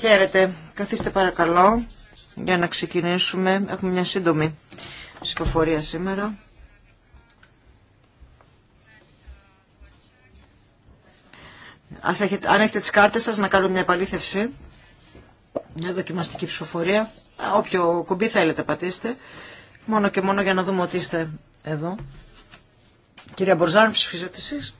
Χαίρετε. Καθίστε παρακαλώ για να ξεκινήσουμε. Έχουμε μια σύντομη ψηφοφορία σήμερα. Ας αν έχετε τις κάρτες σας να κάνουμε μια επαλήθευση, μια δοκιμαστική ψηφοφορία, όποιο κουμπί θέλετε πατήστε, μόνο και μόνο για να δούμε ότι είστε εδώ. Κυρία Μπορζάν, ψηφίζετε εσείς.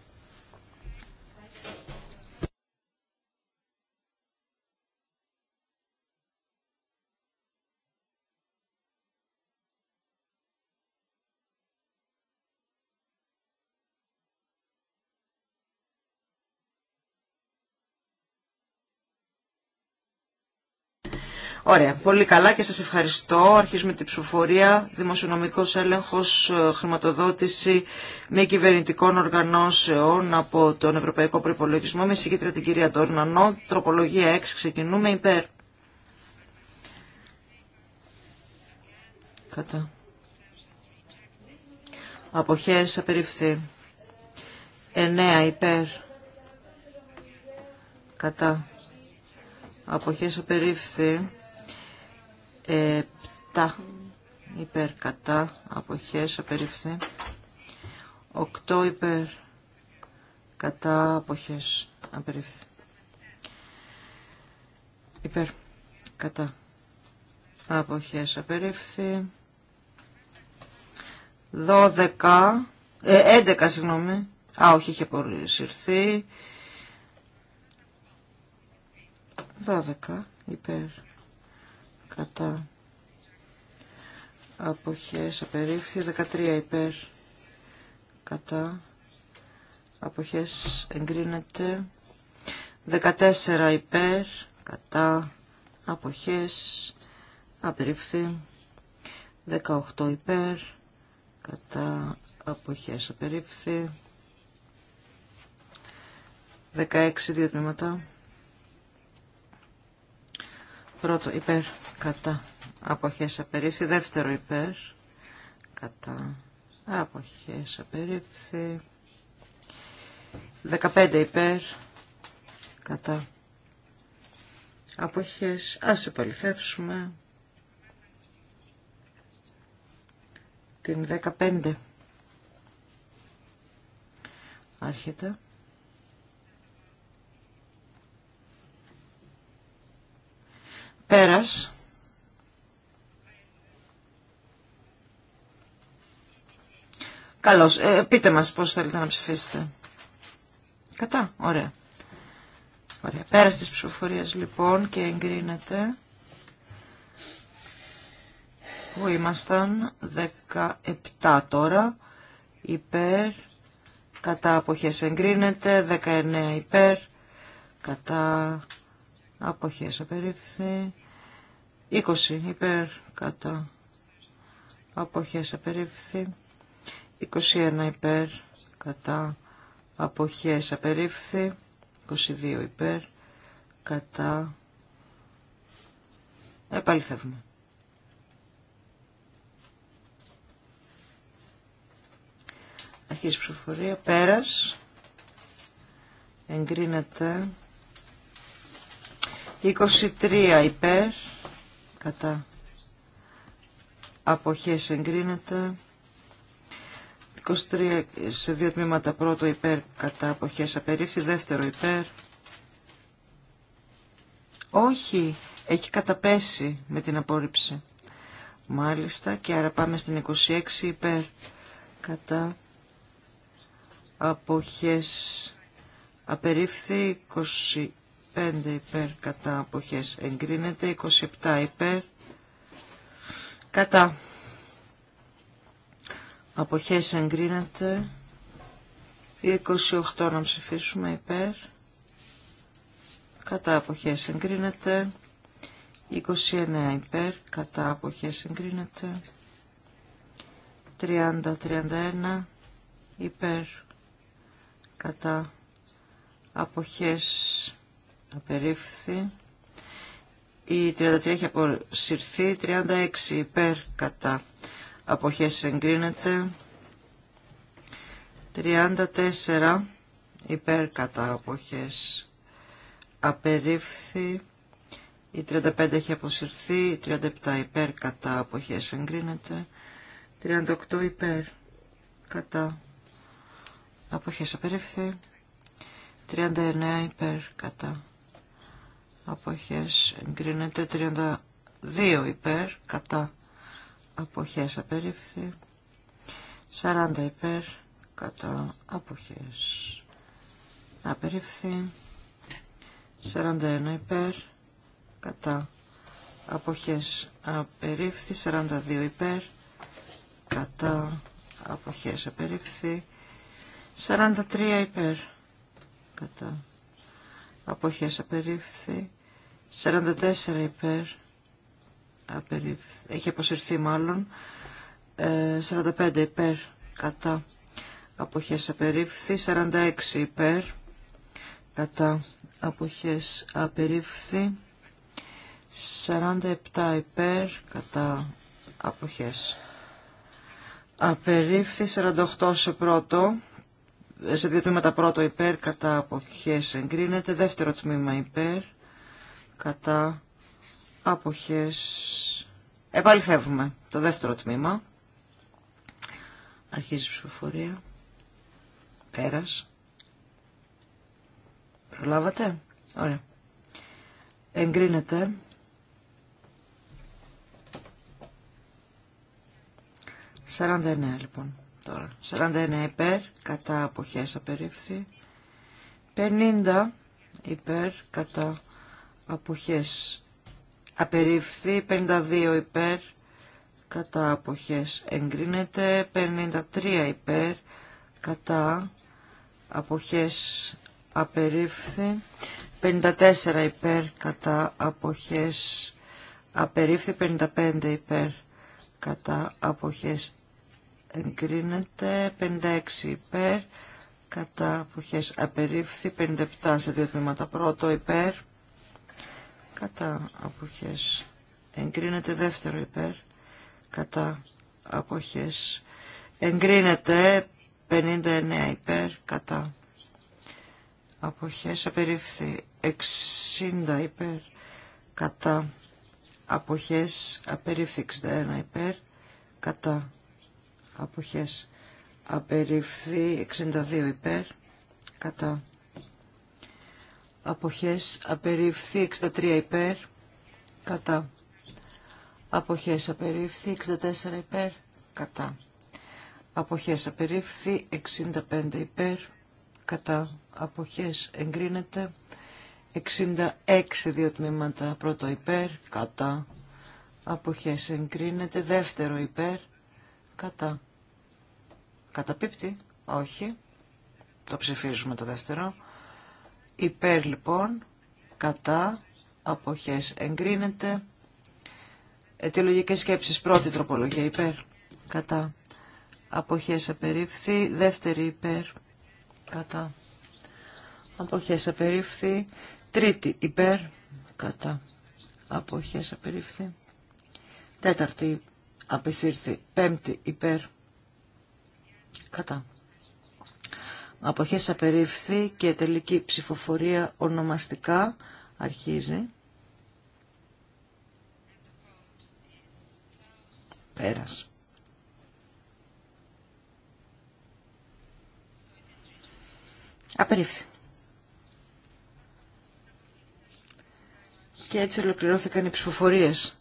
Ωραία, πολύ καλά και σας ευχαριστώ. Αρχίζουμε την ψηφοφορία, δημοσιονομικός έλεγχος, ε, χρηματοδότηση μη κυβερνητικών οργανώσεων από τον Ευρωπαϊκό Προϋπολογισμό. Με συγκίτρια την κυρία Τόρνανό, τροπολογία 6, ξεκινούμε υπέρ. Κατά. Αποχές απεριφθεί. 9 υπέρ. Κατά. Αποχές απερίφθη 7 υπέρ κατά αποχές απεριφθεί 8 υπέρ κατά απόχέ, απεριφθεί υπέρ κατά απόχέ απεριφθεί 12 ε, 11 συγγνώμη α όχι είχε συρθεί. 12 υπέρ κατά αποχές απερίφθη 13 υπέρ κατά αποχές εγκρίνεται 14 υπέρ κατά αποχές απερίφθη 18 υπέρ κατά αποχές απερίφθη 16 δύο τμήματα Πρώτο υπέρ κατά αποχές απερίφθη. Δεύτερο υπέρ κατά αποχές απερίφθη. 15 υπέρ κατά αποχές. Ας επαληθεύσουμε την 15. Άρχεται. Πέρας. Καλώς. Ε, πείτε μας πώς θέλετε να ψηφίσετε. Κατά. Ωραία. Ωραία. Πέρας της ψηφοφορίας λοιπόν και εγκρίνεται. Πού ήμασταν 17 τώρα. Υπέρ. Κατά αποχές εγκρίνεται. 19 υπέρ. Κατά αποχές απερίφθη. 20 υπέρ κατά αποχές απερίφθη 21 υπέρ κατά αποχές απερίφθη 22 υπέρ κατά επαληθεύουμε αρχής ψηφοφορία πέρας εγκρίνεται 23 υπέρ κατά αποχές εγκρίνεται 23 σε δύο τμήματα πρώτο υπέρ κατά αποχές απερίφθη δεύτερο υπέρ όχι έχει καταπέσει με την απόρριψη μάλιστα και άρα πάμε στην 26 υπέρ κατά αποχές απερίφθη 20 υπέρ κατά αποχές εγκρίνεται, 27 υπέρ κατά αποχές εγκρίνεται, 28 να ψηφίσουμε υπέρ κατά αποχές εγκρίνεται, 29 υπέρ κατά αποχές εγκρίνεται, 30-31 υπέρ κατά αποχές απερίφθη. Η 33 έχει αποσυρθεί. 36 υπέρ κατά αποχές εγκρίνεται. 34 υπέρ κατά αποχές απερίφθη. Η 35 έχει αποσυρθεί. 37 υπέρ κατά αποχές εγκρίνεται. 38 υπέρ κατά αποχές απερίφθη. 39 υπέρ κατά αποχές εγκρίνεται 32 υπέρ κατά αποχές απερίφθη 40 υπέρ κατά αποχές απερίφθη 41 υπέρ κατά αποχές απερίφθη 42 υπέρ κατά αποχές απερίφθη 43 υπέρ κατά αποχές απερίφθη 44 υπέρ απερίφθη, έχει αποσυρθεί μάλλον 45 ε, υπέρ κατά αποχές απερίφθη 46 υπέρ κατά αποχές απερίφθη 47 υπέρ κατά αποχές απερίφθη 48 σε πρώτο σε δύο τμήματα πρώτο υπέρ κατά αποχές εγκρίνεται, δεύτερο τμήμα υπέρ κατά αποχές επαληθεύουμε το δεύτερο τμήμα. Αρχίζει η ψηφοφορία. Πέρας. Προλάβατε. Ωραία. Εγκρίνεται. Σαράντα εννέα λοιπόν τώρα. 41 υπέρ, κατά αποχές απερίφθη. 50 υπέρ, κατά αποχές απερίφθη. 52 υπέρ, κατά αποχές εγκρίνεται. 53 υπέρ, κατά αποχές απερίφθη. 54 υπέρ, κατά αποχές απερίφθη. 55 υπέρ, κατά αποχές εγκρίνεται 56 υπέρ κατά αποχές απερίφθη 57 σε δύο τμήματα πρώτο υπέρ κατά αποχές εγκρίνεται δεύτερο υπέρ κατά αποχές εγκρίνεται 59 υπέρ κατά αποχές απερίφθη 60 υπέρ κατά αποχές απερίφθη 61 υπέρ κατά αποχές απεριφθεί 62 υπέρ κατά αποχές απεριφθεί 63 υπέρ κατά αποχές απεριφθεί 64 υπέρ κατά αποχές απεριφθεί 65 υπέρ κατά αποχές εγκρίνεται 66 δύο τμήματα πρώτο υπέρ κατά αποχές εγκρίνεται δεύτερο υπέρ Κατά. Καταπίπτει. Όχι. Το ψηφίζουμε το δεύτερο. Υπέρ λοιπόν. Κατά. Αποχές εγκρίνεται. Αιτιολογικές σκέψεις. Πρώτη τροπολογία. Υπέρ. Κατά. Αποχές απερίφθη. Δεύτερη υπέρ. Κατά. Αποχές απερίφθη. Τρίτη υπέρ. Κατά. Αποχές απερίφθη. Τέταρτη απεσύρθη. Πέμπτη υπέρ. Κατά. Αποχές απερίφθη και τελική ψηφοφορία ονομαστικά αρχίζει. Πέρας. Απερίφθη. Και έτσι ολοκληρώθηκαν οι ψηφοφορίες.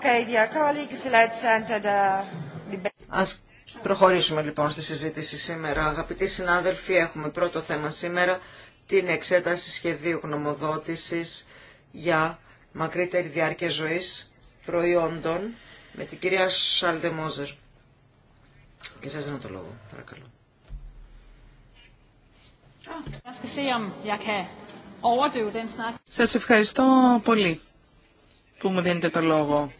Okay, Ας προχωρήσουμε λοιπόν στη συζήτηση σήμερα. Αγαπητοί συνάδελφοι, έχουμε πρώτο θέμα σήμερα την εξέταση σχεδίου γνωμοδότησης για μακρύτερη διάρκεια ζωής προϊόντων με την κυρία Μόζερ. Και σας δίνω το λόγο, παρακαλώ. Ah, σας ευχαριστώ πολύ που μου δίνετε το λόγο.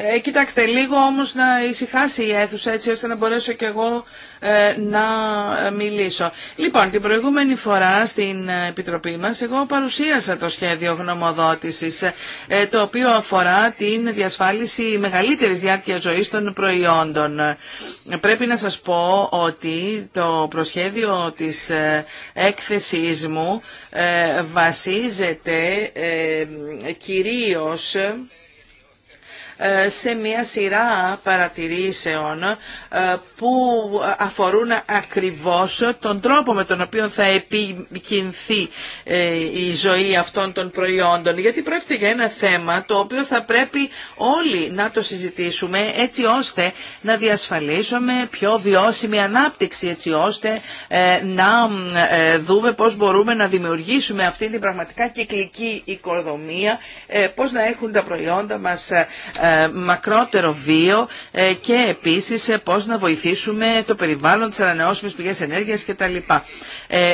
Ε, κοιτάξτε, λίγο όμως να ησυχάσει η αίθουσα έτσι ώστε να μπορέσω και εγώ ε, να ε, μιλήσω. Λοιπόν, την προηγούμενη φορά στην ε, Επιτροπή μας εγώ παρουσίασα το σχέδιο γνωμοδότησης το οποίο αφορά την διασφάλιση μεγαλύτερης διάρκειας ζωής των προϊόντων. Πρέπει να σας πω ότι το προσχέδιο της έκθεσής μου βασίζεται κυρίως ε, σε μια σειρά παρατηρήσεων ε, που αφορούν ακριβώς τον τρόπο με τον οποίο θα επικινθεί ε, η ζωή αυτών των προϊόντων. Γιατί πρόκειται για ένα θέμα το οποίο θα πρέπει όλοι να το συζητήσουμε έτσι ώστε να διασφαλίσουμε πιο βιώσιμη ανάπτυξη, έτσι ώστε να δούμε πώς μπορούμε να δημιουργήσουμε αυτή την πραγματικά κυκλική οικοδομία, πώς να έχουν τα προϊόντα μας ε, μακρότερο βίο ε, και επίσης ε, πώς να βοηθήσουμε το περιβάλλον, τις ανανεώσιμες πηγές ενέργειας κτλ.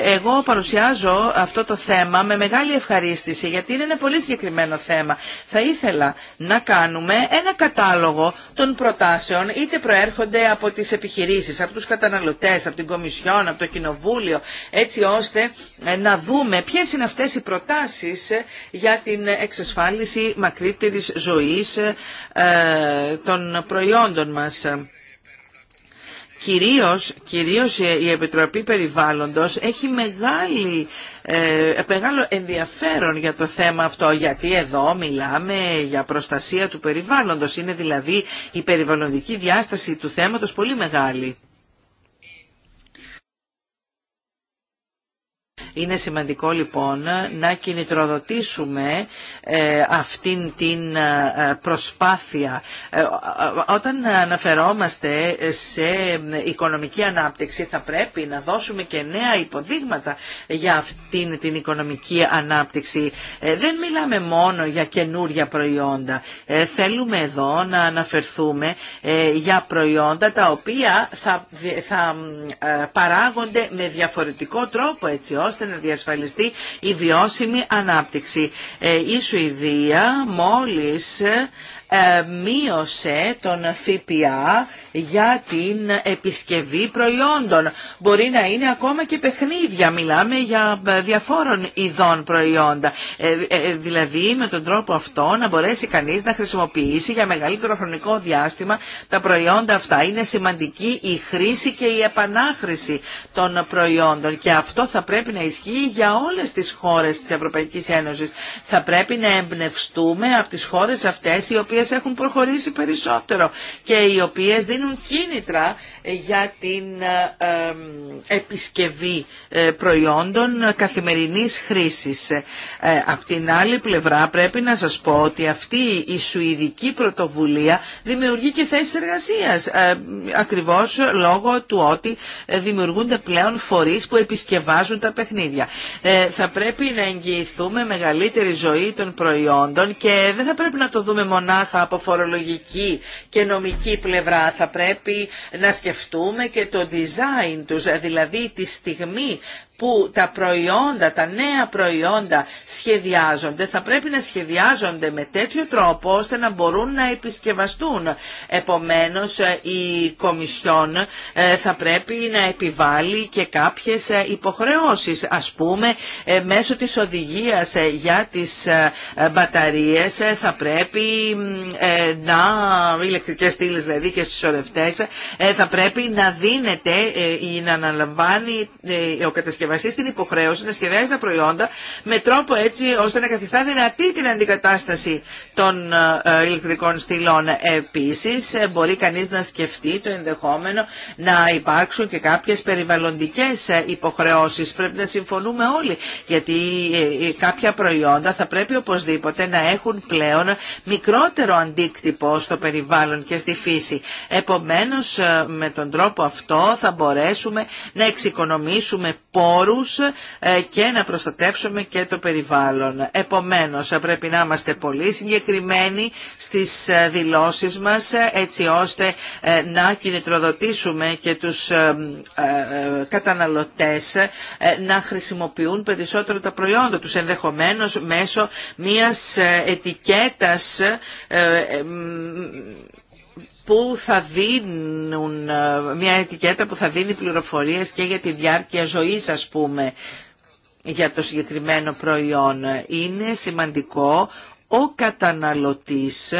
Εγώ παρουσιάζω αυτό το θέμα με μεγάλη ευχαρίστηση γιατί είναι ένα πολύ συγκεκριμένο θέμα. Θα ήθελα να κάνουμε ένα κατάλογο των προτάσεων είτε προέρχονται από τις επιχειρήσεις, από τους καταναλωτές, από την Κομισιόν, από το Κοινοβούλιο έτσι ώστε να δούμε ποιες είναι αυτές οι προτάσεις για την εξασφάλιση μακρύτερης ζωής ε, των προϊόντων μας. Κυρίως, κυρίως η Επιτροπή Περιβάλλοντος έχει μεγάλη, ε, μεγάλο ενδιαφέρον για το θέμα αυτό, γιατί εδώ μιλάμε για προστασία του περιβάλλοντος. Είναι δηλαδή η περιβαλλοντική διάσταση του θέματος πολύ μεγάλη. Είναι σημαντικό λοιπόν να κινητροδοτήσουμε ε, αυτήν την ε, προσπάθεια. Ε, όταν αναφερόμαστε σε οικονομική ανάπτυξη θα πρέπει να δώσουμε και νέα υποδείγματα για αυτήν την οικονομική ανάπτυξη. Δεν μιλάμε μόνο για καινούρια προϊόντα. Θέλουμε εδώ να αναφερθούμε για προϊόντα τα οποία θα παράγονται με διαφορετικό τρόπο έτσι ώστε ώστε να διασφαλιστεί η βιώσιμη ανάπτυξη. Ε, η Σουηδία μόλις ε, ε, μείωσε τον ΦΠΑ για την επισκευή προϊόντων. Μπορεί να είναι ακόμα και παιχνίδια. Μιλάμε για διαφόρων ειδών προϊόντα. Ε, ε, δηλαδή με τον τρόπο αυτό να μπορέσει κανείς να χρησιμοποιήσει για μεγαλύτερο χρονικό διάστημα τα προϊόντα αυτά. Είναι σημαντική η χρήση και η επανάχρηση των προϊόντων και αυτό θα πρέπει να ισχύει για όλες τις χώρες της Ευρωπαϊκής Ένωσης. Θα πρέπει να εμπνευστούμε από τις χώρες αυτές οποίες έχουν προχωρήσει περισσότερο και οι οποίες δίνουν κίνητρα για την ε, επισκευή ε, προϊόντων καθημερινής χρήσης. Ε, απ' την άλλη πλευρά πρέπει να σας πω ότι αυτή η σουηδική πρωτοβουλία δημιουργεί και θέσεις εργασίας, ακριβώς λόγω του ότι δημιουργούνται πλέον φορείς που επισκευάζουν τα παιχνίδια. Θα πρέπει να εγγυηθούμε μεγαλύτερη ζωή των προϊόντων και δεν θα πρέπει να το δούμε μονάχα μονάχα από φορολογική και νομική πλευρά. Θα πρέπει να σκεφτούμε και το design τους, δηλαδή τη στιγμή που τα προϊόντα, τα νέα προϊόντα σχεδιάζονται, θα πρέπει να σχεδιάζονται με τέτοιο τρόπο ώστε να μπορούν να επισκευαστούν. Επομένως, ε, η Κομισιόν ε, θα πρέπει να επιβάλλει και κάποιες ε, υποχρεώσεις. Ας πούμε, μέσω της οδηγίας για τις μπαταρίες θα πρέπει να, ηλεκτρικές στήλες δηλαδή και συσσωρευτές, θα πρέπει να δίνεται ή να αναλαμβάνει ο κατασκευαστής κατασκευαστή στην υποχρέωση να σχεδιάζει τα προϊόντα με τρόπο έτσι ώστε να καθιστά δυνατή την αντικατάσταση των ε, ηλεκτρικών στυλών. Επίση, ε, μπορεί κανεί να σκεφτεί το ενδεχόμενο να υπάρξουν και κάποιε περιβαλλοντικέ ε, υποχρεώσει. Πρέπει να συμφωνούμε όλοι γιατί κάποια προϊόντα θα πρέπει οπωσδήποτε να έχουν πλέον μικρότερο αντίκτυπο στο περιβάλλον και στη φύση. Επομένως με τον τρόπο αυτό θα μπορέσουμε να εξοικονομήσουμε ε, και να προστατεύσουμε και το περιβάλλον. Επομένως, πρέπει να είμαστε πολύ συγκεκριμένοι στις ε, δηλώσεις μας, ε, έτσι ώστε να κινητροδοτήσουμε και τους καταναλωτές να χρησιμοποιούν περισσότερο τα προϊόντα τους, ενδεχομένως μέσω μιας ετικέτας που θα δίνουν, ε, μια ετικέτα που θα δίνει πληροφορίες και για τη διάρκεια ζωής ας πούμε για το συγκεκριμένο προϊόν. Είναι σημαντικό ο καταναλωτής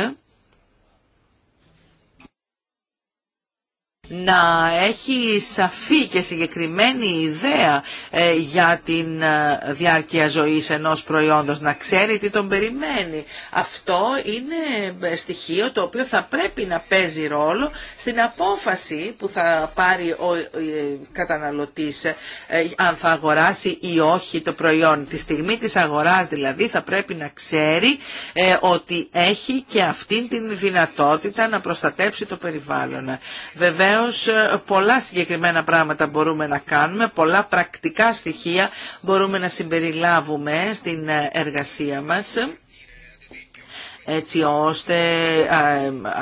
να έχει σαφή και συγκεκριμένη ιδέα ε, για την ε, διάρκεια ζωής ενός προϊόντος, να ξέρει τι τον περιμένει. Αυτό είναι ε, στοιχείο το οποίο θα πρέπει να παίζει ρόλο στην απόφαση που θα πάρει ο καταναλωτής αν θα αγοράσει ή όχι το προϊόν. Τη στιγμή της αγοράς δηλαδή θα πρέπει να ξέρει ότι έχει και αυτή την δυνατότητα να προστατέψει το περιβάλλον. Βεβαίως βεβαίως ε, πολλά συγκεκριμένα πράγματα μπορούμε να κάνουμε, πολλά πρακτικά στοιχεία μπορούμε να συμπεριλάβουμε στην ε, εργασία μας έτσι ώστε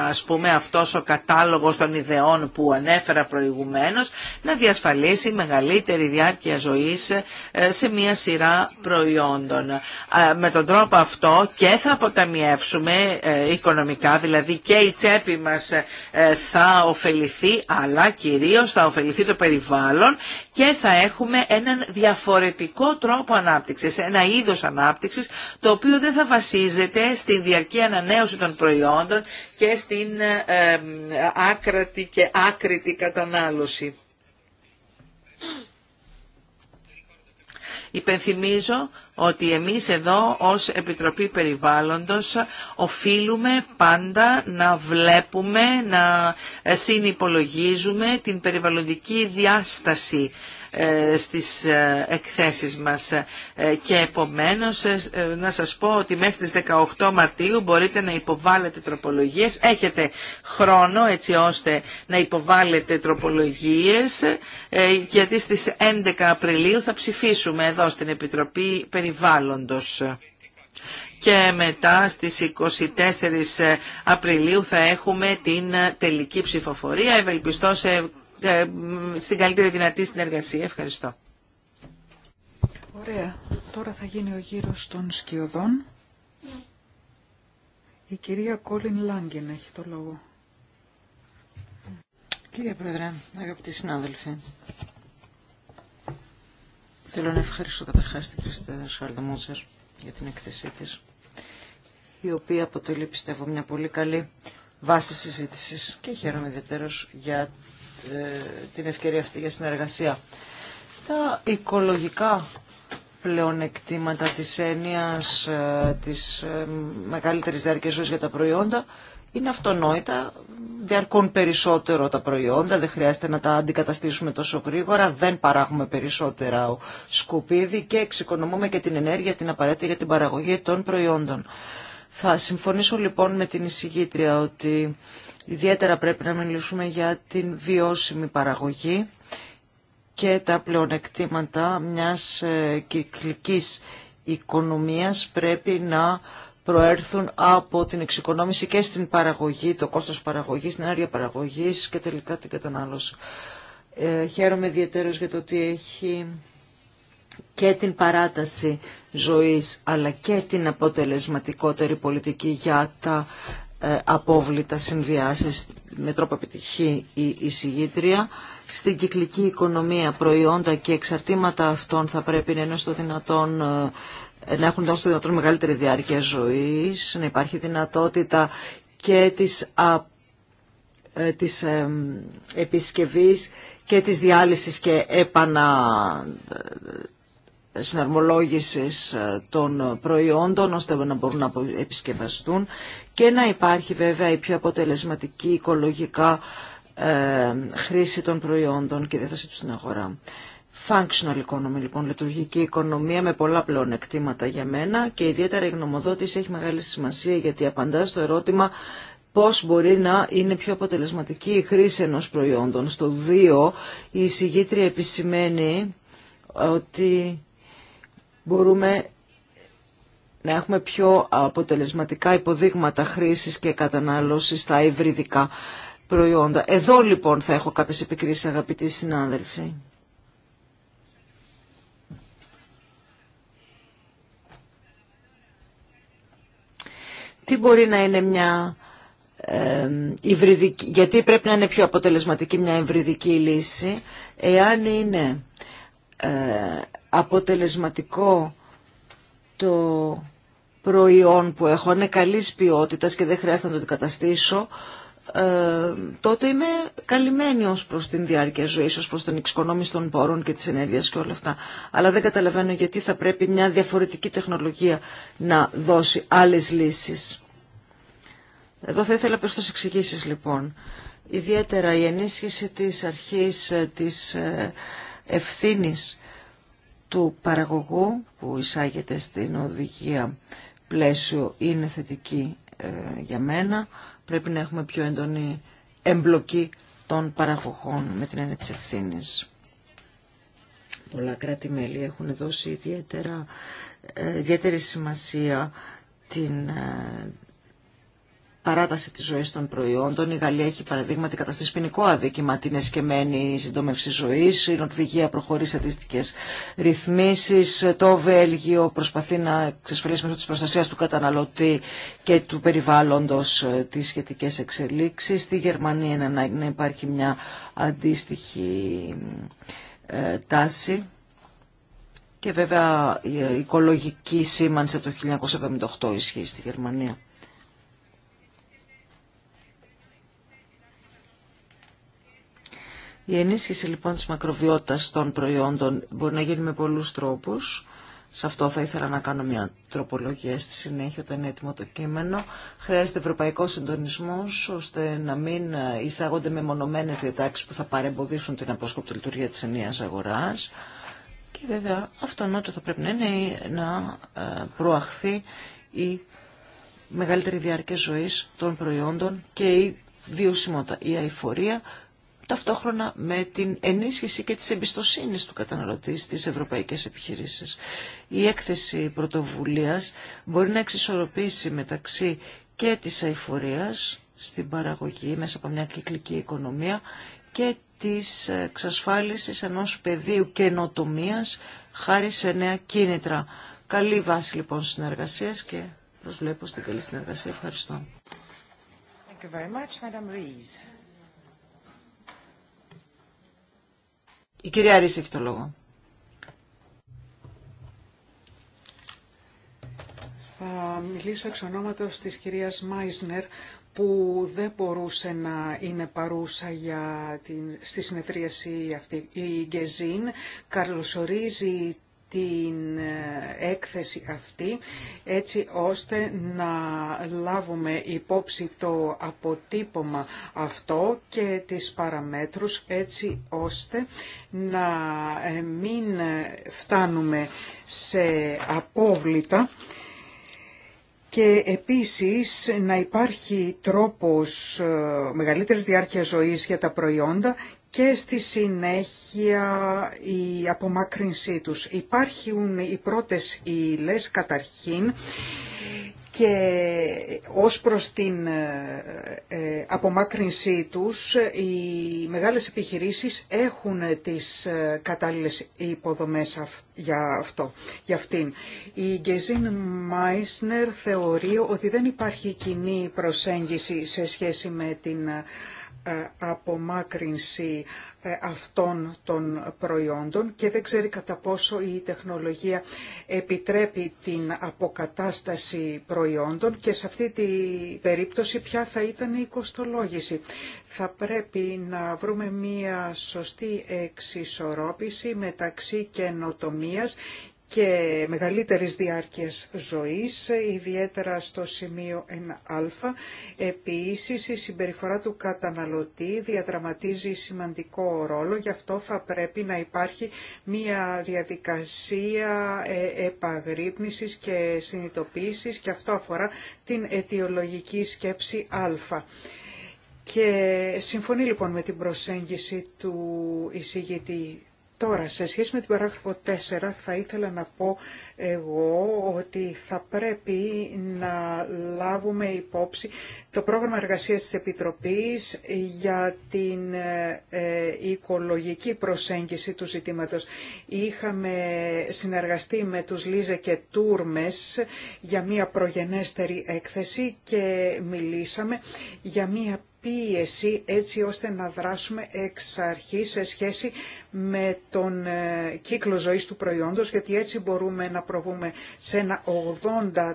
ας πούμε αυτός ο κατάλογος των ιδεών που ανέφερα προηγουμένως να διασφαλίσει μεγαλύτερη διάρκεια ζωής ε, σε μια σειρά προϊόντων. Με τον τρόπο αυτό και θα αποταμιεύσουμε ε, οικονομικά, δηλαδή και η τσέπη μας ε, θα ωφεληθεί αλλά κυρίως θα ωφεληθεί το περιβάλλον και θα έχουμε έναν διαφορετικό τρόπο ανάπτυξης, ένα είδος ανάπτυξης το οποίο δεν θα βασίζεται στη διαρκή και ανανέωση των προϊόντων και στην ε, ε, άκρατη και άκρητη κατανάλωση. Υπενθυμίζω ότι εμείς εδώ ως Επιτροπή Περιβάλλοντος οφείλουμε πάντα να βλέπουμε, να συνυπολογίζουμε την περιβαλλοντική διάσταση ε, στις ε, εκθέσεις μας. Ε, και επομένως να σας πω ότι μέχρι τις 18 Μαρτίου μπορείτε να υποβάλλετε τροπολογίες. Έχετε χρόνο έτσι ώστε να υποβάλλετε τροπολογίες γιατί στις 11 Απριλίου θα ψηφίσουμε εδώ στην Επιτροπή Περιβάλλοντος και μετά στις 24 Απριλίου θα έχουμε την τελική ψηφοφορία. Ευελπιστώ σε ε, στην καλύτερη δυνατή συνεργασία. Ευχαριστώ. Ωραία. Τώρα θα γίνει ο γύρος των σκιωδών. Η κυρία Κόλιν Λάγκεν έχει το λόγο. Κύριε Πρόεδρε, αγαπητοί συνάδελφοι, θέλω να ευχαριστώ καταρχάς την Κριστέα Σχαλδεμούτσερ για την εκθεσή της, η οποία αποτελεί, πιστεύω, μια πολύ καλή βάση συζήτησης και χαίρομαι ιδιαίτερως για ε, την ευκαιρία αυτή για συνεργασία. Τα οικολογικά πλεονεκτήματα της έννοιας ε, της ε, μεγαλύτερης διάρκειας ζωής για τα προϊόντα είναι αυτονόητα, διαρκούν περισσότερο τα προϊόντα, δεν χρειάζεται να τα αντικαταστήσουμε τόσο γρήγορα, δεν παράγουμε περισσότερα σκουπίδι και εξοικονομούμε και την ενέργεια την απαραίτητη για την παραγωγή των προϊόντων. Θα συμφωνήσω λοιπόν με την εισηγήτρια ότι ιδιαίτερα πρέπει να μιλήσουμε για την βιώσιμη παραγωγή και τα πλεονεκτήματα μιας ε, κυκλικής οικονομίας πρέπει να προέρθουν από την εξοικονόμηση και στην παραγωγή, το κόστος παραγωγής, την άρια παραγωγής και τελικά την κατανάλωση. Ε, χαίρομαι ιδιαίτερως για το ότι έχει και την παράταση ζωής αλλά και την αποτελεσματικότερη πολιτική για τα ε, απόβλητα συνδυάσεις με τρόπο επιτυχή η εισηγήτρια. Στην κυκλική οικονομία προϊόντα και εξαρτήματα αυτών θα πρέπει να στο δυνατόν ε, να έχουν τόσο δυνατόν μεγαλύτερη διάρκεια ζωής, να υπάρχει δυνατότητα και της, α, ε, της και της διάλυσης και επανα συναρμολόγησης ε, των προϊόντων ώστε να μπορούν να επισκευαστούν και να υπάρχει βέβαια η πιο αποτελεσματική οικολογικά ε, χρήση των προϊόντων και διάθεση του στην αγορά. Functional economy, λοιπόν, λειτουργική οικονομία με πολλά πλέον εκτήματα για μένα και ιδιαίτερα η γνωμοδότηση έχει μεγάλη σημασία γιατί απαντά στο ερώτημα πώς μπορεί να είναι πιο αποτελεσματική η χρήση ενός προϊόντων, Στο 2 η εισηγήτρια επισημαίνει ότι μπορούμε να έχουμε πιο αποτελεσματικά υποδείγματα χρήσης και κατανάλωσης στα υβριδικά προϊόντα. Εδώ λοιπόν θα έχω κάποιες επικρίσεις αγαπητοί συνάδελφοι. Τι μπορεί να είναι μια ε, γιατί πρέπει να είναι πιο αποτελεσματική μια υβριδική λύση, εάν είναι ε, αποτελεσματικό το προϊόν που έχω, είναι καλής ποιότητας και δεν χρειάζεται να το αντικαταστήσω, ε, τότε είμαι καλυμμένη ως προς την διάρκεια ζωής, ως προς την εξοικονόμηση των πόρων και της ενέργειας και όλα αυτά. Αλλά δεν καταλαβαίνω γιατί θα πρέπει μια διαφορετική τεχνολογία να δώσει άλλες λύσεις. Εδώ θα ήθελα προς εξηγήσει λοιπόν. Ιδιαίτερα η ενίσχυση της αρχής ε, της ε, ευθύνης του παραγωγού που εισάγεται στην οδηγία πλαίσιο είναι θετική ε, για μένα. Πρέπει να έχουμε πιο έντονη εμπλοκή των παραγωγών με την έννοια της ευθύνης. Πολλά κράτη-μέλη έχουν δώσει ιδιαίτερα, ε, ιδιαίτερη σημασία την ε, παράταση τη ζωή των προϊόντων. Η Γαλλία έχει παραδείγματι καταστήσει ποινικό αδίκημα την εσκεμμένη συντόμευση ζωή, Η Νορβηγία προχωρεί σε αντίστοιχε ρυθμίσει. Το Βέλγιο προσπαθεί να εξασφαλίσει μέσω τη προστασία του καταναλωτή και του περιβάλλοντο ε, τι σχετικέ εξελίξει. Στη Γερμανία είναι ανάγκη να υπάρχει μια αντίστοιχη ε, τάση. Και βέβαια η ε, οικολογική σήμανση από το 1978 ισχύει στη Γερμανία. Η ενίσχυση λοιπόν της μακροβιότητας των προϊόντων μπορεί να γίνει με πολλούς τρόπους. Σε αυτό θα ήθελα να κάνω μια τροπολογία στη συνέχεια όταν είναι έτοιμο το κείμενο. Χρειάζεται ευρωπαϊκό συντονισμό ώστε να μην εισάγονται μεμονωμένε διατάξει που θα παρεμποδίσουν την απόσκοπτη λειτουργία τη ενιαίας αγορά. Και βέβαια αυτονόητο θα πρέπει να είναι να ε, προαχθεί η μεγαλύτερη διάρκεια ζωή των προϊόντων και η βιωσιμότητα, η αηφορία ταυτόχρονα με την ενίσχυση και της εμπιστοσύνης του καταναλωτή στις ευρωπαϊκές επιχειρήσεις. Η έκθεση πρωτοβουλίας μπορεί να εξισορροπήσει μεταξύ και της αηφορίας στην παραγωγή μέσα από μια κυκλική οικονομία και της εξασφάλισης ενός πεδίου καινοτομία χάρη σε νέα κίνητρα. Καλή βάση λοιπόν συνεργασίας και προσβλέπω στην καλή συνεργασία. Ευχαριστώ. Η κυρία Ρίση έχει το λόγο. Θα μιλήσω εξ ονόματος της κυρίας Μάισνερ που δεν μπορούσε να είναι παρούσα για την, στη συνεδρίαση αυτή η Γκεζίν. Καλωσορίζει την ε, έκθεση αυτή έτσι ώστε να λάβουμε υπόψη το αποτύπωμα αυτό και τις παραμέτρους έτσι ώστε να ε, μην φτάνουμε σε απόβλητα και επίσης να υπάρχει τρόπος ε, μεγαλύτερης διάρκειας ζωής για τα προϊόντα και στη συνέχεια η απομάκρυνσή τους. Υπάρχουν οι πρώτες ύλες καταρχήν και ως προς την ε, απομάκρυνσή τους οι μεγάλες επιχειρήσεις έχουν τις ε, κατάλληλες υποδομές για αυτό. Για αυτήν. Η Γκεζίν Μάισνερ θεωρεί ότι δεν υπάρχει κοινή προσέγγιση σε σχέση με την ε, απομάκρυνση ε, αυτών των προϊόντων και δεν ξέρει κατά πόσο η τεχνολογία επιτρέπει την αποκατάσταση προϊόντων και σε αυτή την περίπτωση ποια θα ήταν η κοστολόγηση. Θα πρέπει να βρούμε μία σωστή εξισορρόπηση μεταξύ καινοτομίας και μεγαλύτερης διάρκειας ζωής, ιδιαίτερα στο σημείο 1α. Επίσης, η συμπεριφορά του καταναλωτή διαδραματίζει σημαντικό ρόλο, γι' αυτό θα πρέπει να υπάρχει μια διαδικασία ε, επαγρύπνησης και συνειδητοποίησης και αυτό αφορά την αιτιολογική σκέψη α. Και συμφωνεί λοιπόν με την προσέγγιση του εισηγητή Τώρα, σε σχέση με την παράγραφο 4 θα ήθελα να πω εγώ ότι θα πρέπει να λάβουμε υπόψη το πρόγραμμα εργασίας της Επιτροπής για την ε, ε, οικολογική προσέγγιση του ζητήματος. Είχαμε συνεργαστεί με τους Λίζε και Τούρμες για μια προγενέστερη έκθεση και μιλήσαμε για μια πίεση έτσι ώστε να δράσουμε εξ αρχή σε σχέση με τον ε, κύκλο ζωής του προϊόντος γιατί έτσι μπορούμε να προβούμε σε ένα 80%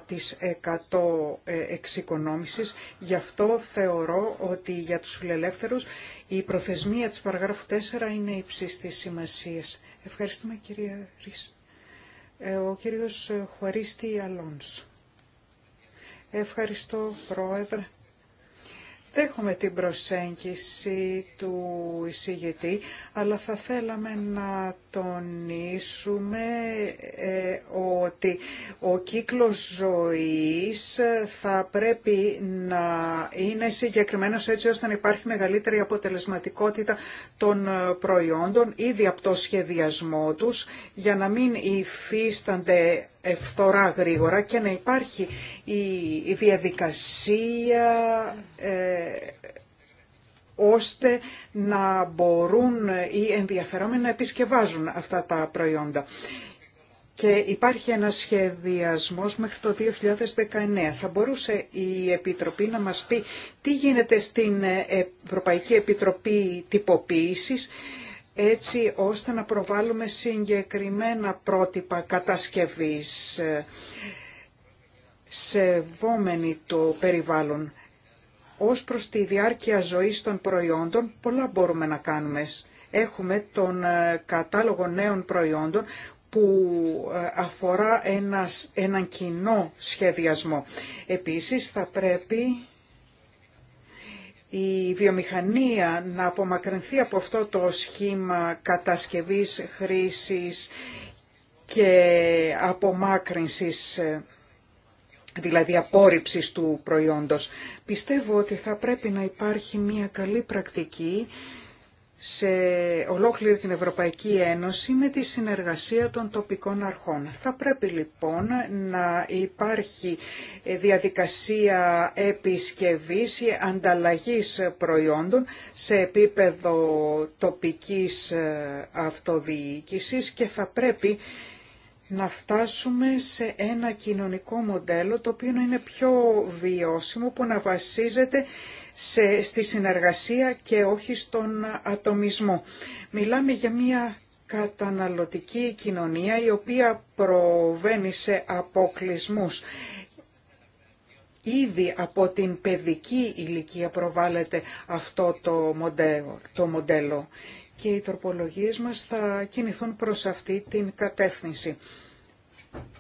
ε, εξοικονόμησης. Γι' αυτό θεωρώ ότι για τους φιλελεύθερους η προθεσμία της παραγράφου 4 είναι υψίστης σημασίας. Ευχαριστούμε κυρία Ρίσ. Ε, ο κύριος ε, Χουαρίστη Αλόνς. Ευχαριστώ πρόεδρε. Δέχομαι την προσέγγιση του εισηγητή, αλλά θα θέλαμε να τονίσουμε ε, ότι ο κύκλος ζωής θα πρέπει να είναι συγκεκριμένος έτσι ώστε να υπάρχει μεγαλύτερη αποτελεσματικότητα των ε, προϊόντων ήδη από το σχεδιασμό τους για να μην υφίστανται ευθορά γρήγορα και να υπάρχει η διαδικασία ε, ώστε να μπορούν οι ενδιαφερόμενοι να επισκευάζουν αυτά τα προϊόντα. Και υπάρχει ένα σχεδιασμός μέχρι το 2019. Θα μπορούσε η Επιτροπή να μας πει τι γίνεται στην Ευρωπαϊκή Επιτροπή Τυποποίησης έτσι ώστε να προβάλλουμε συγκεκριμένα πρότυπα κατασκευής ε, σεβόμενοι το περιβάλλον. Ως προς τη διάρκεια ζωής των προϊόντων, πολλά μπορούμε να κάνουμε. Έχουμε τον ε, κατάλογο νέων προϊόντων που ε, αφορά ένας, έναν κοινό σχεδιασμό. Επίσης θα πρέπει η βιομηχανία να απομακρυνθεί από αυτό το σχήμα κατασκευής, χρήσης και απομάκρυνσης ε, δηλαδή απόρριψης του προϊόντος. Πιστεύω ότι θα πρέπει να υπάρχει μια καλή πρακτική σε ολόκληρη την Ευρωπαϊκή Ένωση με τη συνεργασία των τοπικών αρχών. Θα πρέπει λοιπόν να υπάρχει διαδικασία επισκευής ή ανταλλαγής προϊόντων σε επίπεδο τοπικής αυτοδιοίκησης και θα πρέπει να φτάσουμε σε ένα κοινωνικό μοντέλο το οποίο είναι πιο βιώσιμο που να βασίζεται σε, στη συνεργασία και όχι στον ατομισμό. Μιλάμε για μια καταναλωτική κοινωνία η οποία προβαίνει σε αποκλεισμούς. Ήδη από την παιδική ηλικία προβάλλεται αυτό το μοντέλο. Το μοντέλο και οι τροπολογίες μας θα κινηθούν προς αυτή την κατεύθυνση.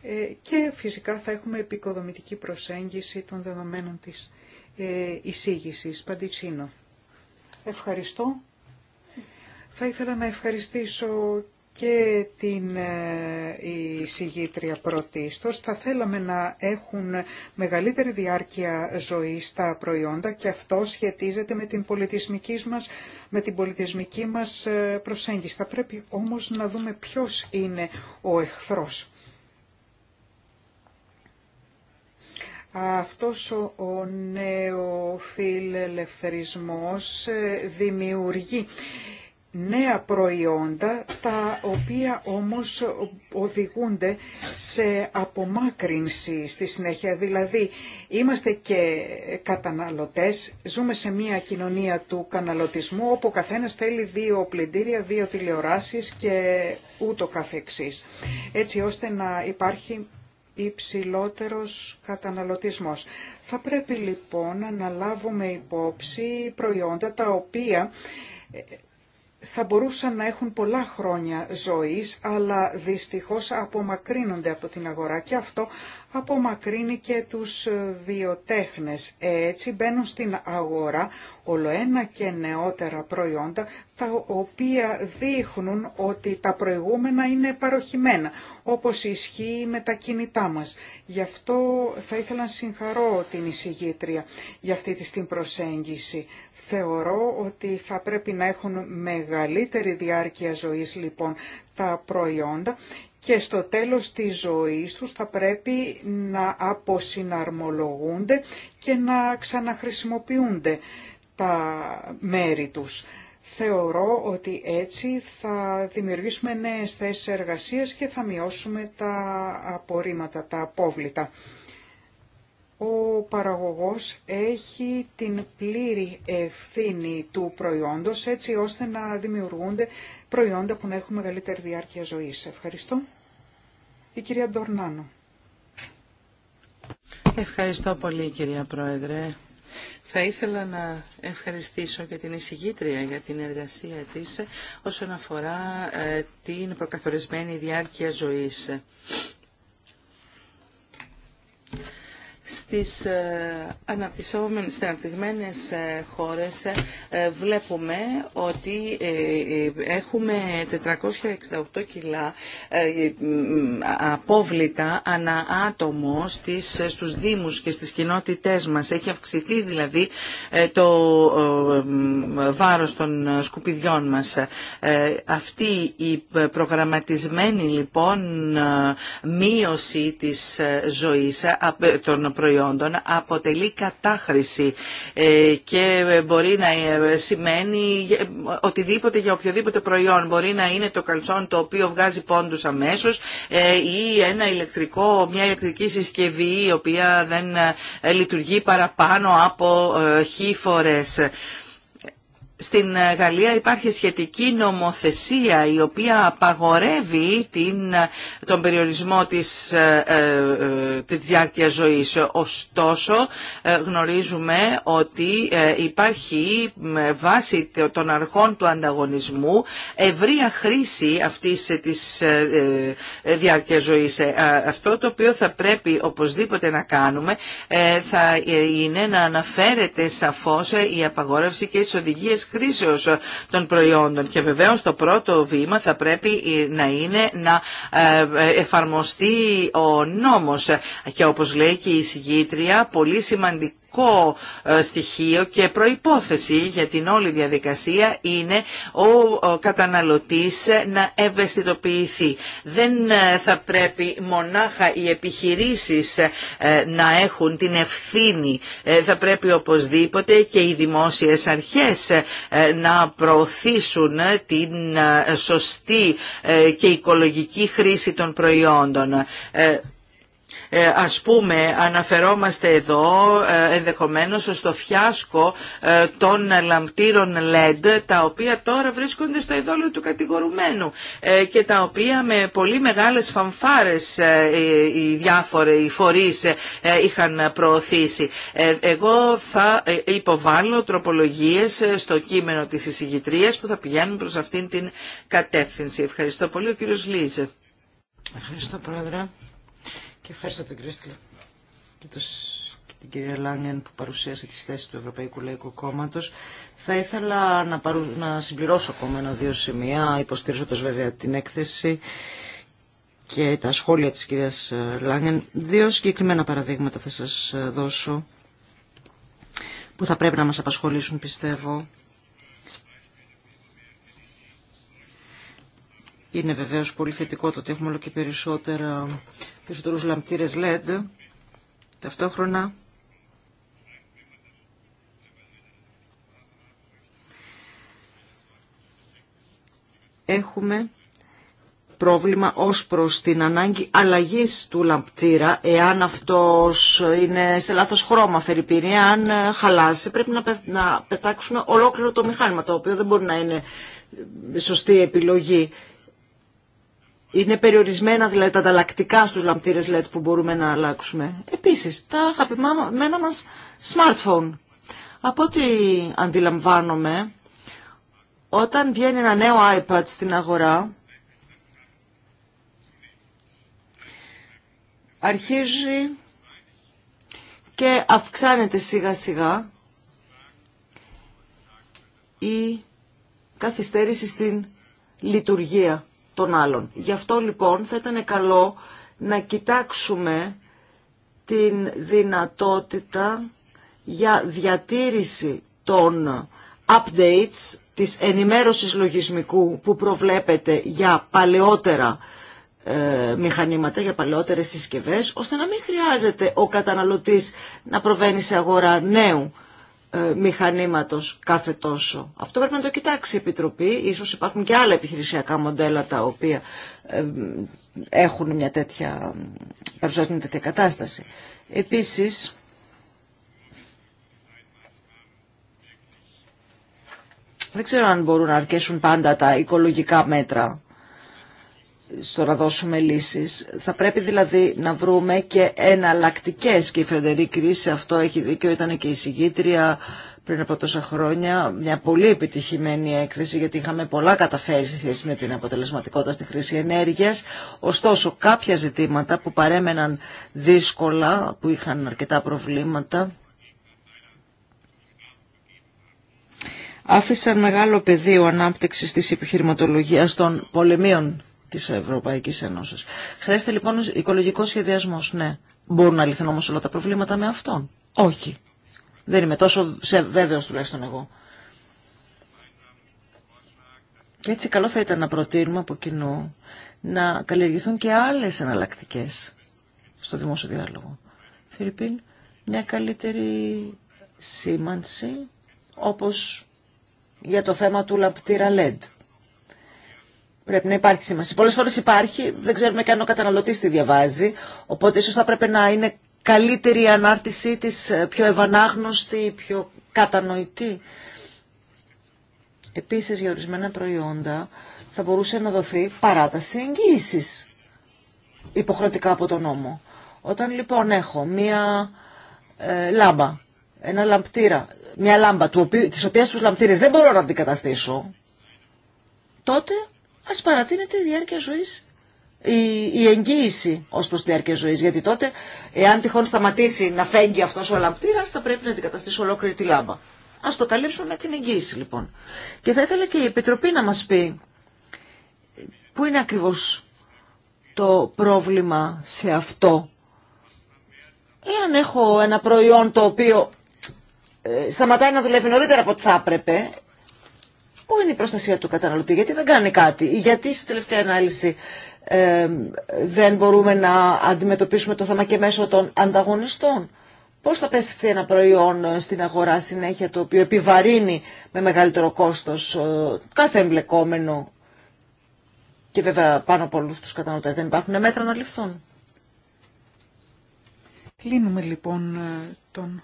Ε, και φυσικά θα έχουμε επικοδομητική προσέγγιση των δεδομένων της ε, εισήγησης. Παντιτσίνο. Ευχαριστώ. Θα ήθελα να ευχαριστήσω και την εισηγήτρια πρωτίστως. Θα θέλαμε να έχουν μεγαλύτερη διάρκεια ζωής στα προϊόντα και αυτό σχετίζεται με την πολιτισμική μας, με την πολιτισμική μας ε, προσέγγιση. Θα πρέπει όμως να δούμε ποιος είναι ο εχθρός. Αυτός ο, ο φιλελευθερισμός ε, δημιουργεί νέα προϊόντα, τα οποία όμως οδηγούνται σε απομάκρυνση στη συνέχεια. Δηλαδή, είμαστε και καταναλωτές, ζούμε σε μια κοινωνία του καναλωτισμού, όπου ο καθένας θέλει δύο πλυντήρια, δύο τηλεοράσεις και ούτω καθεξής. Έτσι ώστε να υπάρχει υψηλότερος καταναλωτισμός. Θα πρέπει λοιπόν να λάβουμε υπόψη προϊόντα τα οποία θα μπορούσαν να έχουν πολλά χρόνια ζωής, αλλά δυστυχώς απομακρύνονται από την αγορά και αυτό απομακρύνει και τους βιοτέχνες. Έτσι μπαίνουν στην αγορά ολοένα και νεότερα προϊόντα τα οποία δείχνουν ότι τα προηγούμενα είναι παροχημένα, όπως ισχύει με τα κινητά μας. Γι' αυτό θα ήθελα να συγχαρώ την εισηγήτρια για αυτή τη την προσέγγιση. Θεωρώ ότι θα πρέπει να έχουν μεγαλύτερη διάρκεια ζωής λοιπόν τα προϊόντα και στο τέλος της ζωής τους θα πρέπει να αποσυναρμολογούνται και να ξαναχρησιμοποιούνται τα μέρη τους. Θεωρώ ότι έτσι θα δημιουργήσουμε νέες θέσεις εργασίας και θα μειώσουμε τα απορρίμματα, τα απόβλητα. Ο παραγωγός έχει την πλήρη ευθύνη του προϊόντος έτσι ώστε να δημιουργούνται προϊόντα που να έχουν μεγαλύτερη διάρκεια ζωής. Ευχαριστώ. Η κυρία Ντορνάνο. Ευχαριστώ πολύ κυρία Πρόεδρε. Θα ήθελα να ευχαριστήσω και την εισηγήτρια για την εργασία της όσον αφορά ε, την προκαθορισμένη διάρκεια ζωής. στις ε, αναπτυσσόμενες, στις ε, χώρες ε, βλέπουμε ότι έχουμε 468 κιλά απόβλητα ανά άτομο στις, στους δήμους και στις κοινότητές μας. Έχει αυξηθεί δηλαδή το βάρος των σκουπιδιών μας. Αυτή η προγραμματισμένη λοιπόν μείωση της ζωής των προϊόντων αποτελεί κατάχρηση ε, και μπορεί να ε, σημαίνει ε, οτιδήποτε για οποιοδήποτε προϊόν. Μπορεί να είναι το καλτσόν το οποίο βγάζει πόντους αμέσως ή ένα ηλεκτρικό, μια ηλεκτρική συσκευή η οποία δεν λειτουργεί παραπάνω από χήφορες. Στην Γαλλία υπάρχει σχετική νομοθεσία η οποία απαγορεύει την, τον περιορισμό της, ε, ε, της διάρκειας ζωής. Ωστόσο ε, γνωρίζουμε ότι ε, υπάρχει βάση των αρχών του ανταγωνισμού ευρεία χρήση αυτής της ε, ε διάρκειας ζωής. Αυτό το οποίο θα πρέπει οπωσδήποτε να κάνουμε θα είναι να αναφέρεται σαφώς η απαγορεύση και τις οδηγίες χρήσεως ε, των προϊόντων και βεβαίως το πρώτο βήμα θα πρέπει ε, να είναι να ε, εφαρμοστεί ο νόμος και όπως λέει και η συγγήτρια πολύ σημαντικό βασικό ε, στοιχείο και προϋπόθεση για την όλη διαδικασία είναι ο καταναλωτής να ευαισθητοποιηθεί. Δεν ε, θα πρέπει μονάχα οι επιχειρήσεις ε, να έχουν την ευθύνη. Θα πρέπει οπωσδήποτε και οι δημόσιες αρχές να προωθήσουν την σωστή και οικολογική χρήση των προϊόντων. Ε, ας πούμε, αναφερόμαστε εδώ ε, ενδεχομένως στο φιάσκο ε, των λαμπτήρων LED, τα οποία τώρα βρίσκονται στο ειδόλιο του κατηγορουμένου και τα οποία με πολύ μεγάλες φανφάρες οι διάφοροι φορείς είχαν προωθήσει. Εγώ θα υποβάλω τροπολογίες στο κείμενο της εισηγητρίας που θα πηγαίνουν προς αυτήν την κατεύθυνση. Ευχαριστώ πολύ ο κύριος Λίζε. Και ευχαριστώ τον κύριο Στυλ και, την κυρία Λάνιεν που παρουσίασε τις θέσεις του Ευρωπαϊκού Λαϊκού Κόμματος. Θα ήθελα να, να συμπληρώσω ακόμα ένα-δύο σημεία, υποστηρίζοντας βέβαια την έκθεση και τα σχόλια της κυρίας ε, Λάνιεν. Δύο συγκεκριμένα παραδείγματα θα σας ε, δώσω που θα πρέπει να μας απασχολήσουν πιστεύω Είναι βεβαίω πολύ θετικό το ότι έχουμε όλο και περισσότερα, περισσότερους λαμπτήρες LED. Ταυτόχρονα έχουμε πρόβλημα ως προς την ανάγκη αλλαγής του λαμπτήρα, εάν αυτός είναι σε λάθος χρώμα φερρυπίνη, εάν χαλάσει πρέπει να πετάξουμε ολόκληρο το μηχάνημα, το οποίο δεν μπορεί να είναι σωστή επιλογή είναι περιορισμένα δηλαδή τα ανταλλακτικά στους λαμπτήρες LED που μπορούμε να αλλάξουμε. Επίσης, τα αγαπημένα μας smartphone. Από ό,τι αντιλαμβάνομαι, όταν βγαίνει ένα νέο iPad στην αγορά, αρχίζει και αυξάνεται σιγά σιγά η καθυστέρηση στην λειτουργία Γι' αυτό λοιπόν θα ήταν καλό να κοιτάξουμε την δυνατότητα για διατήρηση των updates, της ενημέρωσης λογισμικού που προβλέπεται για παλαιότερα ε, μηχανήματα για παλαιότερες συσκευές, ώστε να μην χρειάζεται ο καταναλωτής να προβαίνει σε αγορά νέου ε, μηχανήματος κάθε τόσο. Αυτό πρέπει να το κοιτάξει η Επιτροπή. Ίσως υπάρχουν και άλλα επιχειρησιακά μοντέλα τα οποία ε, έχουν μια τέτοια, τέτοια κατάσταση. Επίσης, δεν ξέρω αν μπορούν να αρκέσουν πάντα τα οικολογικά μέτρα στο να δώσουμε λύσεις. Θα πρέπει δηλαδή να βρούμε και εναλλακτικέ και η Φρεντερή Κρίση αυτό έχει δίκιο, ήταν και η συγγήτρια πριν από τόσα χρόνια, μια πολύ επιτυχημένη έκθεση, γιατί είχαμε πολλά καταφέρει σε σχέση με την αποτελεσματικότητα στη χρήση ενέργεια. Ωστόσο, κάποια ζητήματα που παρέμεναν δύσκολα, που είχαν αρκετά προβλήματα, άφησαν μεγάλο πεδίο ανάπτυξη τη επιχειρηματολογία των πολεμίων της Ευρωπαϊκής Ένωσης. Χρειάζεται λοιπόν οικολογικό σχεδιασμός, ναι. Μπορούν να λυθούν όμως όλα τα προβλήματα με αυτόν. Όχι. Δεν είμαι τόσο σε βέβαιος τουλάχιστον εγώ. Και έτσι καλό θα ήταν να προτείνουμε από κοινού να καλλιεργηθούν και άλλες εναλλακτικέ στο δημόσιο διάλογο. Φιλιππίν, μια καλύτερη σήμανση όπως για το θέμα του λαπτήρα LED Πρέπει να υπάρχει σήμανση. Πολλές φορές υπάρχει, δεν ξέρουμε καν ο καταναλωτής τι διαβάζει, οπότε ίσως θα πρέπει να είναι καλύτερη η ανάρτησή της, ε, πιο ευανάγνωστη, πιο κατανοητή. Επίσης για ορισμένα προϊόντα θα μπορούσε να δοθεί παράταση εγγύησης υποχρεωτικά από τον νόμο. Όταν λοιπόν έχω μία ε, λάμπα, ένα λαμπτήρα, μία λάμπα τη οποία της οποίας δεν μπορώ να αντικαταστήσω, τότε ας παρατείνεται η διάρκεια ζωής η, η εγγύηση ως προς τη διάρκεια ζωής. Γιατί τότε, εάν τυχόν σταματήσει να φέγγει αυτός ο λαμπτήρας, θα πρέπει να αντικαταστήσει ολόκληρη τη λάμπα. Ας το καλύψουμε με την εγγύηση λοιπόν. Και θα ήθελα και η Επιτροπή να μας πει πού είναι ακριβώς το πρόβλημα σε αυτό. Εάν έχω ένα προϊόν το οποίο ε, σταματάει να δουλεύει νωρίτερα από ό,τι θα έπρεπε, Πού είναι η προστασία του καταναλωτή, γιατί δεν κάνει κάτι, γιατί στη τελευταία ανάλυση ε, δεν μπορούμε να αντιμετωπίσουμε το θέμα και μέσω των ανταγωνιστών. Πώς θα πέσει ένα προϊόν ε, στην αγορά συνέχεια το οποίο επιβαρύνει με μεγαλύτερο κόστος ε, κάθε εμπλεκόμενο και βέβαια πάνω από όλους τους καταναλωτές δεν υπάρχουν μέτρα να ληφθούν. Κλείνουμε λοιπόν τον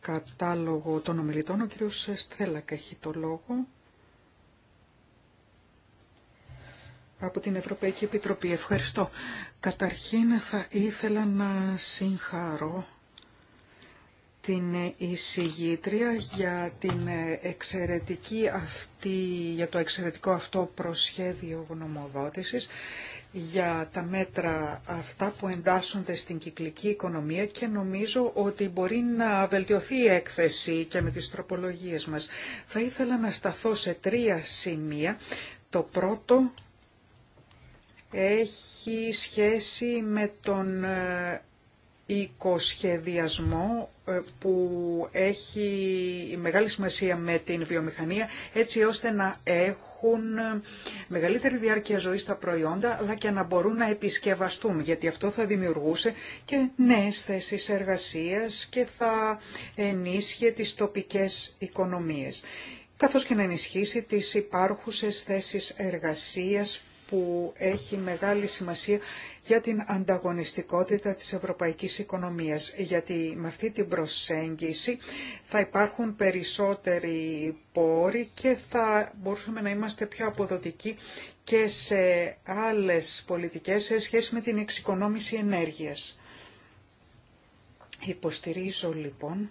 κατάλογο των ομιλητών. Ο κύριος Στρέλακ έχει το λόγο. από την Ευρωπαϊκή Επιτροπή. Ευχαριστώ. Καταρχήν θα ήθελα να συγχαρώ την εισηγήτρια για, την αυτή, για το εξαιρετικό αυτό προσχέδιο γνωμοδότησης για τα μέτρα αυτά που εντάσσονται στην κυκλική οικονομία και νομίζω ότι μπορεί να βελτιωθεί η έκθεση και με τις τροπολογίες μας. Θα ήθελα να σταθώ σε τρία σημεία. Το πρώτο έχει σχέση με τον ε, οικοσχεδιασμό ε, που έχει μεγάλη σημασία με την βιομηχανία έτσι ώστε να έχουν ε, μεγαλύτερη διάρκεια ζωής τα προϊόντα αλλά και να μπορούν να επισκευαστούν γιατί αυτό θα δημιουργούσε και νέες θέσεις εργασίας και θα ενίσχυε τις τοπικές οικονομίες καθώς και να ενισχύσει τις υπάρχουσες θέσεις εργασίας που έχει μεγάλη σημασία για την ανταγωνιστικότητα της ευρωπαϊκής οικονομίας, γιατί με αυτή την προσέγγιση θα υπάρχουν περισσότεροι πόροι και θα μπορούσαμε να είμαστε πιο αποδοτικοί και σε άλλες πολιτικές σε σχέση με την εξοικονόμηση ενέργειας. Υποστηρίζω λοιπόν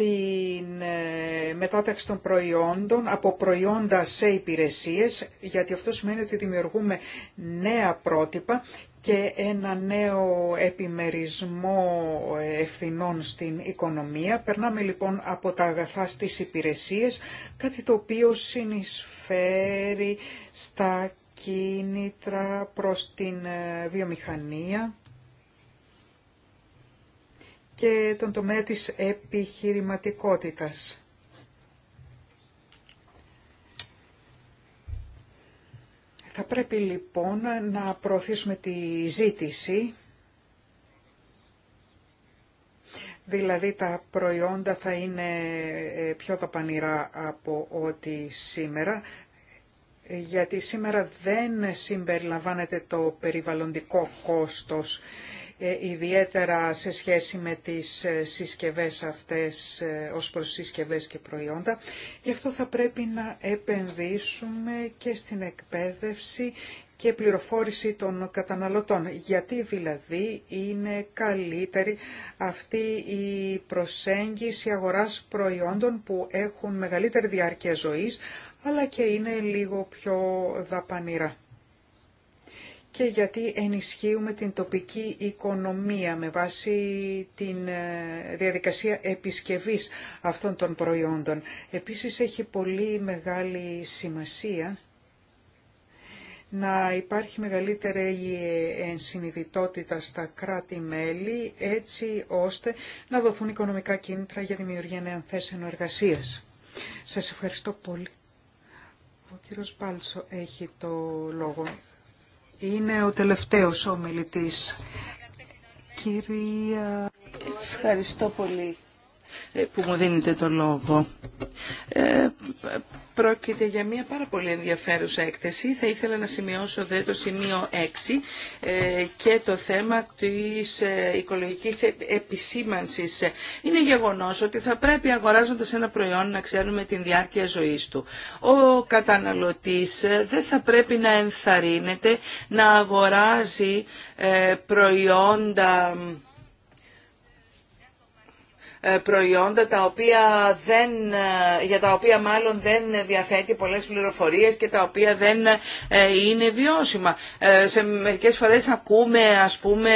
την ε, μετάταξη των προϊόντων από προϊόντα σε υπηρεσίες, γιατί αυτό σημαίνει ότι δημιουργούμε νέα πρότυπα και ένα νέο επιμερισμό ε, ευθυνών στην οικονομία. Περνάμε λοιπόν από τα αγαθά στις υπηρεσίες, κάτι το οποίο συνεισφέρει στα κίνητρα προς την ε, βιομηχανία και τον τομέα της επιχειρηματικότητας. Θα πρέπει λοιπόν να προωθήσουμε τη ζήτηση, δηλαδή τα προϊόντα θα είναι ε, πιο δαπανηρά από ό,τι σήμερα, γιατί σήμερα δεν συμπεριλαμβάνεται το περιβαλλοντικό κόστος ε, ιδιαίτερα σε σχέση με τις ε, συσκευές αυτές ε, ως προς συσκευές και προϊόντα. Γι' αυτό θα πρέπει να επενδύσουμε και στην εκπαίδευση και πληροφόρηση των καταναλωτών. Γιατί δηλαδή είναι καλύτερη αυτή η προσέγγιση αγοράς προϊόντων που έχουν μεγαλύτερη διάρκεια ζωής, αλλά και είναι λίγο πιο δαπανηρά και γιατί ενισχύουμε την τοπική οικονομία με βάση τη ε, διαδικασία επισκευής αυτών των προϊόντων. Επίσης έχει πολύ μεγάλη σημασία να υπάρχει μεγαλύτερη ε, ενσυνειδητότητα στα κράτη-μέλη έτσι ώστε να δοθούν οικονομικά κίνητρα για δημιουργία νέων θέσεων εργασίας. Σας ευχαριστώ πολύ. Ο κύριος Πάλσο έχει το λόγο είναι ο τελευταίος ομιλητής. Κυρία... Ευχαριστώ πολύ. Ε, που μου δίνετε το λόγο. Ε, πρόκειται για μια πάρα πολύ ενδιαφέρουσα έκθεση. Θα ήθελα να σημειώσω δε το σημείο 6 ε, και το θέμα της ε, οικολογικής επισήμανσης. Είναι γεγονός ότι θα πρέπει αγοράζοντας ένα προϊόν να ξέρουμε την διάρκεια ζωής του. Ο καταναλωτής ε, δεν θα πρέπει να ενθαρρύνεται να αγοράζει προϊόντα ε, προϊόντα τα οποία δεν, ε, για τα οποία μάλλον δεν διαθέτει πολλές πληροφορίες και τα οποία δεν ε, είναι βιώσιμα. Σε μερικές φορές ακούμε ας πούμε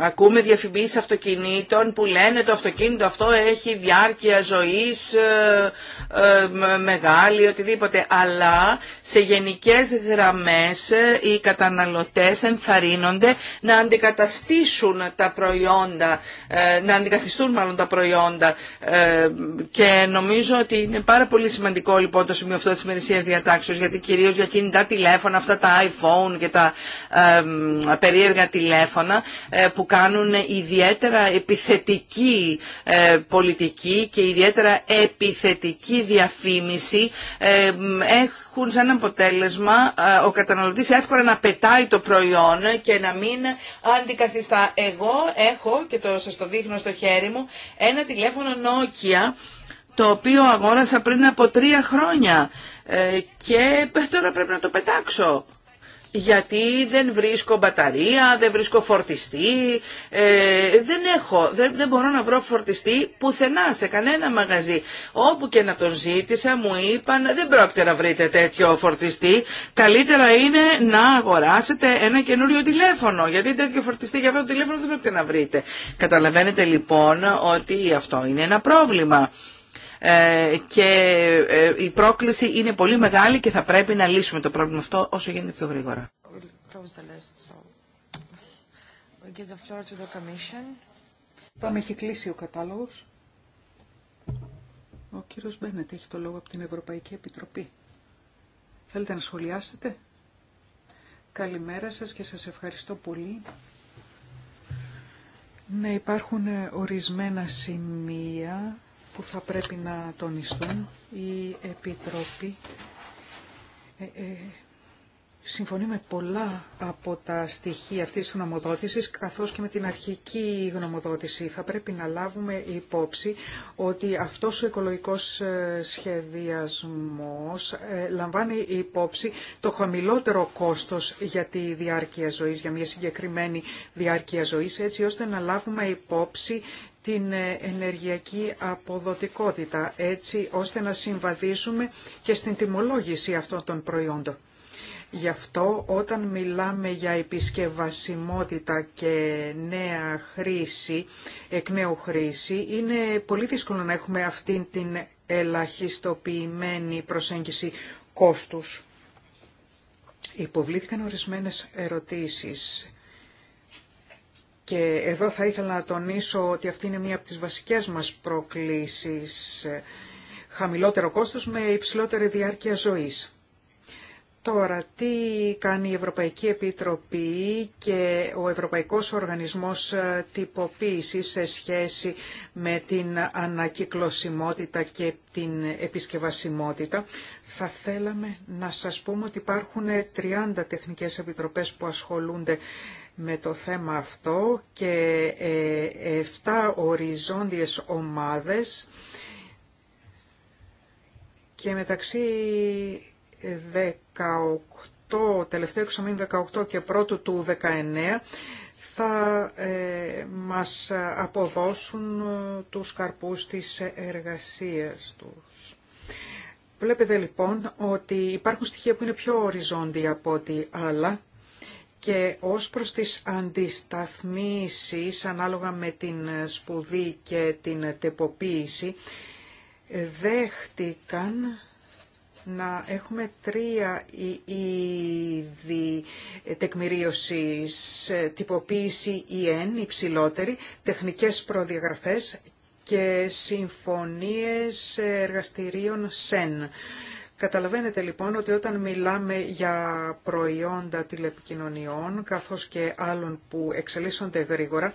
ακούμε διαφημίσεις αυτοκινήτων που λένε το αυτοκίνητο αυτό έχει διάρκεια ζωής ε, ε, μεγάλη, οτιδήποτε. Αλλά σε γενικές γραμμές ε, οι καταναλωτές ενθαρρύνονται να αντικαταστήσουν τα προϊόντα, να αντικαθιστούν μάλλον τα προϊόντα. Και νομίζω ότι είναι πάρα πολύ σημαντικό λοιπόν το σημείο αυτό της ημερησίας διατάξεως, γιατί κυρίως για κινητά τηλέφωνα, αυτά τα iPhone και τα περίεργα τηλέφωνα, ε, που κάνουν ιδιαίτερα επιθετική ε, πολιτική και ιδιαίτερα επιθετική διαφήμιση ε, έχουν σαν αποτέλεσμα ο καταναλωτής εύκολα να πετάει το προϊόν και να μην αντικαθιστά. Εγώ έχω, και το, σας το δείχνω στο χέρι μου, ένα τηλέφωνο Nokia το οποίο αγόρασα πριν από τρία χρόνια και τώρα πρέπει να το πετάξω γιατί δεν βρίσκω μπαταρία, δεν βρίσκω φορτιστή, ε, δεν έχω, δεν, δεν μπορώ να βρω φορτιστή πουθενά, σε κανένα μαγαζί. Όπου και να τον ζήτησα μου είπαν δεν πρόκειται να βρείτε τέτοιο φορτιστή, καλύτερα είναι να αγοράσετε ένα καινούριο τηλέφωνο, γιατί τέτοιο φορτιστή για αυτό το τηλέφωνο δεν πρόκειται να βρείτε. Καταλαβαίνετε λοιπόν ότι αυτό είναι ένα πρόβλημα. Ε, και ε, η πρόκληση είναι πολύ μεγάλη και θα πρέπει να λύσουμε το πρόβλημα αυτό όσο γίνεται πιο γρήγορα. Πάμε, έχει κλείσει ο κατάλογος. Ο κύριος Μπένετ έχει το λόγο από την Ευρωπαϊκή Επιτροπή. Θέλετε να σχολιάσετε. Καλημέρα σας και σας ευχαριστώ πολύ. Ναι, υπάρχουν ε, ορισμένα σημεία που θα πρέπει να τονιστούν. οι Επιτρόποι. ε, ε, συμφωνεί με πολλά από τα στοιχεία αυτής της γνωμοδότησης καθώς και με την αρχική γνωμοδότηση. Θα πρέπει να λάβουμε υπόψη ότι αυτός ο οικολογικός ε, σχεδιασμός ε, λαμβάνει υπόψη το χαμηλότερο κόστος για τη διάρκεια ζωής, για μια συγκεκριμένη διάρκεια ζωής, έτσι ώστε να λάβουμε υπόψη την ε, ενεργειακή αποδοτικότητα, έτσι ώστε να συμβαδίσουμε και στην τιμολόγηση αυτών των προϊόντων. Γι' αυτό όταν μιλάμε για επισκευασιμότητα και νέα χρήση, εκ νέου χρήση, είναι πολύ δύσκολο να έχουμε αυτήν την ελαχιστοποιημένη προσέγγιση κόστους. Υποβλήθηκαν ορισμένες ερωτήσεις και εδώ θα ήθελα να τονίσω ότι αυτή είναι μία από τις βασικές μας προκλήσεις. Χαμηλότερο κόστος με υψηλότερη διάρκεια ζωής. Τώρα, τι κάνει η Ευρωπαϊκή Επιτροπή και ο Ευρωπαϊκός Οργανισμός Τυποποίησης σε σχέση με την ανακυκλωσιμότητα και την επισκευασιμότητα. Θα θέλαμε να σας πούμε ότι υπάρχουν 30 τεχνικές επιτροπές που ασχολούνται με το θέμα αυτό και 7 ε, οριζόντιες ομάδες και μεταξύ 18, τελευταίο εξωμήνου 18 και πρώτου του 19 θα ε, μας αποδώσουν τους καρπούς της εργασίας τους. Βλέπετε λοιπόν ότι υπάρχουν στοιχεία που είναι πιο οριζόντια από ό,τι άλλα και ως προς τις αντισταθμίσεις ανάλογα με την σπουδή και την τεποποίηση δέχτηκαν να έχουμε τρία είδη τεκμηρίωσης, τυποποίηση ΙΕΝ, υψηλότερη, τεχνικές προδιαγραφές και συμφωνίες εργαστηρίων ΣΕΝ. Καταλαβαίνετε λοιπόν ότι όταν μιλάμε για προϊόντα τηλεπικοινωνιών καθώς και άλλων που εξελίσσονται γρήγορα,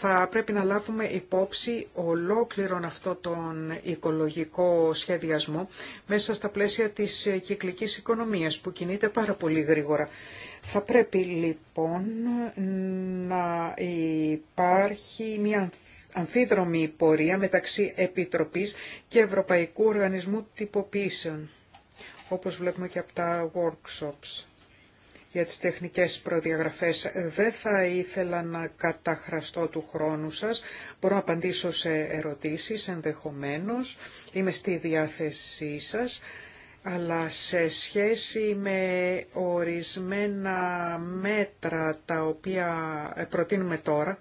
θα πρέπει να λάβουμε υπόψη ολόκληρον αυτό τον οικολογικό σχεδιασμό μέσα στα πλαίσια της κυκλικής οικονομίας που κινείται πάρα πολύ γρήγορα. Θα πρέπει λοιπόν να υπάρχει μια αμφίδρομη πορεία μεταξύ Επιτροπής και Ευρωπαϊκού Οργανισμού Τυποποίησεων όπως βλέπουμε και από τα workshops για τις τεχνικές προδιαγραφές. Δεν θα ήθελα να καταχραστώ του χρόνου σας. Μπορώ να απαντήσω σε ερωτήσεις ενδεχομένως. Είμαι στη διάθεσή σας. Αλλά σε σχέση με ορισμένα μέτρα τα οποία ε, προτείνουμε τώρα,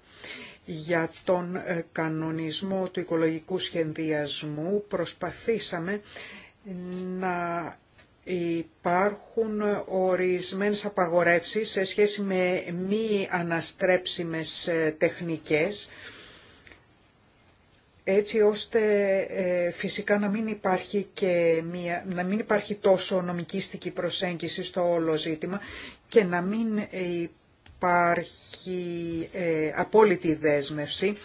για τον ε, κανονισμό του οικολογικού σχεδιασμού προσπαθήσαμε να Υπάρχουν ορισμένες απαγορεύσεις σε σχέση με μη αναστρέψιμες ε, τεχνικές, έτσι ώστε ε, φυσικά να μην υπάρχει, και μια, να μην υπάρχει τόσο νομικίστικη προσέγγιση στο όλο ζήτημα και να μην υπάρχει ε, απόλυτη δέσμευση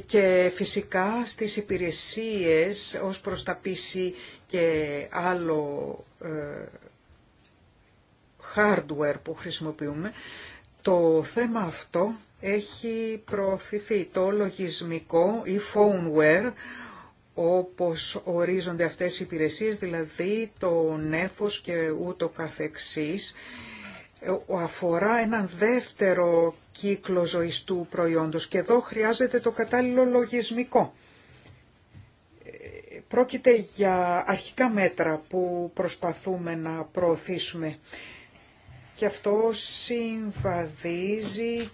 και φυσικά στις υπηρεσίες ως προς τα PC και άλλο ε, hardware που χρησιμοποιούμε, το θέμα αυτό έχει προωθηθεί. Το λογισμικό ή phoneware, όπως ορίζονται αυτές οι υπηρεσίες, δηλαδή το νέφος και ούτω καθεξής, ε, αφορά έναν δεύτερο κύκλο ζωής του προϊόντος και εδώ χρειάζεται το κατάλληλο λογισμικό. Ε, πρόκειται για αρχικά μέτρα που προσπαθούμε να προωθήσουμε και αυτό συμβαδίζει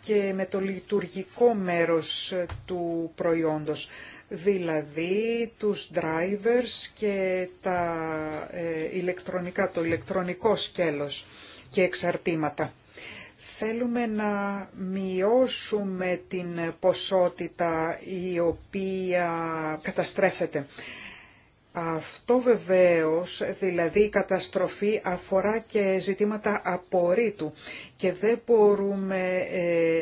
και με το λειτουργικό μέρος του προϊόντος, δηλαδή τους drivers και τα ε, ηλεκτρονικά, το ηλεκτρονικό σκέλος και εξαρτήματα θέλουμε να μειώσουμε την ποσότητα η οποία καταστρέφεται. Αυτό βεβαίως, δηλαδή η καταστροφή αφορά και ζητήματα απορρίτου και δεν μπορούμε ε,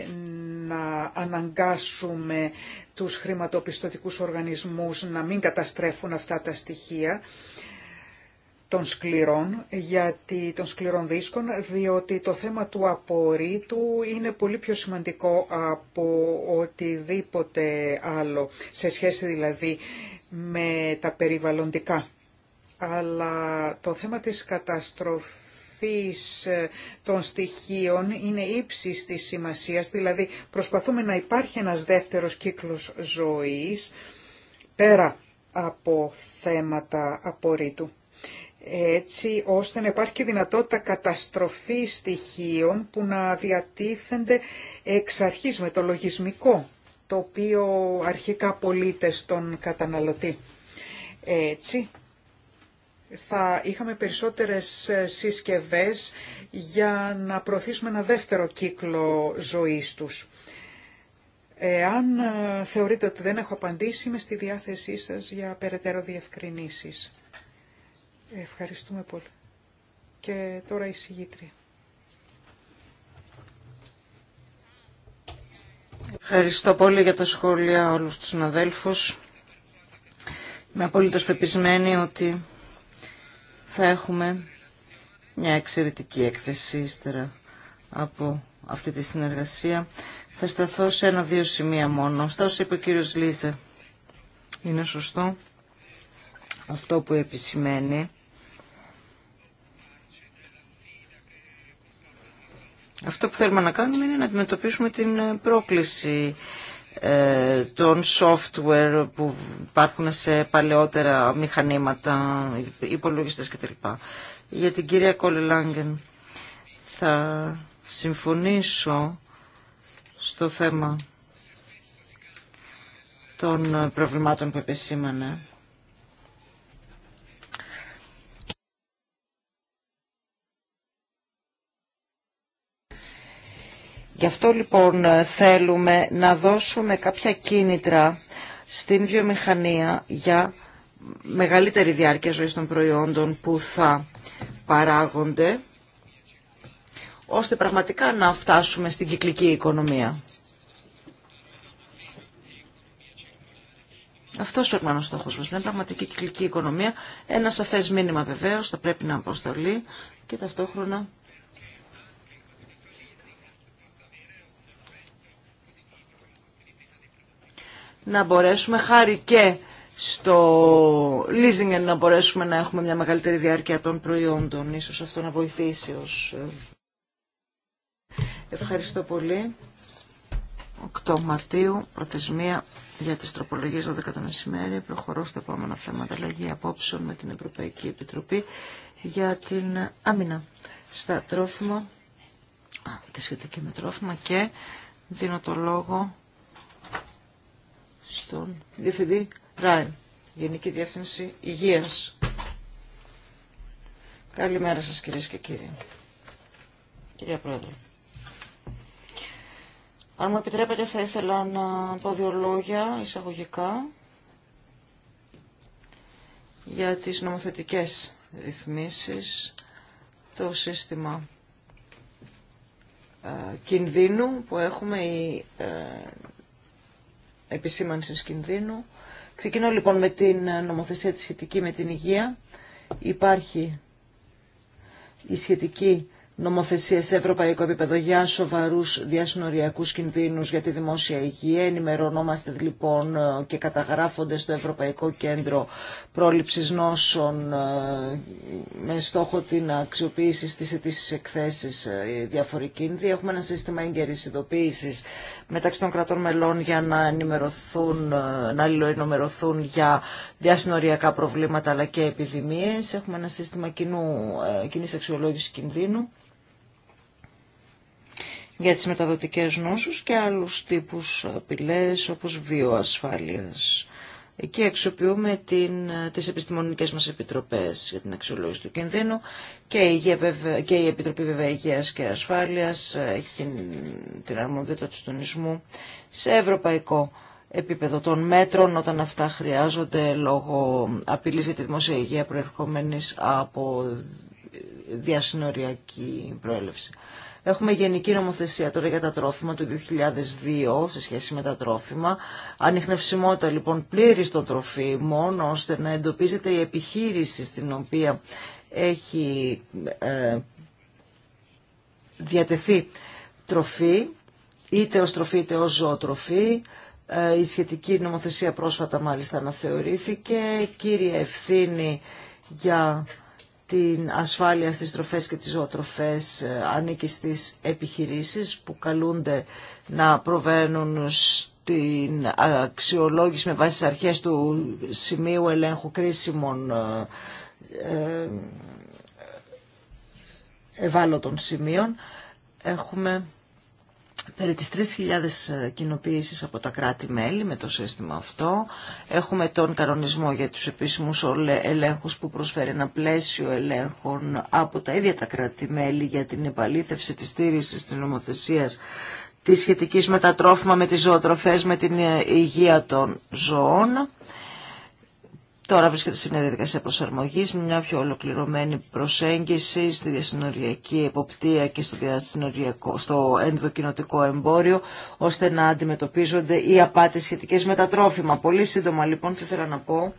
να αναγκάσουμε τους χρηματοπιστωτικούς οργανισμούς να μην καταστρέφουν αυτά τα στοιχεία των σκληρών, γιατί, των σκληρών δίσκων, διότι το θέμα του απορρίτου είναι πολύ πιο σημαντικό από οτιδήποτε άλλο, σε σχέση δηλαδή με τα περιβαλλοντικά. Αλλά το θέμα της καταστροφής ε, των στοιχείων είναι ύψης της σημασίας, δηλαδή προσπαθούμε να υπάρχει ένας δεύτερος κύκλος ζωής, πέρα από θέματα απορρίτου έτσι ώστε να υπάρχει και δυνατότητα καταστροφή στοιχείων που να διατίθενται εξ αρχής με το λογισμικό το οποίο αρχικά απολύται στον καταναλωτή. Έτσι θα είχαμε περισσότερες συσκευές για να προωθήσουμε ένα δεύτερο κύκλο ζωής τους. Εάν ε, θεωρείτε ότι δεν έχω απαντήσει, είμαι στη διάθεσή σας για περαιτέρω διευκρινήσεις. Ευχαριστούμε πολύ. Και τώρα η συγγήτρια. Ευχαριστώ πολύ για τα σχόλια όλους τους συναδέλφους. Είμαι απολύτως πεπισμένη ότι θα έχουμε μια εξαιρετική έκθεση ύστερα από αυτή τη συνεργασία. Θα σταθώ σε ένα-δύο σημεία μόνο. Στα όσα είπε ο κύριος Λίζε. Είναι σωστό αυτό που επισημαίνει Αυτό που θέλουμε να κάνουμε είναι να αντιμετωπίσουμε την ε, πρόκληση ε, των software που υπάρχουν σε παλαιότερα μηχανήματα, υπολογιστές κτλ. Για την κυρία Κόλλη θα συμφωνήσω στο θέμα των προβλημάτων που επισήμανε. Γι' αυτό λοιπόν θέλουμε να δώσουμε κάποια κίνητρα στην βιομηχανία για μεγαλύτερη διάρκεια ζωής των προϊόντων που θα παράγονται ώστε πραγματικά να φτάσουμε στην κυκλική οικονομία. Αυτός πρέπει να είναι ο στόχος μας, Μια πραγματική κυκλική οικονομία. Ένα σαφέ μήνυμα βεβαίω θα πρέπει να αποστολεί και ταυτόχρονα να μπορέσουμε χάρη και στο leasing να μπορέσουμε να έχουμε μια μεγαλύτερη διάρκεια των προϊόντων. Ίσως αυτό να βοηθήσει ως... Ε, Ευχαριστώ πολύ. 8 Μαρτίου, προθεσμία για τις τροπολογίες 12 το μεσημέρι. Προχωρώ στο επόμενο θέμα ανταλλαγή απόψεων με την Ευρωπαϊκή Επιτροπή για την άμυνα στα τρόφιμα, τη σχετική με τρόφιμα και δίνω το λόγο στον Διευθυντή Ράιν, Γενική Διεύθυνση Υγείας. Καλημέρα σας κυρίες και κύριοι. Κυρία Πρόεδρε. Αν μου επιτρέπετε θα ήθελα να πω δύο λόγια εισαγωγικά για τις νομοθετικές ρυθμίσεις, το σύστημα ε, κινδύνου που έχουμε η ε, επισήμανσης κινδύνου. Ξεκινώ λοιπόν με την ε, νομοθεσία τη σχετική με την υγεία. Υπάρχει η σχετική νομοθεσία σε ευρωπαϊκό επίπεδο για σοβαρούς διασυνοριακούς κινδύνους για τη δημόσια υγεία. Ενημερωνόμαστε λοιπόν και καταγράφονται στο Ευρωπαϊκό Κέντρο Πρόληψης Νόσων ε, με στόχο την αξιοποίηση στις αιτήσεις εκθέσεις ε, διαφοροί κίνδυνοι. Έχουμε ένα σύστημα έγκαιρης ειδοποίησης μεταξύ των κρατών μελών για να ενημερωθούν, ε, να αλληλοενημερωθούν για διασυνοριακά προβλήματα αλλά και επιδημίες. Έχουμε ένα σύστημα κοινού, κοινής αξιολόγησης κινδύνου για τις μεταδοτικές νόσους και άλλους τύπους απειλές όπως βιοασφάλειας. Εκεί αξιοποιούμε την, τις επιστημονικές μας επιτροπές για την αξιολόγηση του κινδύνου και η, και η Επιτροπή Βέβαια και Ασφάλειας ε, έχει την αρμοδιότητα του στονισμού σε ευρωπαϊκό επίπεδο των μέτρων όταν αυτά χρειάζονται λόγω απειλής για τη δημόσια υγεία προερχόμενης από διασυνοριακή προέλευση. Έχουμε γενική νομοθεσία τώρα για τα τρόφιμα του 2002 σε σχέση με τα τρόφιμα. Ανοιχνευσιμότητα λοιπόν πλήρης των τροφίμων ώστε να εντοπίζεται η επιχείρηση στην οποία έχει ε, διατεθεί τροφή, είτε ως τροφή είτε ως ζωοτροφή. Ε, η σχετική νομοθεσία πρόσφατα μάλιστα αναθεωρήθηκε. Κύριε ευθύνη για την ασφάλεια στις τροφές και τις ζωοτροφές ε, ανήκει στις επιχειρήσεις που καλούνται να προβαίνουν στην αξιολόγηση με βάση τις αρχές του σημείου ελέγχου κρίσιμων ε, ε, ευάλωτων σημείων. Έχουμε περί τις 3.000 ε, κοινοποίησεις από τα κράτη-μέλη με το σύστημα αυτό. Έχουμε τον κανονισμό για τους επίσημους ελέγχους που προσφέρει ένα πλαίσιο ελέγχων από τα ίδια τα κράτη-μέλη για την επαλήθευση της στήρησης της νομοθεσίας της σχετικής με με τις ζωοτροφές, με την ε, υγεία των ζώων. Τώρα βρίσκεται στην διαδικασία προσαρμογής μια πιο ολοκληρωμένη προσέγγιση στη διασυνοριακή εποπτεία και στο, στο ενδοκινοτικό εμπόριο, ώστε να αντιμετωπίζονται οι απάτες σχετικές με τα τρόφιμα. Πολύ σύντομα λοιπόν θα ήθελα να πω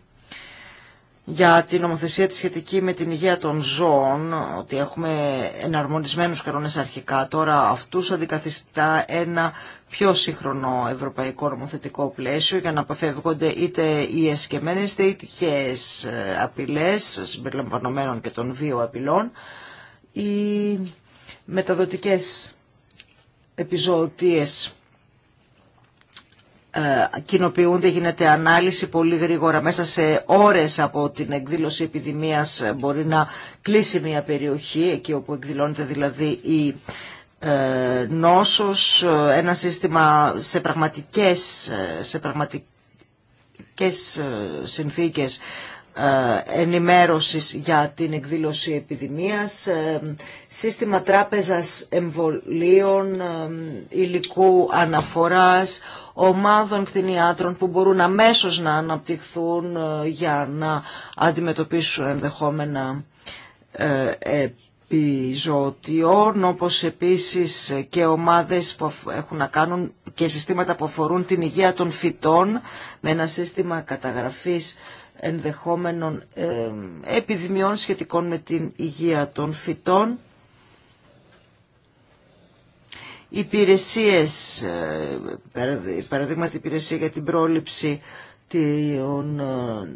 για την νομοθεσία τη σχετική με την υγεία των ζώων, ότι έχουμε εναρμονισμένους κανόνες αρχικά. Τώρα αυτούς αντικαθιστά ένα πιο σύγχρονο ευρωπαϊκό νομοθετικό πλαίσιο για να αποφεύγονται είτε οι εσκεμμένες είτε οι τυχαίες ε, απειλές, συμπεριλαμβανομένων και των δύο απειλών. Οι μεταδοτικές επιζωοτίες ε, κοινοποιούνται, γίνεται ανάλυση πολύ γρήγορα μέσα σε ώρες από την εκδήλωση επιδημίας ε, μπορεί να κλείσει μια περιοχή εκεί όπου εκδηλώνεται δηλαδή η ε, νόσος ένα σύστημα σε πραγματικές, σε πραγματικές συνθήκες ε, ενημέρωσης για την εκδήλωση επιδημίας, ε, σύστημα τράπεζας εμβολίων, ε, υλικού αναφοράς, ομάδων κτηνιάτρων που μπορούν αμέσως να αναπτυχθούν για να αντιμετωπίσουν ενδεχόμενα επιζωτιών, όπως επίσης και ομάδες που έχουν να κάνουν και συστήματα που αφορούν την υγεία των φυτών με ένα σύστημα καταγραφής ενδεχόμενων ε, επιδημιών σχετικών με την υγεία των φυτών. Υπηρεσίες, ε, παραδείγματι υπηρεσία για την πρόληψη των ε,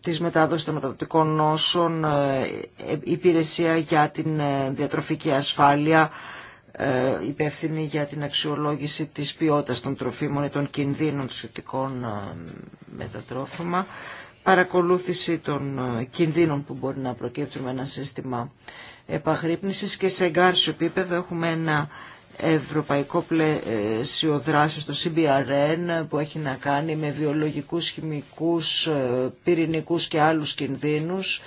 της μετάδοσης των μεταδοτικών νόσων, υπηρεσία για την διατροφική ασφάλεια, ε, υπεύθυνοι για την αξιολόγηση της ποιότητας των τροφίμων ή των κινδύνων του ε, με παρακολούθηση των ε, κινδύνων που μπορεί να προκύπτουν με ένα σύστημα επαγρύπνησης και σε εγκάρσιο επίπεδο έχουμε ένα ευρωπαϊκό πλαίσιο δράσης στο CBRN που έχει να κάνει με βιολογικούς, χημικούς, πυρηνικούς και άλλους κινδύνους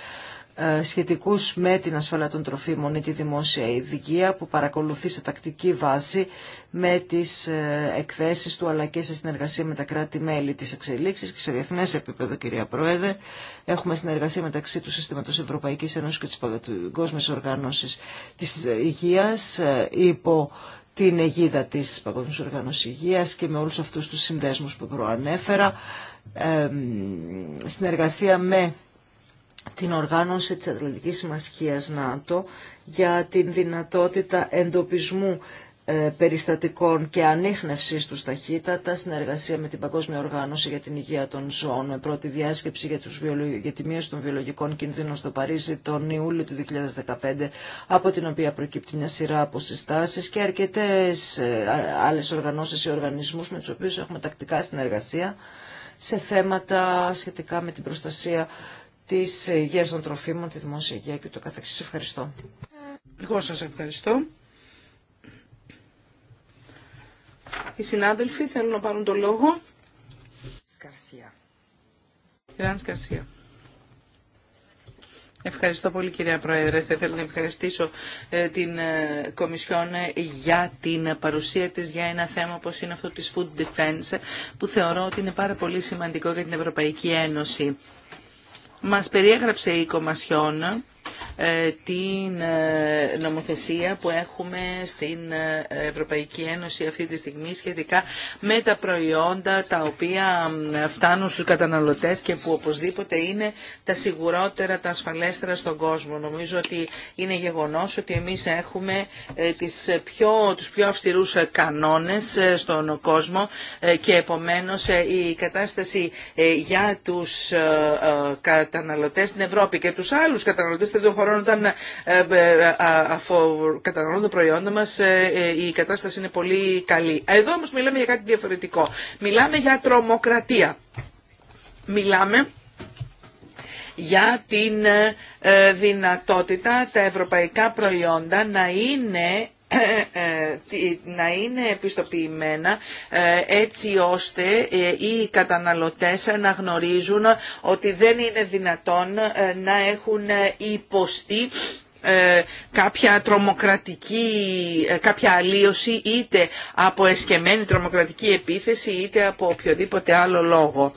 ε, σχετικούς με την ασφαλεία των τροφίμων ή τη δημόσια ειδικία που παρακολουθεί σε τακτική βάση με τις ε, εκθέσεις του αλλά και σε συνεργασία με τα κράτη-μέλη της εξελίξης και σε διεθνές επίπεδο κυρία Πρόεδρε. Έχουμε συνεργασία μεταξύ του Συστήματος Ευρωπαϊκής Ένωσης και της Παγκόσμιας Οργάνωσης της Υγείας ε, υπό την αιγίδα της Παγκόσμιας Οργάνωσης Υγείας και με όλους αυτούς τους συνδέσμους που προανέφερα. συνεργασία με την οργάνωση της Ατλαντικής Συμμαχίας ΝΑΤΟ για την δυνατότητα εντοπισμού ε, περιστατικών και ανείχνευσης του ταχύτατα, συνεργασία με την Παγκόσμια Οργάνωση για την Υγεία των Ζώων, με πρώτη διάσκεψη για, τους για τη μείωση των βιολογικών κινδύνων στο Παρίσι τον Ιούλιο του 2015, από την οποία προκύπτει μια σειρά από συστάσεις και αρκετές ε, άλλες οργανώσεις ή οργανισμούς με τους οποίους έχουμε τακτικά συνεργασία σε θέματα σχετικά με την προστασία της υγείας των τροφίμων, τη δημόσια υγεία και το καθεξής. Ευχαριστώ. Εγώ σας ευχαριστώ. Οι συνάδελφοι θέλουν να πάρουν το λόγο. Σκαρσία. Σκαρσία. Ευχαριστώ πολύ κυρία Πρόεδρε. Θα ήθελα να ευχαριστήσω ε, την ε, Κομισιόν ε, για την παρουσία της για ένα θέμα όπως είναι αυτό της Food Defense που θεωρώ ότι είναι πάρα πολύ σημαντικό για την Ευρωπαϊκή Ένωση μας περιέγραψε η Κομασιόνα ε, την ε, νομοθεσία που έχουμε στην ε, Ευρωπαϊκή Ένωση αυτή τη στιγμή σχετικά με τα προϊόντα τα οποία φτάνουν στους καταναλωτές και που οπωσδήποτε είναι τα σιγουρότερα, τα ασφαλέστερα στον κόσμο. Νομίζω ότι είναι γεγονός ότι εμείς έχουμε τις πιο, τους πιο αυστηρούς κανόνες στον κόσμο και επομένως η κατάσταση για τους καταναλωτές στην Ευρώπη και τους άλλους καταναλωτές των χωρών όταν ε, ε, καταναλώνουν τα προϊόντα μας ε, η κατάσταση είναι πολύ καλή. Εδώ όμω μιλάμε για κάτι διαφορετικό. Μιλάμε για τρομοκρατία. Μιλάμε για την δυνατότητα τα ευρωπαϊκά προϊόντα να είναι ε, ε, ε, να είναι επιστοποιημένα έτσι ώστε οι καταναλωτές να γνωρίζουν ότι δεν είναι δυνατόν να έχουν υποστεί κάποια τρομοκρατική, κάποια αλλίωση είτε από εσκεμμένη τρομοκρατική επίθεση είτε από οποιοδήποτε άλλο λόγο.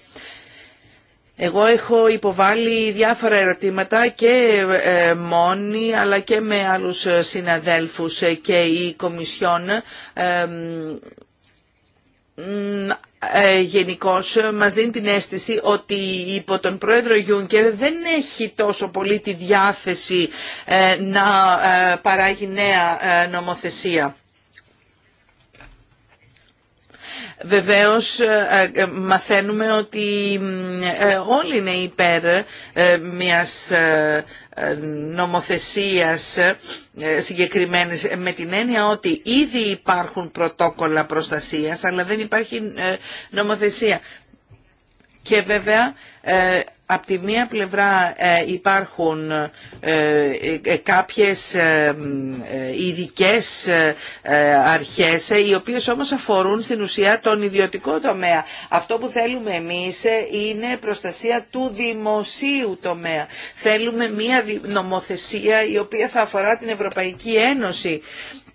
Εγώ έχω υποβάλει διάφορα ερωτήματα και ε, μόνη αλλά και με άλλους συναδέλφους και η Κομισιόν ε, Γενικώ μας δίνει την αίσθηση ότι υπό τον πρόεδρο Γιούνκερ δεν έχει τόσο πολύ τη διάθεση ε, να παράγει νέα νομοθεσία. Βεβαίως ε, ε, μαθαίνουμε ότι ε, όλοι είναι υπέρ μιας νομοθεσίας συγκεκριμένης με την έννοια ότι ήδη υπάρχουν πρωτόκολλα προστασίας αλλά δεν υπάρχει νομοθεσία. Και βέβαια από τη μία πλευρά ε, υπάρχουν ε, ε, κάποιες ειδικέ αρχές οι οποίες όμως αφορούν στην ουσία τον ιδιωτικό τομέα. Αυτό που θέλουμε εμείς είναι προστασία του δημοσίου τομέα. Θέλουμε μία νομοθεσία η οποία θα αφορά την Ευρωπαϊκή Ένωση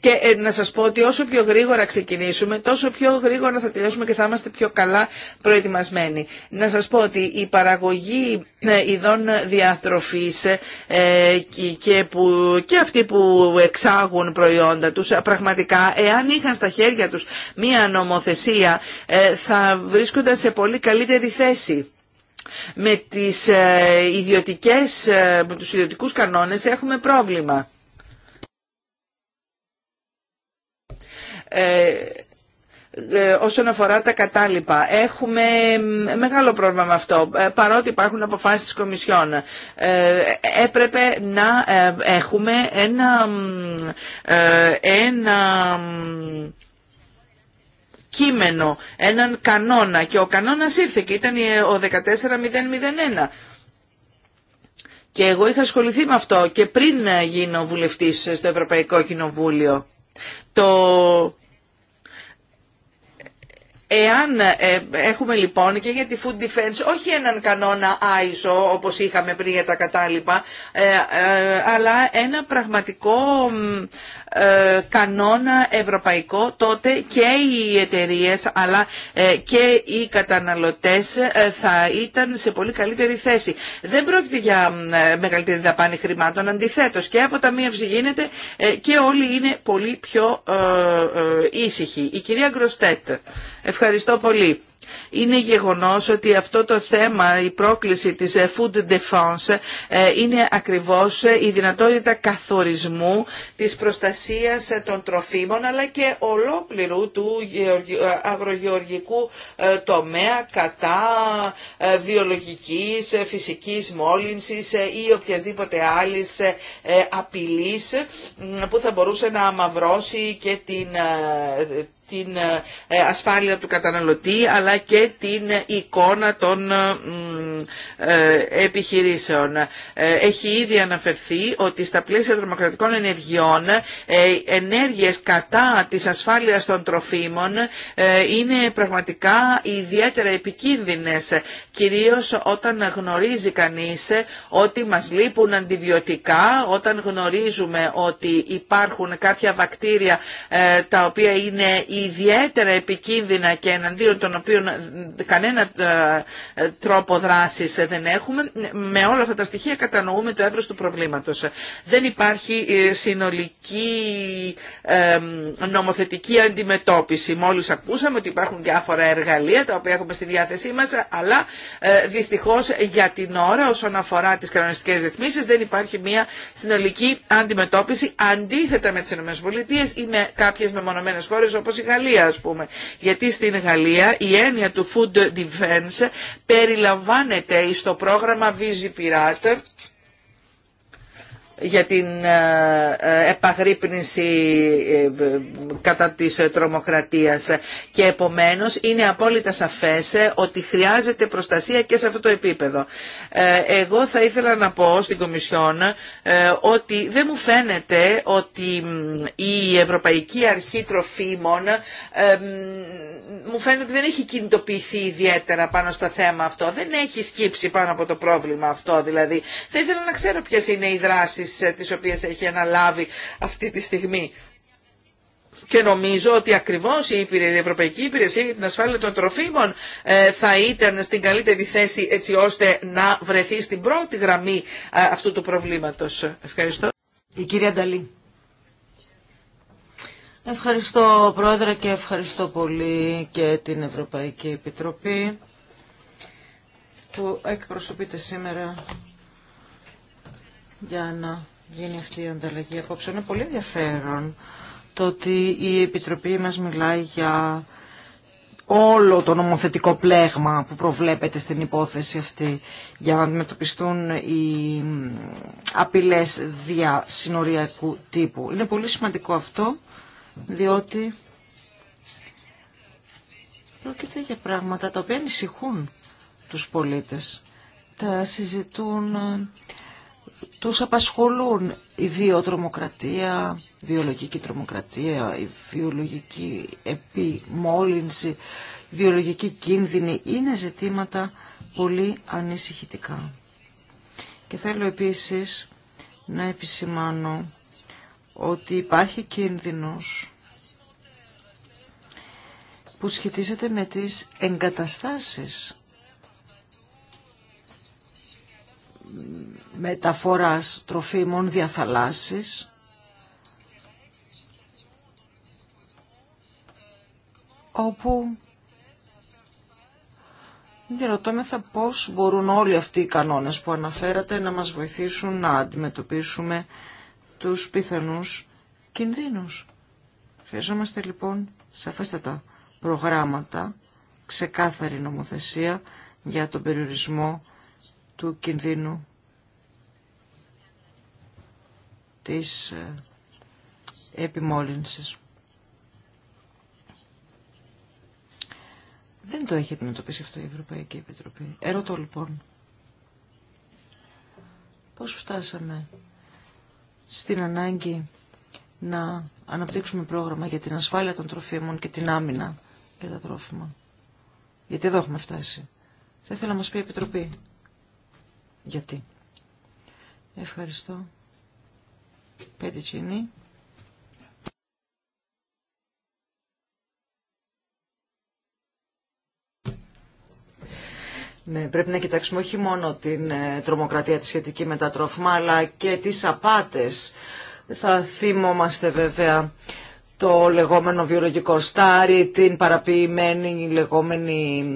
και ε, να σας πω ότι όσο πιο γρήγορα ξεκινήσουμε, τόσο πιο γρήγορα θα τελειώσουμε και θα είμαστε πιο καλά προετοιμασμένοι. Να σας πω ότι η παραγωγή ε, ειδών διατροφής ε, και, που, και αυτοί που εξάγουν προϊόντα τους, πραγματικά, εάν είχαν στα χέρια τους μία νομοθεσία, θα βρίσκονταν σε πολύ καλύτερη θέση. Με, τις, ιδιωτικές, με τους ιδιωτικούς κανόνες έχουμε πρόβλημα. Ε, ε, όσον αφορά τα κατάλοιπα. Έχουμε μεγάλο πρόβλημα με αυτό, ε, παρότι υπάρχουν αποφάσεις της Κομισιόν. Έπρεπε να έχουμε ένα, ένα κείμενο, έναν κανόνα και ο κανόνας ήρθε και ήταν ο 14001. Και εγώ είχα ασχοληθεί με αυτό και πριν γίνω βουλευτής στο Ευρωπαϊκό Κοινοβούλιο το Εάν ε, έχουμε λοιπόν και για τη food defense όχι έναν κανόνα ISO όπως είχαμε πριν για τα κατάλοιπα ε, ε, αλλά ένα πραγματικό κανόνα ευρωπαϊκό τότε και οι εταιρείε, αλλά και οι καταναλωτές θα ήταν σε πολύ καλύτερη θέση. Δεν πρόκειται για μεγαλύτερη δαπάνη χρημάτων, αντιθέτως και αποταμίευση γίνεται και όλοι είναι πολύ πιο ήσυχοι. Η κυρία Γκροστέτ. Ευχαριστώ πολύ. Είναι γεγονός ότι αυτό το θέμα, η πρόκληση της ε, food defense ε, είναι ακριβώς ε, η δυνατότητα καθορισμού της προστασίας των τροφίμων αλλά και ολόκληρου του αγρογεωργικού τομέα κατά βιολογικής, φυσικής μόλυνσης ή οποιασδήποτε άλλης απειλής που θα μπορούσε να αμαυρώσει και την την ε, ε, ασφάλεια του καταναλωτή αλλά και την εικόνα των ε, επιχειρήσεων. Έχει ήδη αναφερθεί ότι στα πλαίσια τρομοκρατικών ενεργειών ενέργειες κατά της ασφάλειας των τροφίμων είναι πραγματικά ιδιαίτερα επικίνδυνες κυρίως όταν γνωρίζει κανείς ότι μας λείπουν αντιβιωτικά, όταν γνωρίζουμε ότι υπάρχουν κάποια βακτήρια τα οποία είναι ιδιαίτερα επικίνδυνα και εναντίον των οποίων κανένα ε, τρόπο δράσης δεν έχουμε, με όλα αυτά τα στοιχεία κατανοούμε το έβρος του προβλήματος. Δεν υπάρχει ε, συνολική ε, νομοθετική αντιμετώπιση. Μόλις ακούσαμε ότι υπάρχουν διάφορα εργαλεία τα οποία έχουμε στη διάθεσή μας, αλλά δυστυχώς για την ώρα όσον αφορά τις κανονιστικές ρυθμίσεις δεν υπάρχει μια συνολική αντιμετώπιση αντίθετα με τις ΗΠΑ ή με κάποιες μεμονωμένες χώρες όπως η Γαλλία ας πούμε. Γιατί στην Γαλλία η έννοια του food defense περιλαμβάνεται στο πρόγραμμα Visi Pirate για την ε, ε, επαγρύπνηση ε, κατά της τρομοκρατίας και επομένως είναι απόλυτα σαφές ότι χρειάζεται προστασία και σε αυτό το επίπεδο. Εγώ θα ήθελα να πω στην Κομισιόν ότι δεν μου φαίνεται ότι η Ευρωπαϊκή Αρχή Τροφίμων μου φαίνεται ότι δεν έχει κινητοποιηθεί ιδιαίτερα πάνω στο θέμα αυτό, δεν έχει σκύψει πάνω από το πρόβλημα αυτό δηλαδή. Θα ήθελα να ξέρω ποιες είναι οι δράσεις δράσεις ε, τις οποίες έχει αναλάβει αυτή τη στιγμή. Και νομίζω ότι ακριβώς η Ευρωπαϊκή Υπηρεσία για την Ασφάλεια των Τροφίμων ε, θα ήταν στην καλύτερη θέση έτσι ώστε να βρεθεί στην πρώτη γραμμή ε, αυτού του προβλήματος. Ευχαριστώ. Η κυρία Νταλή. Ευχαριστώ Πρόεδρε και ευχαριστώ πολύ και την Ευρωπαϊκή Επιτροπή που εκπροσωπείται σήμερα για να γίνει αυτή η ανταλλαγή απόψε. Είναι πολύ ενδιαφέρον το ότι η Επιτροπή μας μιλάει για όλο το νομοθετικό πλέγμα που προβλέπεται στην υπόθεση αυτή για να αντιμετωπιστούν οι απειλές διασυνοριακού τύπου. Είναι πολύ σημαντικό αυτό, διότι πρόκειται για πράγματα τα οποία ανησυχούν τους πολίτες. Τα συζητούν τους απασχολούν η βιοτρομοκρατία, η βιολογική τρομοκρατία, η βιολογική επιμόλυνση, η βιολογική κίνδυνη είναι ζητήματα πολύ ανησυχητικά. Και θέλω επίσης να επισημάνω ότι υπάρχει κίνδυνος που σχετίζεται με τις εγκαταστάσεις μεταφοράς τροφίμων διαθαλάσσης. όπου διαρωτώμεθα πώς μπορούν όλοι αυτοί οι κανόνες που αναφέρατε να μας βοηθήσουν να αντιμετωπίσουμε τους πιθανούς κινδύνους. Χρειαζόμαστε λοιπόν σαφέστατα προγράμματα, ξεκάθαρη νομοθεσία για τον περιορισμό του κινδύνου της ε, επιμόλυνσης. Δεν το έχει αντιμετωπίσει αυτό η Ευρωπαϊκή Επιτροπή. Ερωτώ λοιπόν, πώς φτάσαμε στην ανάγκη να αναπτύξουμε πρόγραμμα για την ασφάλεια των τροφίμων και την άμυνα για τα τρόφιμα. Γιατί εδώ έχουμε φτάσει. Θα ήθελα να μας πει η Επιτροπή γιατί. Ευχαριστώ. Πεντητσίνη. Ναι, πρέπει να κοιτάξουμε όχι μόνο την ε, τρομοκρατία της σχετική με αλλά και τις απάτες. Θα θυμόμαστε βέβαια το λεγόμενο βιολογικό στάρι, την παραποιημένη λεγόμενη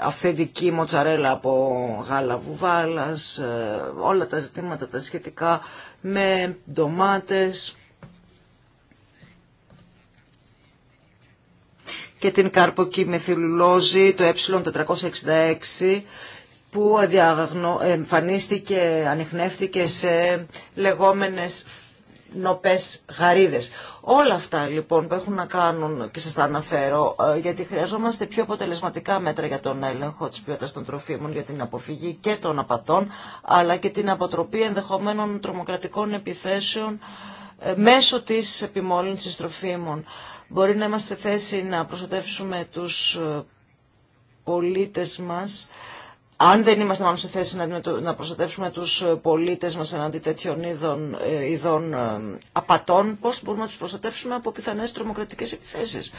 αυθεντική μοτσαρέλα από γάλα βουβάλας, ε, όλα τα ζητήματα τα σχετικά με ντομάτες και την κάρποκι μεθυλουλόζη, το ε466, που εμφανίστηκε, ανοιχνεύτηκε σε λεγόμενες νοπές γαρίδες. Όλα αυτά λοιπόν που έχουν να κάνουν και σας τα αναφέρω ε, γιατί χρειαζόμαστε πιο αποτελεσματικά μέτρα για τον έλεγχο της ποιότητας των τροφίμων για την αποφυγή και των απατών αλλά και την αποτροπή ενδεχομένων τρομοκρατικών επιθέσεων ε, μέσω της επιμόλυνσης τροφίμων. Μπορεί να είμαστε θέση να προστατεύσουμε τους ε, πολίτες μας αν δεν είμαστε μάλλον σε θέση να, προστατεύσουμε τους πολίτες μας εναντί τέτοιων είδων, είδων ε, απατών, πώς μπορούμε να τους προστατεύσουμε από πιθανές τρομοκρατικές επιθέσεις.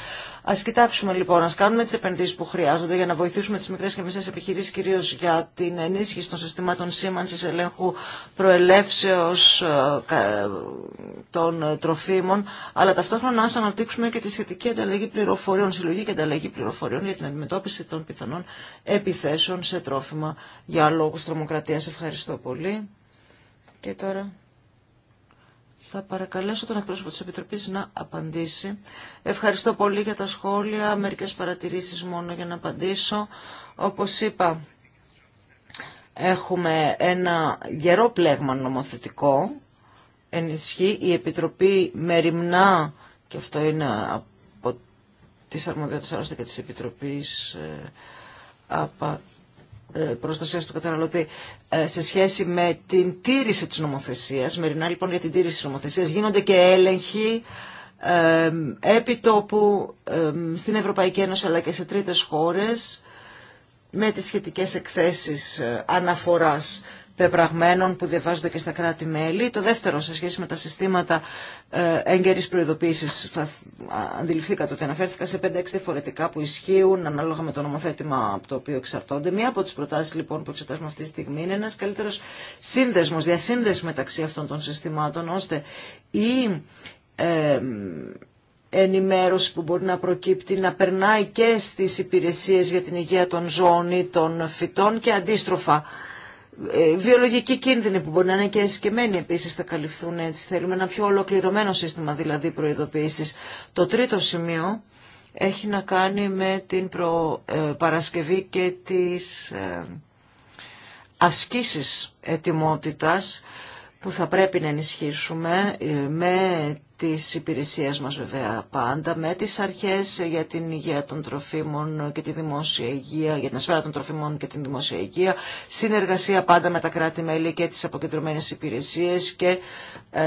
Ας κοιτάξουμε λοιπόν, ας κάνουμε τις επενδύσεις που χρειάζονται για να βοηθήσουμε τις μικρές και μεσαίες επιχειρήσεις, κυρίως για την ενίσχυση των συστημάτων σήμανσης, ελέγχου, προελεύσεως ε, των τροφίμων, αλλά ταυτόχρονα να αναπτύξουμε και τη σχετική ανταλλαγή πληροφοριών, συλλογή και ανταλλαγή πληροφοριών για την αντιμετώπιση των πιθανών επιθέσεων σε για λόγους τρομοκρατίας. Ευχαριστώ πολύ. Και τώρα θα παρακαλέσω τον εκπρόσωπο της Επιτροπής να απαντήσει. Ευχαριστώ πολύ για τα σχόλια, μερικές παρατηρήσεις μόνο για να απαντήσω. Όπως είπα, έχουμε ένα γερό πλέγμα νομοθετικό, ενισχύει η Επιτροπή μεριμνά, και αυτό είναι από τις αρμοδιότητες άλλωστε και της Επιτροπής, ε, από ε, Προστασία του καταναλωτή ε, σε σχέση με την τήρηση της νομοθεσίας. Μερινά λοιπόν για την τήρηση της νομοθεσίας γίνονται και έλεγχοι ε, επί τόπου στην Ευρωπαϊκή Ένωση αλλά και σε τρίτες χώρες με τις σχετικές εκθέσεις αναφοράς πεπραγμένων που διαβάζονται και στα κράτη-μέλη. Το δεύτερο, σε σχέση με τα συστήματα ε, έγκαιρης προειδοποίησης, θα αντιληφθήκατε ότι αναφέρθηκα σε 5-6 διαφορετικά που ισχύουν ανάλογα με το νομοθέτημα από το οποίο εξαρτώνται. Μία από τις προτάσεις λοιπόν που εξετάζουμε αυτή τη στιγμή είναι ένας καλύτερος σύνδεσμος, διασύνδεση μεταξύ αυτών των συστημάτων, ώστε η ε, ενημέρωση που μπορεί να προκύπτει να περνάει και στις υπηρεσίες για την υγεία των ζώων ή των φυτών και αντίστροφα ε, βιολογικοί κίνδυνοι που μπορεί να είναι και εσκεμμένοι επίσης θα καλυφθούν έτσι. Θέλουμε ένα πιο ολοκληρωμένο σύστημα δηλαδή προειδοποίησης. Το τρίτο σημείο έχει να κάνει με την ε, Παρασκευή και τις ε, ασκήσεις ετοιμότητας που θα πρέπει να ενισχύσουμε ε, με της υπηρεσίας μας βέβαια πάντα, με τις αρχές για την υγεία των τροφίμων και τη δημόσια υγεία, για την ασφαλεία των τροφίμων και την δημόσια υγεία, συνεργασία πάντα με τα κράτη-μέλη και τις αποκεντρωμένες υπηρεσίες και ε,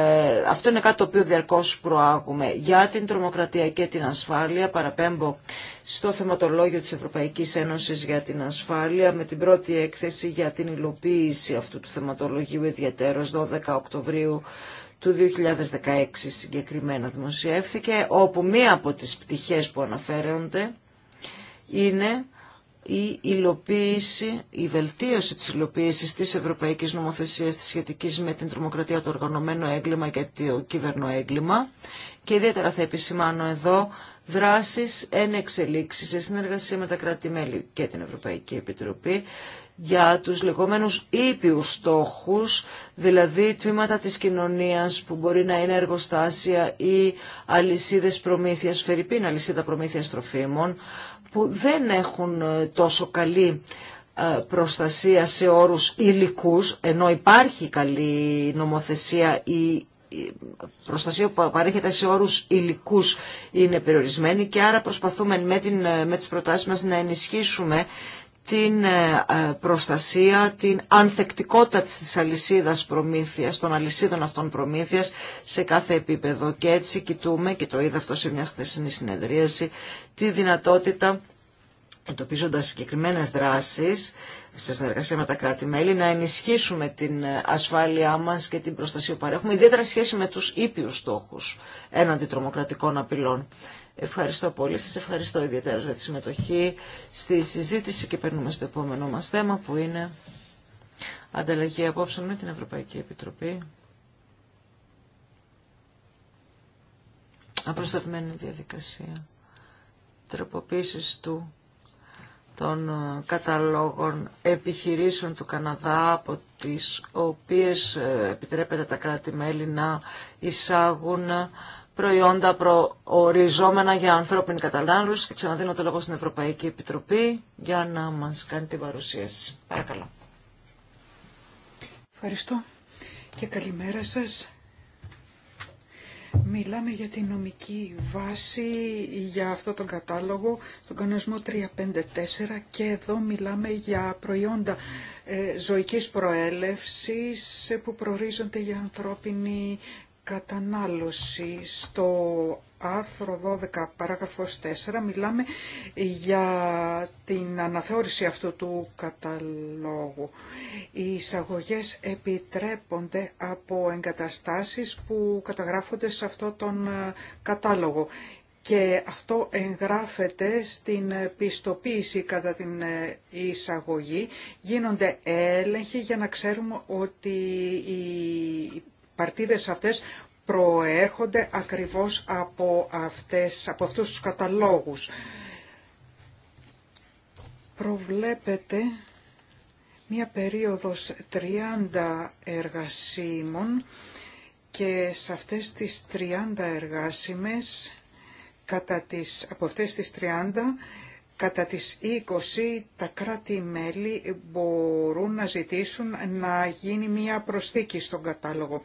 αυτό είναι κάτι το οποίο διαρκώς προάγουμε. Για την τρομοκρατία και την ασφάλεια παραπέμπω στο θεματολόγιο της Ευρωπαϊκής Ένωσης για την Ασφάλεια με την πρώτη έκθεση για την υλοποίηση αυτού του θεματολογίου ιδιαίτερος 12 Οκτωβρίου του 2016 συγκεκριμένα δημοσιεύθηκε, όπου μία από τις πτυχές που αναφέρονται είναι η υλοποίηση, η βελτίωση της υλοποίησης της Ευρωπαϊκής Νομοθεσίας της σχετικής με την τρομοκρατία, το οργανωμένο έγκλημα και το έγκλημα και ιδιαίτερα θα επισημάνω εδώ δράσεις εν εξελίξη σε συνεργασία με τα κράτη-μέλη και την Ευρωπαϊκή Επιτροπή για τους λεγόμενους ήπιους στόχους, δηλαδή τμήματα της κοινωνίας που μπορεί να είναι εργοστάσια ή αλυσίδες προμήθειας, φερρυπίν αλυσίδα προμήθειας τροφίμων, που δεν έχουν ε, τόσο καλή ε, προστασία σε όρους υλικούς, ενώ υπάρχει καλή νομοθεσία ή ε, προστασία που παρέχεται σε όρους υλικούς είναι περιορισμένη και άρα προσπαθούμε με, την, με τις προτάσεις μας να ενισχύσουμε την ε, ε, προστασία, την ανθεκτικότητα της αλυσίδας προμήθειας, των αλυσίδων αυτών προμήθειας σε κάθε επίπεδο. Και έτσι κοιτούμε, και το είδα αυτό σε μια χθεσινή συνεδρίαση, τη δυνατότητα εντοπίζοντα συγκεκριμένες δράσεις σε συνεργασία με τα κράτη-μέλη, να ενισχύσουμε την ε, ασφάλειά μας και την προστασία που παρέχουμε, ιδιαίτερα σχέση με τους ήπιους στόχους έναντι τρομοκρατικών απειλών. Ευχαριστώ πολύ. Σας ευχαριστώ ιδιαίτερα για τη συμμετοχή στη συζήτηση και περνούμε στο επόμενό μας θέμα που είναι ανταλλαγή απόψεων με την Ευρωπαϊκή Επιτροπή. Απροστατμένη διαδικασία τροποποίησης του των ε, καταλόγων επιχειρήσεων του Καναδά από τις οποίες ε, επιτρέπεται τα κράτη-μέλη να εισάγουν προϊόντα προοριζόμενα για ανθρώπινη κατανάλωση και ξαναδίνω το λόγο στην Ευρωπαϊκή Επιτροπή για να μας κάνει την παρουσίαση. Παρακαλώ. Ευχαριστώ και καλημέρα σας. Μιλάμε για τη νομική βάση για αυτό τον κατάλογο, τον κανονισμό 354 και εδώ μιλάμε για προϊόντα ε, ζωικής προέλευσης ε, που προορίζονται για ανθρώπινη κατανάλωση. Στο άρθρο 12 παράγραφος 4 μιλάμε για την αναθεώρηση αυτού του καταλόγου. Οι εισαγωγές επιτρέπονται από εγκαταστάσεις που καταγράφονται σε αυτό τον ε, κατάλογο και αυτό εγγράφεται στην πιστοποίηση κατά την ε, εισαγωγή. Γίνονται έλεγχοι για να ξέρουμε ότι παρτίδες αυτές προέρχονται ακριβώς από, αυτές, από αυτούς τους καταλόγους. Προβλέπεται μία περίοδος 30 εργασίμων και σε αυτές τις 30 εργάσιμες, κατά τις, από αυτές τις 30, κατά τις 20 τα κράτη-μέλη μπορούν να ζητήσουν να γίνει μία προσθήκη στον κατάλογο.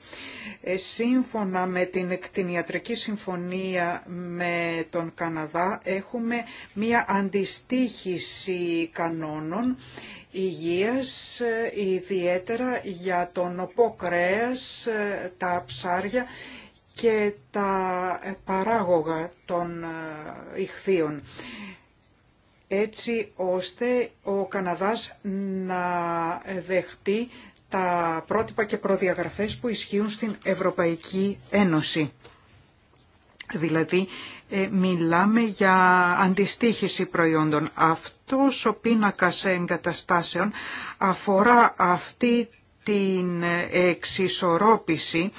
Ε, σύμφωνα με την εκτινιατρική συμφωνία με τον Καναδά έχουμε μία αντιστήχηση κανόνων υγείας, ε, ιδιαίτερα για τον οπό ε, τα ψάρια και τα παράγωγα των ηχθείων έτσι ώστε ο Καναδάς να δεχτεί τα πρότυπα και προδιαγραφές που ισχύουν στην Ευρωπαϊκή Ένωση. Δηλαδή, ε, μιλάμε για αντιστήχηση προϊόντων. Αυτός ο πίνακας εγκαταστάσεων αφορά αυτή την εξισορρόπηση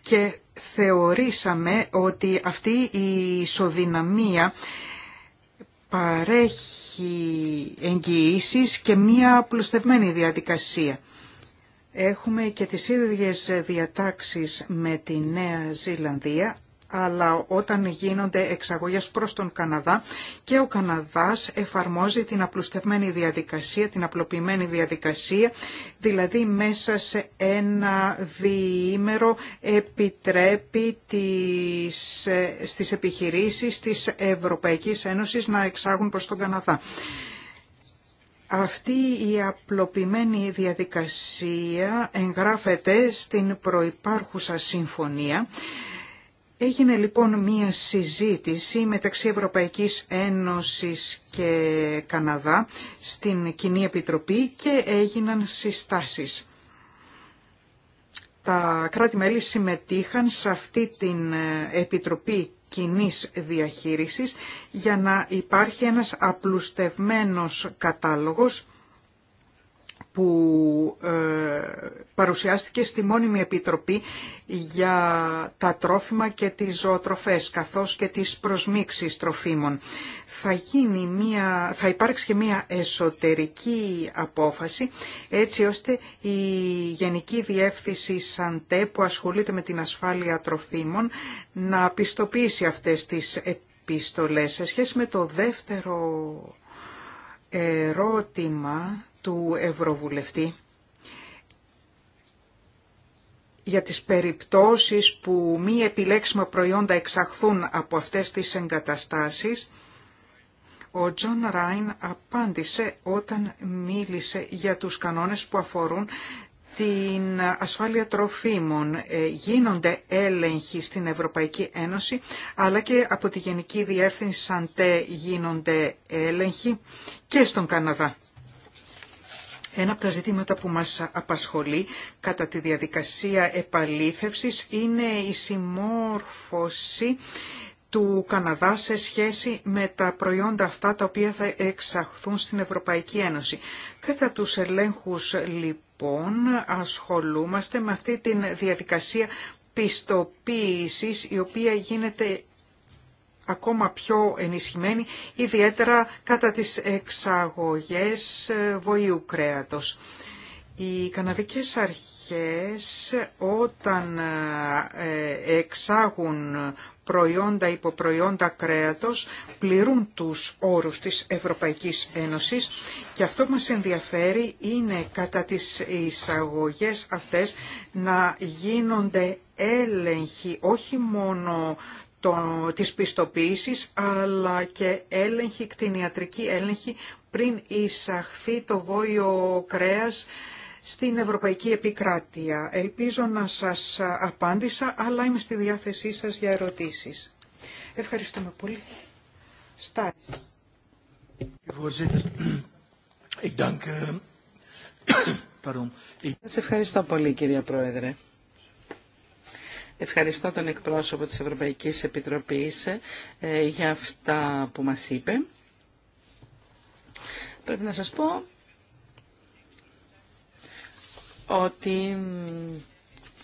και θεωρήσαμε ότι αυτή η ισοδυναμία παρέχει εγγυήσεις και μία απλουστευμένη διαδικασία. Έχουμε και τις ίδιες διατάξεις με τη Νέα Ζηλανδία, αλλά όταν γίνονται εξαγωγές προς τον Καναδά και ο Καναδάς εφαρμόζει την απλουστευμένη διαδικασία, την απλοποιημένη διαδικασία, δηλαδή μέσα σε ένα διήμερο επιτρέπει τις, στις επιχειρήσεις της Ευρωπαϊκής Ένωσης να εξάγουν προς τον Καναδά. Αυτή η απλοποιημένη διαδικασία εγγράφεται στην προϋπάρχουσα συμφωνία Έγινε λοιπόν μία συζήτηση μεταξύ Ευρωπαϊκής Ένωσης και Καναδά στην Κοινή Επιτροπή και έγιναν συστάσεις. Τα κράτη-μέλη συμμετείχαν σε αυτή την ε, Επιτροπή Κοινής Διαχείρισης για να υπάρχει ένας απλουστευμένος κατάλογος που ε, παρουσιάστηκε στη Μόνιμη Επιτροπή για τα τρόφιμα και τις ζωοτροφές, καθώς και τις προσμίξεις τροφίμων. Θα, μια, θα υπάρξει και μια εσωτερική απόφαση, έτσι ώστε η Γενική Διεύθυνση ΣΑΝΤΕ που ασχολείται με την ασφάλεια τροφίμων να πιστοποιήσει αυτές τις επιστολές. Σε σχέση με το δεύτερο ερώτημα του Ευρωβουλευτή, για τις περιπτώσεις που μη επιλέξιμα προϊόντα εξαχθούν από αυτές τις εγκαταστάσεις, ο Τζον Ράιν απάντησε όταν μίλησε για τους κανόνες που αφορούν την ασφάλεια τροφίμων. Ε, γίνονται έλεγχοι στην Ευρωπαϊκή Ένωση, αλλά και από τη Γενική Διεύθυνση Σαντέ γίνονται έλεγχοι και στον Καναδά. Ένα από τα ζητήματα που μας απασχολεί κατά τη διαδικασία επαλήθευσης είναι η συμμόρφωση του Καναδά σε σχέση με τα προϊόντα αυτά τα οποία θα εξαχθούν στην Ευρωπαϊκή Ένωση. Κατά τους ελέγχους λοιπόν ασχολούμαστε με αυτή τη διαδικασία πιστοποίησης η οποία γίνεται ακόμα πιο ενισχυμένη, ιδιαίτερα κατά τις εξαγωγές ε, βοήου κρέατος. Οι καναδικές αρχές όταν ε, ε, εξάγουν προϊόντα υποπροϊόντα κρέατος πληρούν τους όρους της Ευρωπαϊκής Ένωσης και αυτό που μας ενδιαφέρει είναι κατά τις εισαγωγές αυτές να γίνονται έλεγχοι όχι μόνο το, της πιστοποίησης, αλλά και έλεγχη, κτηνιατρική έλεγχη πριν εισαχθεί το βόλιο κρέας στην Ευρωπαϊκή Επικράτεια. Ελπίζω να σας απάντησα, αλλά είμαι στη διάθεσή σας για ερωτήσεις. Ευχαριστούμε πολύ. Στάρις. Eh, σας ευχαριστώ πολύ κυρία Πρόεδρε. Ευχαριστώ τον εκπρόσωπο της Ευρωπαϊκής Επιτροπής ε, για αυτά που μας είπε. Πρέπει να σας πω ότι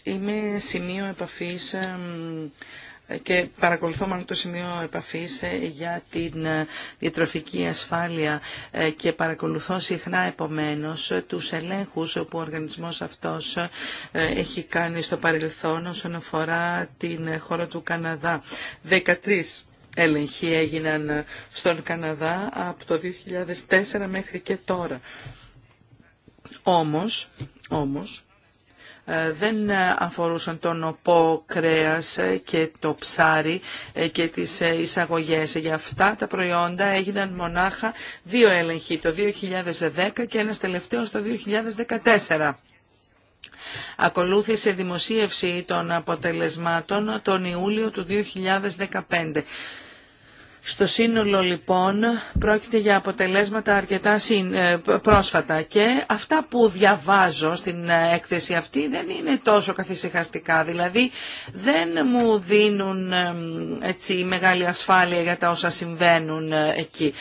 είμαι σημείο επαφής και μόνο το σημείο επαφής ε, για την ε, διατροφική ασφάλεια ε, και παρακολουθώ συχνά επομένως τους ελέγχους που ο οργανισμός αυτός έχει κάνει στο παρελθόν όσον αφορά την χώρα του Καναδά. 13 έλεγχοι έγιναν στον Καναδά από το 2004 μέχρι και τώρα. Όμως, όμως, ε, δεν ε, αφορούσαν τον οπό κρέας ε, και το ψάρι και τις εισαγωγές. Για αυτά τα προϊόντα έγιναν μονάχα δύο έλεγχοι, το 2010 και ένας τελευταίος το 2014. Ακολούθησε δημοσίευση των αποτελεσμάτων τον Ιούλιο του 2015. Στο σύνολο λοιπόν πρόκειται για αποτελέσματα αρκετά ε, πρόσφατα και αυτά που διαβάζω στην ε, έκθεση αυτή δεν είναι τόσο καθησυχαστικά, δηλαδή δεν μου δίνουν ε, έτσι, μεγάλη ασφάλεια για τα όσα συμβαίνουν εκεί.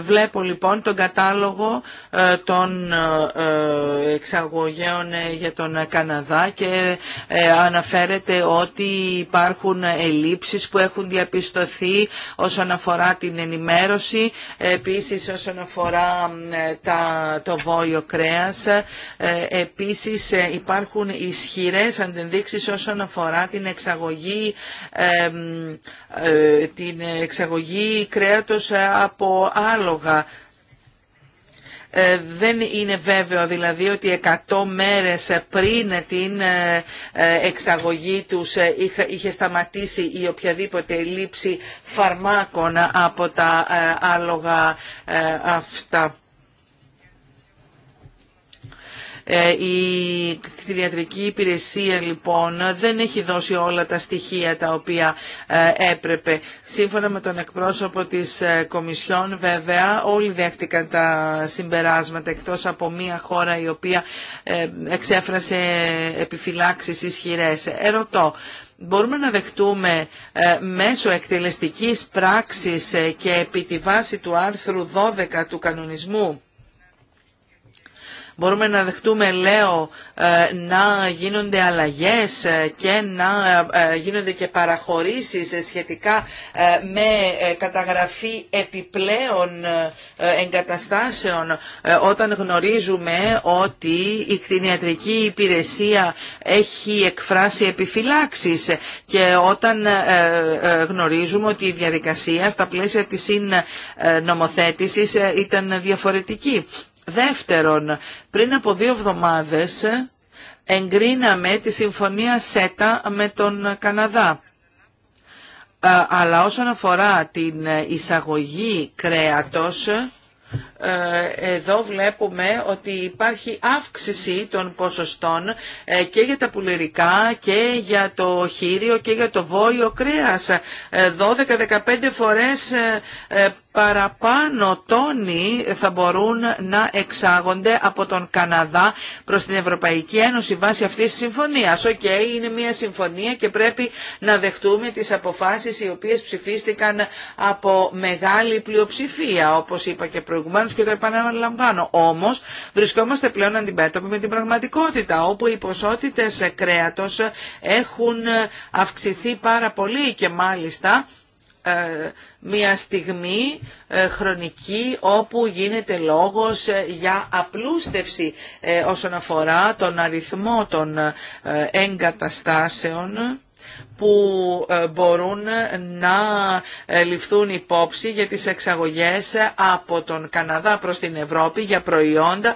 Βλέπω λοιπόν τον κατάλογο των εξαγωγέων για τον Καναδά και αναφέρεται ότι υπάρχουν ελλείψεις που έχουν διαπιστωθεί όσον όσον αφορά την ενημέρωση, επίσης όσον αφορά τα, το βόλιο κρέας. Ε, επίσης ε, υπάρχουν ισχυρές αντενδείξεις όσον αφορά την εξαγωγή, ε, την εξαγωγή κρέατος από άλογα ε, δεν είναι βέβαιο δηλαδή ότι 100 μέρες πριν την ε, ε, εξαγωγή τους είχε σταματήσει η οποιαδήποτε λήψη φαρμάκων από τα άλογα αυτά. Ε, η κτηριατρική υπηρεσία λοιπόν δεν έχει δώσει όλα τα στοιχεία τα οποία ε, έπρεπε. Σύμφωνα με τον εκπρόσωπο της ε, Κομισιόν βέβαια όλοι δέχτηκαν τα συμπεράσματα εκτός από μία χώρα η οποία εξέφρασε επιφυλάξεις ισχυρές. Ερωτώ, μπορούμε να δεχτούμε μέσω εκτελεστικής πράξης και επί τη βάση του άρθρου 12 του κανονισμού Μπορούμε να δεχτούμε, λέω, ε, να γίνονται αλλαγές ε, και να ε, γίνονται και παραχωρήσεις σχετικά με καταγραφή επιπλέον εγκαταστάσεων όταν γνωρίζουμε ότι η κτηνιατρική υπηρεσία έχει εκφράσει επιφυλάξεις και όταν γνωρίζουμε ότι η διαδικασία στα πλαίσια της νομοθέτησης ήταν διαφορετική. Δεύτερον, πριν από δύο εβδομάδες εγκρίναμε τη συμφωνία ΣΕΤΑ με τον Καναδά. Ε, αλλά όσον αφορά την εισαγωγή κρέατος, ε, εδώ βλέπουμε ότι υπάρχει αύξηση των ποσοστών ε, και για τα πουλερικά και για το χείριο και για το βόλιο κρέας. 12-15 φορές παραπάνω τόνοι θα μπορούν να εξάγονται από τον Καναδά προς την Ευρωπαϊκή Ένωση βάσει αυτής της συμφωνίας. Οκ, okay, είναι μια συμφωνία και πρέπει να δεχτούμε τις αποφάσεις οι οποίες ψηφίστηκαν από μεγάλη πλειοψηφία, όπως είπα και προηγουμένως και το επαναλαμβάνω. Όμως βρισκόμαστε πλέον αντιμέτωποι με την πραγματικότητα, όπου οι ποσότητες κρέατος έχουν αυξηθεί πάρα πολύ και μάλιστα ε, μια στιγμή ε, χρονική όπου γίνεται λόγος ε, για απλούστευση ε, όσον αφορά τον αριθμό των εγκαταστάσεων που ε, μπορούν να ε, ληφθούν υπόψη για τις εξαγωγές ε, από τον Καναδά προς την Ευρώπη για προϊόντα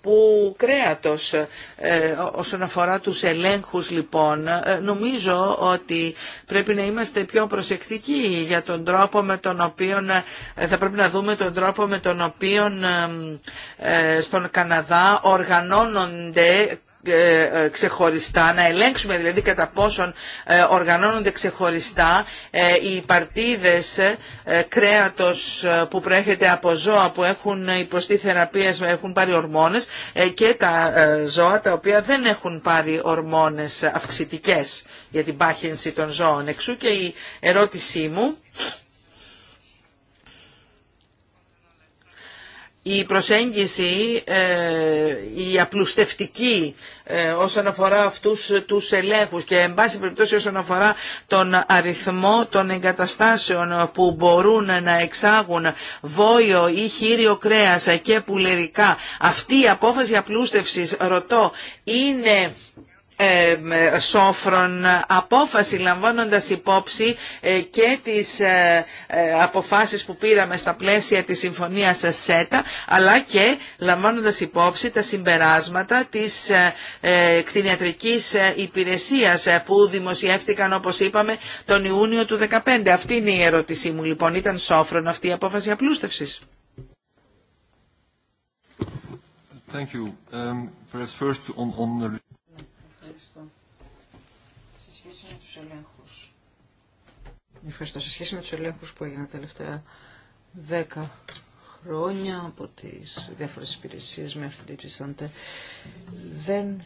που κρέατος. Όσον αφορά τους ελέγχους λοιπόν, νομίζω ότι πρέπει να είμαστε πιο προσεκτικοί για τον τρόπο με τον οποίο θα πρέπει να δούμε τον τρόπο με τον οποίο στον Καναδά οργανώνονται ε, ε, ξεχωριστά, να ελέγξουμε δηλαδή κατά πόσον ε, οργανώνονται ξεχωριστά οι παρτίδες κρέατος που προέρχεται από ζώα που έχουν υποστεί θεραπείες, έχουν πάρει ορμόνες και τα ζώα τα οποία δεν έχουν πάρει ορμόνες αυξητικές για την πάχυνση των ζώων. Εξού και η ερώτησή μου η προσέγγιση, ε, η απλουστευτική ε, όσον αφορά αυτούς τους ελέγχους και εν πάση περιπτώσει όσον αφορά τον αριθμό των εγκαταστάσεων που μπορούν να εξάγουν βόλιο ή χείριο κρέας ή και πουλερικά αυτή η απόφαση απλούστευσης, ρωτώ, είναι σόφρον απόφαση λαμβάνοντας υπόψη ε, και τις ε, ε, αποφάσεις που πήραμε στα πλαίσια της συμφωνίας ΣΕΤΑ αλλά και λαμβάνοντας υπόψη τα συμπεράσματα της κτηνιατρικής υπηρεσίας που δημοσιεύτηκαν όπως είπαμε τον Ιούνιο του 2015. Αυτή είναι η ερώτησή μου λοιπόν. Ήταν σόφρον αυτή η απόφαση απλούστευσης. Thank you. Um, first on, on Ευχαριστώ. Σε σχέση με τους ελέγχους που έγιναν τα τελευταία δέκα χρόνια από τις διάφορες υπηρεσίες με αυτή δεν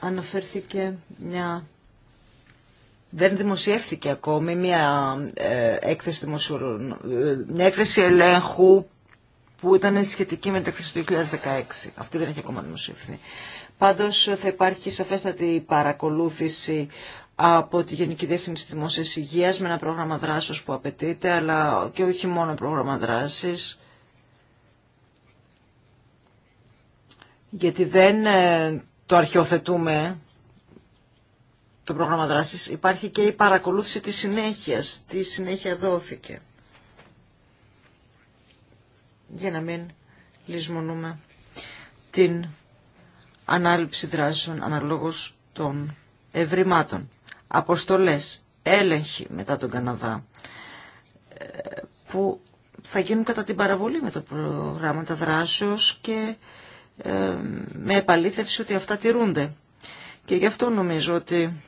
αναφέρθηκε μια... Δεν δημοσιεύθηκε ακόμη μια, ε, έκθεση, ε, μια έκθεση ελέγχου που ήταν σχετική με την έκθεση του 2016. Αυτή δεν έχει ακόμα δημοσιευθεί. Πάντως θα υπάρχει σαφέστατη παρακολούθηση από τη Γενική Διεύθυνση Δημόσιας Υγείας με ένα πρόγραμμα δράσης που απαιτείται, αλλά και όχι μόνο πρόγραμμα δράσης. Γιατί δεν ε, το αρχαιοθετούμε το πρόγραμμα δράσης, υπάρχει και η παρακολούθηση της συνέχειας, τι συνέχεια δόθηκε. Για να μην λησμονούμε την ανάληψη δράσεων αναλόγως των ευρημάτων, αποστολές, έλεγχοι μετά τον Καναδά, ε, που θα γίνουν κατά την παραβολή με το τα δράσεως και ε, με επαλήθευση ότι αυτά τηρούνται. Και γι' αυτό νομίζω ότι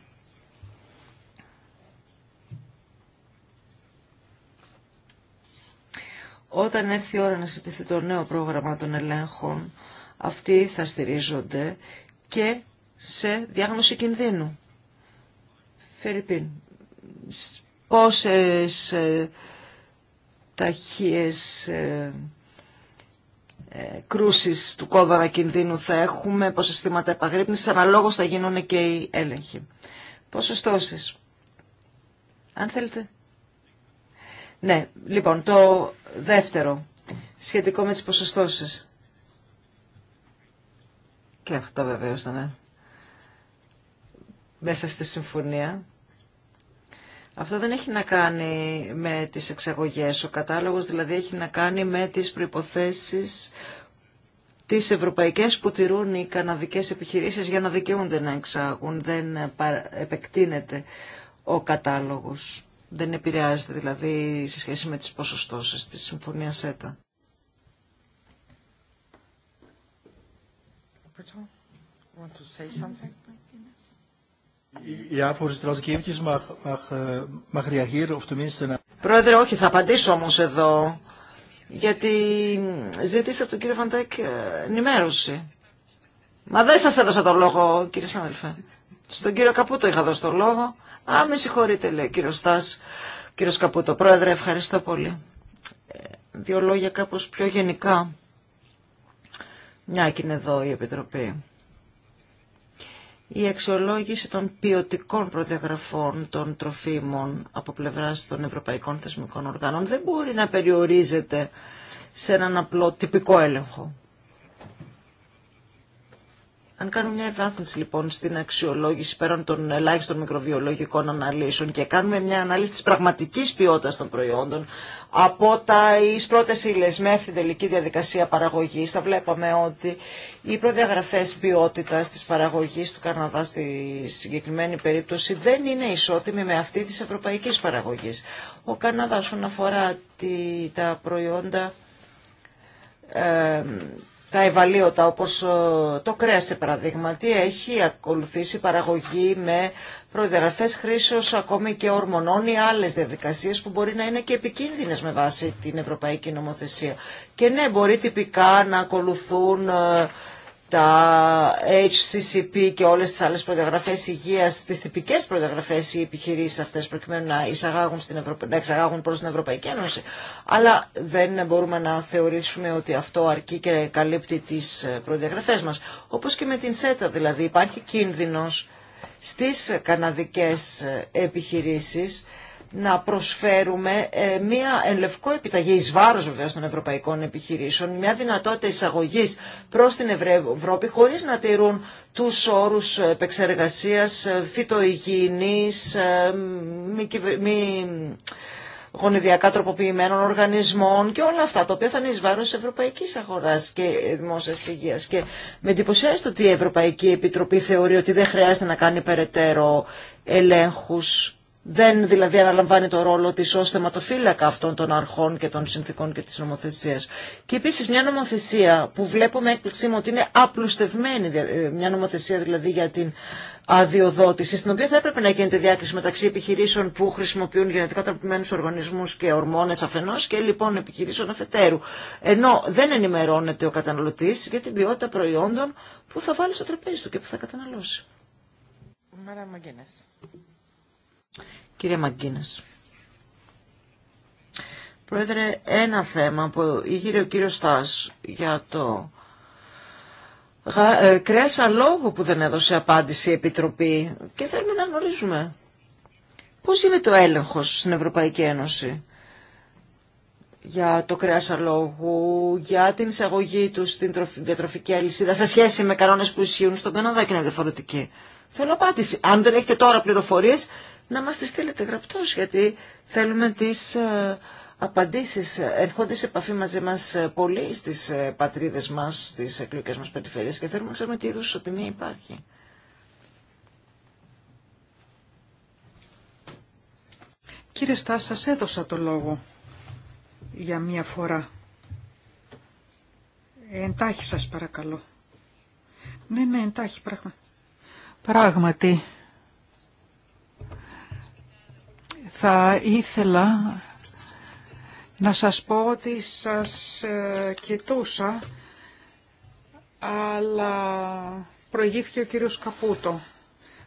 όταν έρθει η ώρα να συζητηθεί το νέο πρόγραμμα των ελέγχων, αυτοί θα στηρίζονται και σε διάγνωση κινδύνου. Φερρυπίν, πόσες ε, ταχείες ε, ε, κρούσεις του κόδωρα κινδύνου θα έχουμε, πόσα θύματα επαγρύπνησης, αναλόγως θα γίνουν και οι έλεγχοι. Ποσοστώσεις. Αν θέλετε. Ναι, λοιπόν, το δεύτερο, σχετικό με τις ποσοστώσεις. Και αυτό βεβαίω ήταν ε, μέσα στη συμφωνία. Αυτό δεν έχει να κάνει με τις εξαγωγές. Ο κατάλογος δηλαδή έχει να κάνει με τις προϋποθέσεις τις ευρωπαϊκές που τηρούν οι καναδικές επιχειρήσεις για να δικαιούνται να εξάγουν. Δεν επεκτείνεται ο κατάλογος. Δεν επηρεάζεται δηλαδή σε σχέση με τις ποσοστώσεις της Συμφωνίας ΣΕΤΑ. want Πρόεδρε, όχι, θα απαντήσω όμω εδώ, γιατί ζήτησα από τον κύριο Φαντέκ ε, ενημέρωση. Μα δεν σα έδωσα το λόγο, κύριε συνάδελφε. Στον κύριο Καπούτο είχα δώσει το λόγο. Α, με συγχωρείτε, λέει κύριο Στα, κύριο Καπούτο, πρόεδρε, ευχαριστώ πολύ. Ε, δύο λόγια κάπω πιο γενικά μια και είναι εδώ η Επιτροπή. Η αξιολόγηση των ποιοτικών προδιαγραφών των τροφίμων από πλευράς των ευρωπαϊκών θεσμικών οργάνων δεν μπορεί να περιορίζεται σε έναν απλό τυπικό έλεγχο. Αν κάνουμε μια ευάθυνση λοιπόν στην αξιολόγηση πέραν των ελάχιστων μικροβιολογικών αναλύσεων και κάνουμε μια ανάλυση της πραγματικής ποιότητας των προϊόντων από τα εις πρώτες ύλες μέχρι την τελική διαδικασία παραγωγής θα βλέπαμε ότι οι προδιαγραφές ποιότητας της παραγωγής του Καναδά στη συγκεκριμένη περίπτωση δεν είναι ισότιμη με αυτή της ευρωπαϊκής παραγωγής. Ο Καναδάς όσον αφορά τα προϊόντα ε, τα ευαλείωτα όπως ε, το κρέας σε παραδείγματι έχει ακολουθήσει παραγωγή με προδιαγραφές χρήσεως ακόμη και ορμονών ή άλλες διαδικασίες που μπορεί να είναι και επικίνδυνες με βάση την ευρωπαϊκή νομοθεσία. Και ναι, μπορεί τυπικά να ακολουθούν ε, τα HCCP και όλες τις άλλες προδιαγραφές υγείας, τις τυπικές προδιαγραφές οι επιχειρήσεις αυτές προκειμένου να, εισαγάγουν στην να εξαγάγουν προς την Ευρωπαϊκή Ένωση. Αλλά δεν μπορούμε να θεωρήσουμε ότι αυτό αρκεί και καλύπτει τις ε, προδιαγραφές μας. Όπως και με την ΣΕΤΑ δηλαδή υπάρχει κίνδυνος στις καναδικές ε, επιχειρήσεις να προσφέρουμε ε, μια ελευκό επιταγή εις βάρος βεβαίως των ευρωπαϊκών επιχειρήσεων, μια δυνατότητα εισαγωγής προς την Ευρώπη χωρίς να τηρούν τους όρους ε, επεξεργασίας ε, φυτοϊγιεινής, μη, μη γονιδιακά τροποποιημένων οργανισμών και όλα αυτά, τα οποία θα είναι εις βάρος ευρωπαϊκής αγοράς και δημόσιας υγείας. Και με εντυπωσιάζει ότι η Ευρωπαϊκή Επιτροπή θεωρεί ότι δεν χρειάζεται να κάνει περαιτέρω ελέγχους δεν δηλαδή αναλαμβάνει το ρόλο της ως θεματοφύλακα αυτών των αρχών και των συνθήκων και της νομοθεσίας. Και επίσης μια νομοθεσία που βλέπουμε έκπληξή μου ότι είναι απλουστευμένη, ε, μια νομοθεσία δηλαδή για την αδειοδότηση, στην οποία θα έπρεπε να γίνεται διάκριση μεταξύ επιχειρήσεων που χρησιμοποιούν γενετικά τροποποιημένου οργανισμού και ορμόνε αφενό και λοιπόν επιχειρήσεων αφετέρου. Ενώ δεν ενημερώνεται ο καταναλωτή για την ποιότητα προϊόντων που θα βάλει στο τραπέζι του και που θα καταναλώσει. Κύριε Μαγκίνες. Πρόεδρε, ένα θέμα που ήγηρε ο κύριος Στάς για το ε, κρέας αλόγου που δεν έδωσε απάντηση η Επιτροπή και θέλουμε να γνωρίζουμε πώς είναι το έλεγχος στην Ευρωπαϊκή Ένωση για το κρέας αλόγου, για την εισαγωγή του στην διατροφική αλυσίδα σε σχέση με κανόνες που ισχύουν στον Καναδά και είναι διαφορετική. Θέλω απάντηση. Αν δεν έχετε τώρα πληροφορίες, να μας τις στείλετε γραπτός, γιατί θέλουμε τις ε, απαντήσεις. Ερχόνται σε επαφή μαζί μας ε, πολλοί στις ε, πατρίδες μας, στις εκλογικές μας περιφέρειες και θέλουμε να ξέρουμε τι είδους σωτημία υπάρχει. Κύριε Στά, σας έδωσα το λόγο για μία φορά. Εντάχει σας παρακαλώ. Ναι, ναι, εντάχει πράγμα. Πράγματι, Θα ήθελα να σας πω ότι σας ε, κοιτούσα, αλλά προηγήθηκε ο κύριος Καπούτο.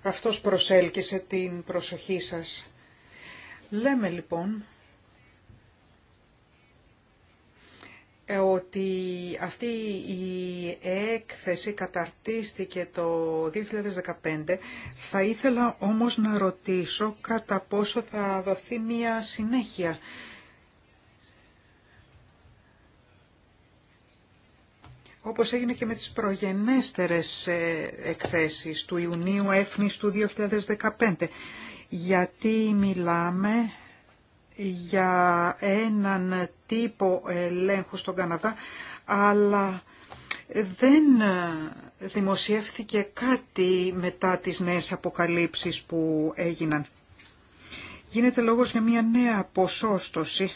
Αυτός προσέλκυσε την προσοχή σας. Λέμε λοιπόν Ε, ότι αυτή η έκθεση καταρτίστηκε το 2015. Θα ήθελα όμως να ρωτήσω κατά πόσο θα δοθεί μία συνέχεια. όπως έγινε και με τις προγενέστερες ε, εκθέσεις του Ιουνίου Έφνης του 2015. Γιατί μιλάμε για έναν τύπο ελέγχου στον Καναδά, αλλά δεν δημοσιεύθηκε κάτι μετά τις νέες αποκαλύψεις που έγιναν. Γίνεται λόγος για μια νέα ποσόστοση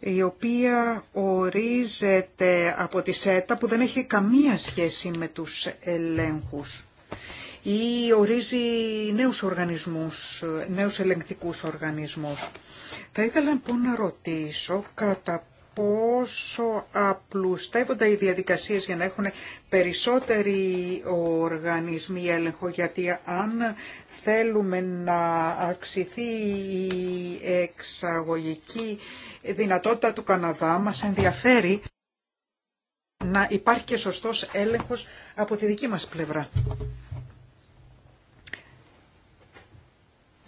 η οποία ορίζεται από τη ΣΕΤΑ που δεν έχει καμία σχέση με τους ελέγχους ή ορίζει νέους οργανισμούς, νέους ελεγκτικούς οργανισμούς. Θα ήθελα λοιπόν να ρωτήσω κατά πόσο απλουστεύονται οι διαδικασίες για να έχουν περισσότεροι οργανισμοί έλεγχο, γιατί αν θέλουμε να αυξηθεί η εξαγωγική δυνατότητα του Καναδά, μας ενδιαφέρει να υπάρχει και σωστός έλεγχος από τη δική μας πλευρά.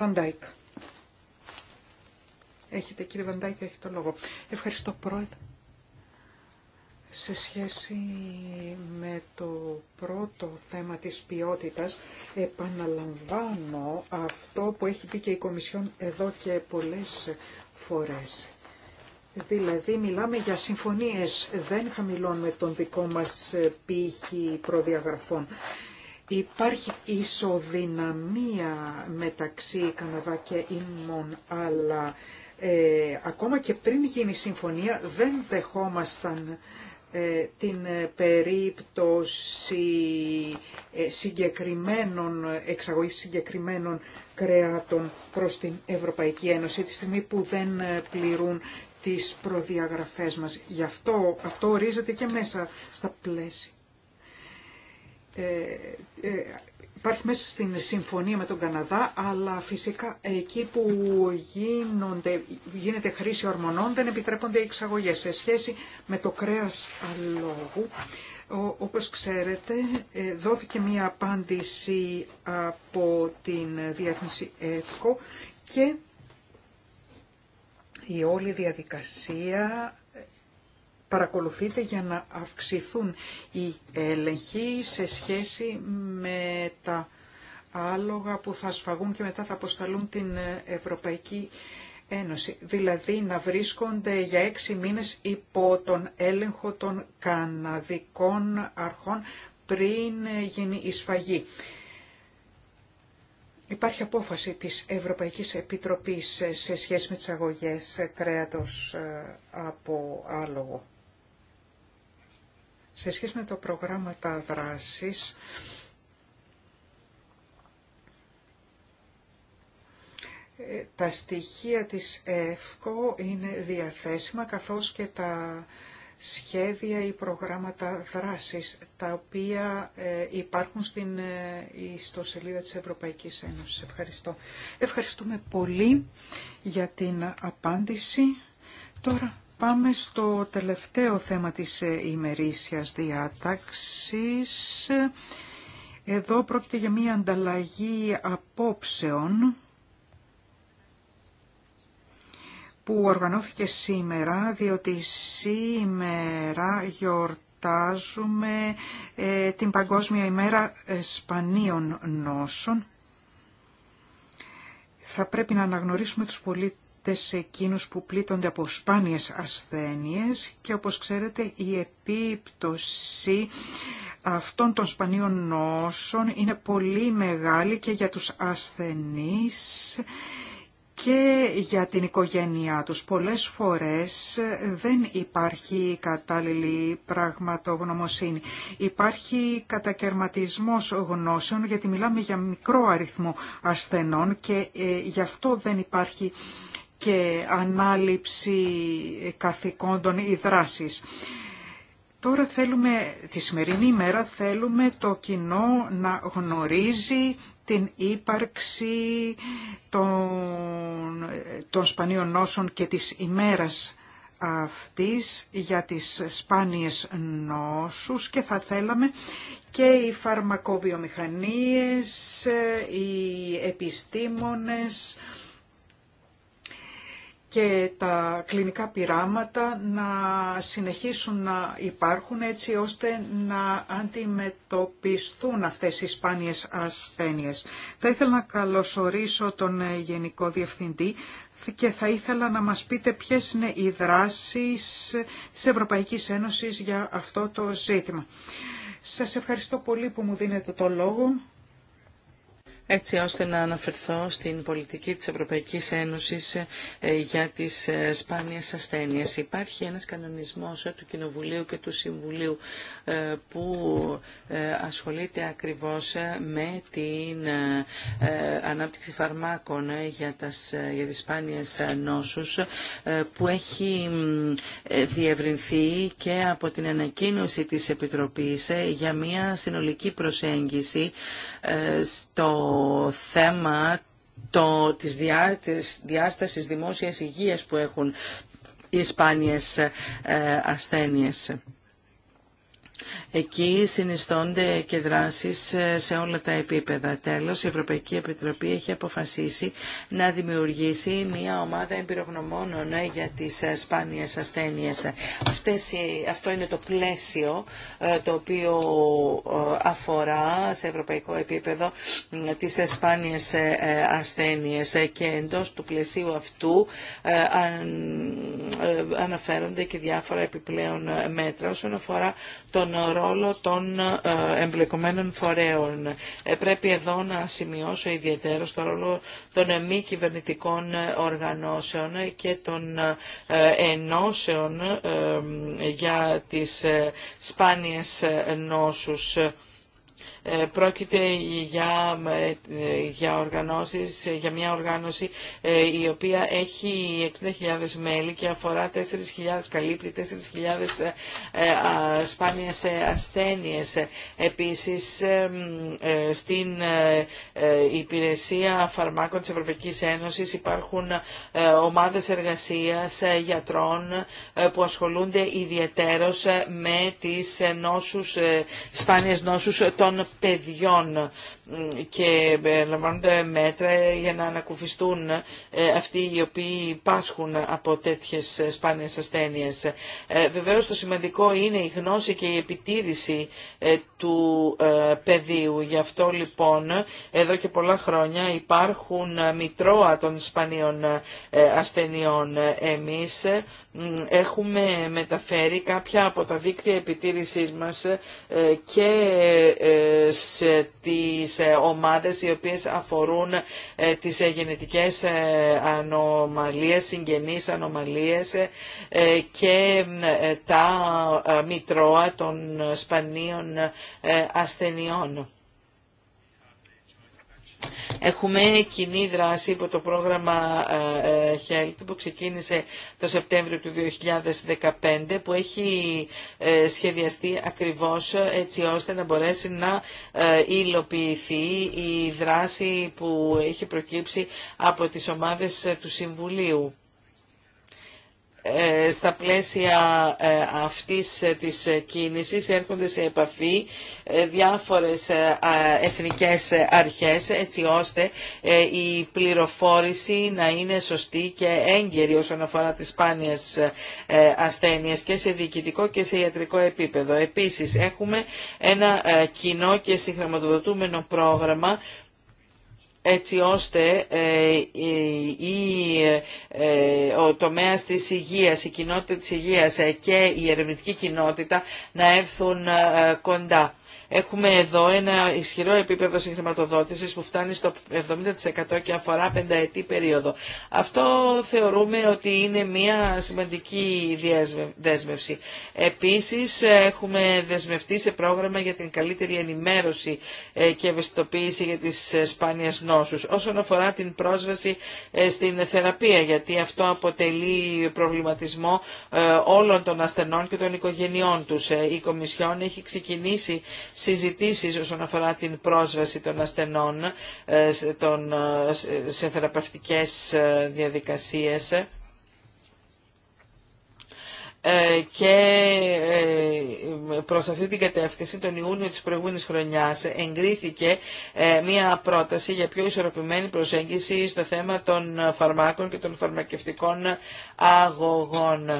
Βαντάικ. Έχετε κύριε Βαντάικ, έχετε το λόγο. Ευχαριστώ πρώτα. Σε σχέση με το πρώτο θέμα της ποιότητας, επαναλαμβάνω αυτό που έχει πει και η Κομισιόν εδώ και πολλές φορές. Δηλαδή μιλάμε για συμφωνίες, δεν με τον δικό μας πύχη προδιαγραφών. Υπάρχει ισοδυναμία μεταξύ Καναδά και Ήμων, αλλά ε, ακόμα και πριν γίνει συμφωνία δεν δεχόμασταν ε, την περίπτωση ε, συγκεκριμένων, εξαγωγής συγκεκριμένων κρεάτων προς την Ευρωπαϊκή Ένωση τη στιγμή που δεν πληρούν τις προδιαγραφές μας. Γι' αυτό, αυτό ορίζεται και μέσα στα πλαίσια ε, ε, υπάρχει μέσα στην συμφωνία με τον Καναδά, αλλά φυσικά εκεί που γίνονται, γίνεται χρήση ορμονών δεν επιτρέπονται οι εξαγωγές. Σε σχέση με το κρέας αλόγου, όπως ξέρετε, ε, δόθηκε μία απάντηση από την Διεύθυνση ΕΦΚΟ και η όλη διαδικασία παρακολουθείτε για να αυξηθούν οι έλεγχοι σε σχέση με τα άλογα που θα σφαγούν και μετά θα αποσταλούν την Ευρωπαϊκή Ένωση. Δηλαδή να βρίσκονται για έξι μήνες υπό τον έλεγχο των καναδικών αρχών πριν γίνει η σφαγή. Υπάρχει απόφαση της Ευρωπαϊκής Επιτροπής σε σχέση με τις αγωγές κρέατος ε, από άλογο. Σε σχέση με τα προγράμματα δράσης, ε, τα στοιχεία της ΕΦΚΟ είναι διαθέσιμα καθώς και τα σχέδια ή προγράμματα δράσης τα οποία ε, υπάρχουν στην ε, ιστοσελίδα της Ευρωπαϊκής Ένωσης. Ευχαριστώ. Ευχαριστούμε πολύ για την απάντηση. Τώρα Πάμε στο τελευταίο θέμα της ε, ημερήσιας διάταξης. Εδώ πρόκειται για μία ανταλλαγή απόψεων που οργανώθηκε σήμερα, διότι σήμερα γιορτάζουμε ε, την Παγκόσμια ημέρα σπανίων νόσων. Θα πρέπει να αναγνωρίσουμε τους πολιτές σε εκείνους που πλήττονται από σπάνιες ασθένειες και όπως ξέρετε η επίπτωση αυτών των σπανίων νόσων είναι πολύ μεγάλη και για τους ασθενείς και για την οικογένειά τους. Πολλές φορές δεν υπάρχει κατάλληλη πραγματογνωμοσύνη. Υπάρχει κατακαιρματισμός γνώσεων γιατί μιλάμε για μικρό αριθμό ασθενών και ε, γι' αυτό δεν υπάρχει και ανάληψη καθηκόντων ή δράσης. Τώρα θέλουμε, τη σημερινή ημέρα θέλουμε το κοινό να γνωρίζει την ύπαρξη των, των σπανίων νόσων και της ημέρας αυτής για τις σπάνιες νόσους και θα θέλαμε και οι φαρμακοβιομηχανίες, ε, οι επιστήμονες, και τα κλινικά πειράματα να συνεχίσουν να υπάρχουν έτσι ώστε να αντιμετωπιστούν αυτές οι σπάνιες ασθένειες. Θα ήθελα να καλωσορίσω τον ε, Γενικό Διευθυντή και θα ήθελα να μας πείτε ποιες είναι οι δράσεις ε, της Ευρωπαϊκής Ένωσης για αυτό το ζήτημα. Σας ευχαριστώ πολύ που μου δίνετε το λόγο έτσι ώστε να αναφερθώ στην πολιτική της Ευρωπαϊκής Ένωσης ε, για τις ε, σπάνιες ασθένειες. Υπάρχει ένας κανονισμός ε, του Κοινοβουλίου και του Συμβουλίου που ασχολείται ακριβώς με την ανάπτυξη φαρμάκων για, τας, για τις σπάνιες νόσους που έχει διευρυνθεί και από την ανακοίνωση της Επιτροπής για μια συνολική προσέγγιση στο θέμα το, της, διάστασης δημόσιας υγείας που έχουν οι σπάνιες ε, ασθένειες. Εκεί συνιστώνται και δράσεις ε, σε όλα τα επίπεδα. Τέλος, η Ευρωπαϊκή Επιτροπή έχει αποφασίσει να δημιουργήσει μια ομάδα εμπειρογνωμόνων ε, για τις ε, σπάνιες ασθένειες. αυτό είναι το πλαίσιο το οποίο αφορά σε ευρωπαϊκό επίπεδο τις σπάνιες ασθένειες και εντός του πλαισίου αυτού αναφέρονται και διάφορα επιπλέον μέτρα όσον αφορά τον ρόλο των ε, εμπλεκομένων φορέων. Ε, πρέπει εδώ να σημειώσω ιδιαίτερο το ρόλο των μη κυβερνητικών ε, οργανώσεων και των ενώσεων για τις σπάνιες νόσους ε, πρόκειται για, ε, για για μια οργάνωση ε, η οποία έχει 60.000 μέλη και αφορά 4.000 καλύπτει, 4.000 σπάνιες ασθένειες. Επίσης, στην υπηρεσία φαρμάκων της Ευρωπαϊκής Ένωσης υπάρχουν ομάδες εργασίας γιατρών που ασχολούνται ιδιαίτερως με τις νόσους, σπάνιες νόσους των παιδιών και ε, λαμβάνονται μέτρα για να ανακουφιστούν ε, αυτοί οι οποίοι πάσχουν από τέτοιες ε, σπάνιες ασθένειες. Βεβαίως το σημαντικό είναι η γνώση και η επιτήρηση του πεδίου. Γι' αυτό λοιπόν εδώ και πολλά χρόνια υπάρχουν μητρώα των σπανίων ασθενειών. Εμείς έχουμε μεταφέρει κάποια από τα δίκτυα επιτήρησής μας και σε τις ε, ομάδες οι οποίες αφορούν ε, τις ε, γενετικές ανομαλίες, συγγενείς ανομαλίες και τα μητρώα των σπανίων ασθενειών. Έχουμε κοινή δράση υπό το πρόγραμμα ε, ε, HELT που ξεκίνησε το Σεπτέμβριο του 2015 που έχει ε, σχεδιαστεί ακριβώς έτσι ώστε να μπορέσει να υλοποιηθεί η δράση που έχει προκύψει από τις ομάδες του Συμβουλίου ε, στα πλαίσια ε, αυτής ε, της κίνησης έρχονται σε επαφή διάφορες εθνικές αρχές έτσι ώστε η πληροφόρηση να είναι σωστή και έγκαιρη όσον αφορά τις σπάνιες ασθένειες και σε διοικητικό και σε ιατρικό επίπεδο. Επίσης έχουμε ένα κοινό και συγχρηματοδοτούμενο πρόγραμμα έτσι ώστε ε, ε, ο τομέας της υγείας, η κοινότητα της υγείας ε, και η ερευνητική κοινότητα να έρθουν κοντά. Έχουμε εδώ ένα ισχυρό επίπεδο συγχρηματοδότηση που φτάνει στο 70% και αφορά πενταετή περίοδο. Αυτό θεωρούμε ότι είναι μια σημαντική δέσμευση. Επίσης έχουμε δεσμευτεί σε πρόγραμμα για την καλύτερη ενημέρωση ε, και ευαισθητοποίηση για τις ε, σπάνιες νόσου Όσον αφορά την πρόσβαση ε, στην θεραπεία, γιατί αυτό αποτελεί προβληματισμό όλων των ασθενών και των οικογενειών του. Η Κομισιόν έχει ξεκινήσει συζητήσεις όσον αφορά την πρόσβαση των ασθενών ε, ε, σε θεραπευτικές ε, διαδικασίες και προς αυτή την κατεύθυνση τον Ιούνιο της προηγούμενης χρονιάς εγκρίθηκε μία πρόταση για πιο ισορροπημένη προσέγγιση στο θέμα των φαρμάκων και των φαρμακευτικών αγωγών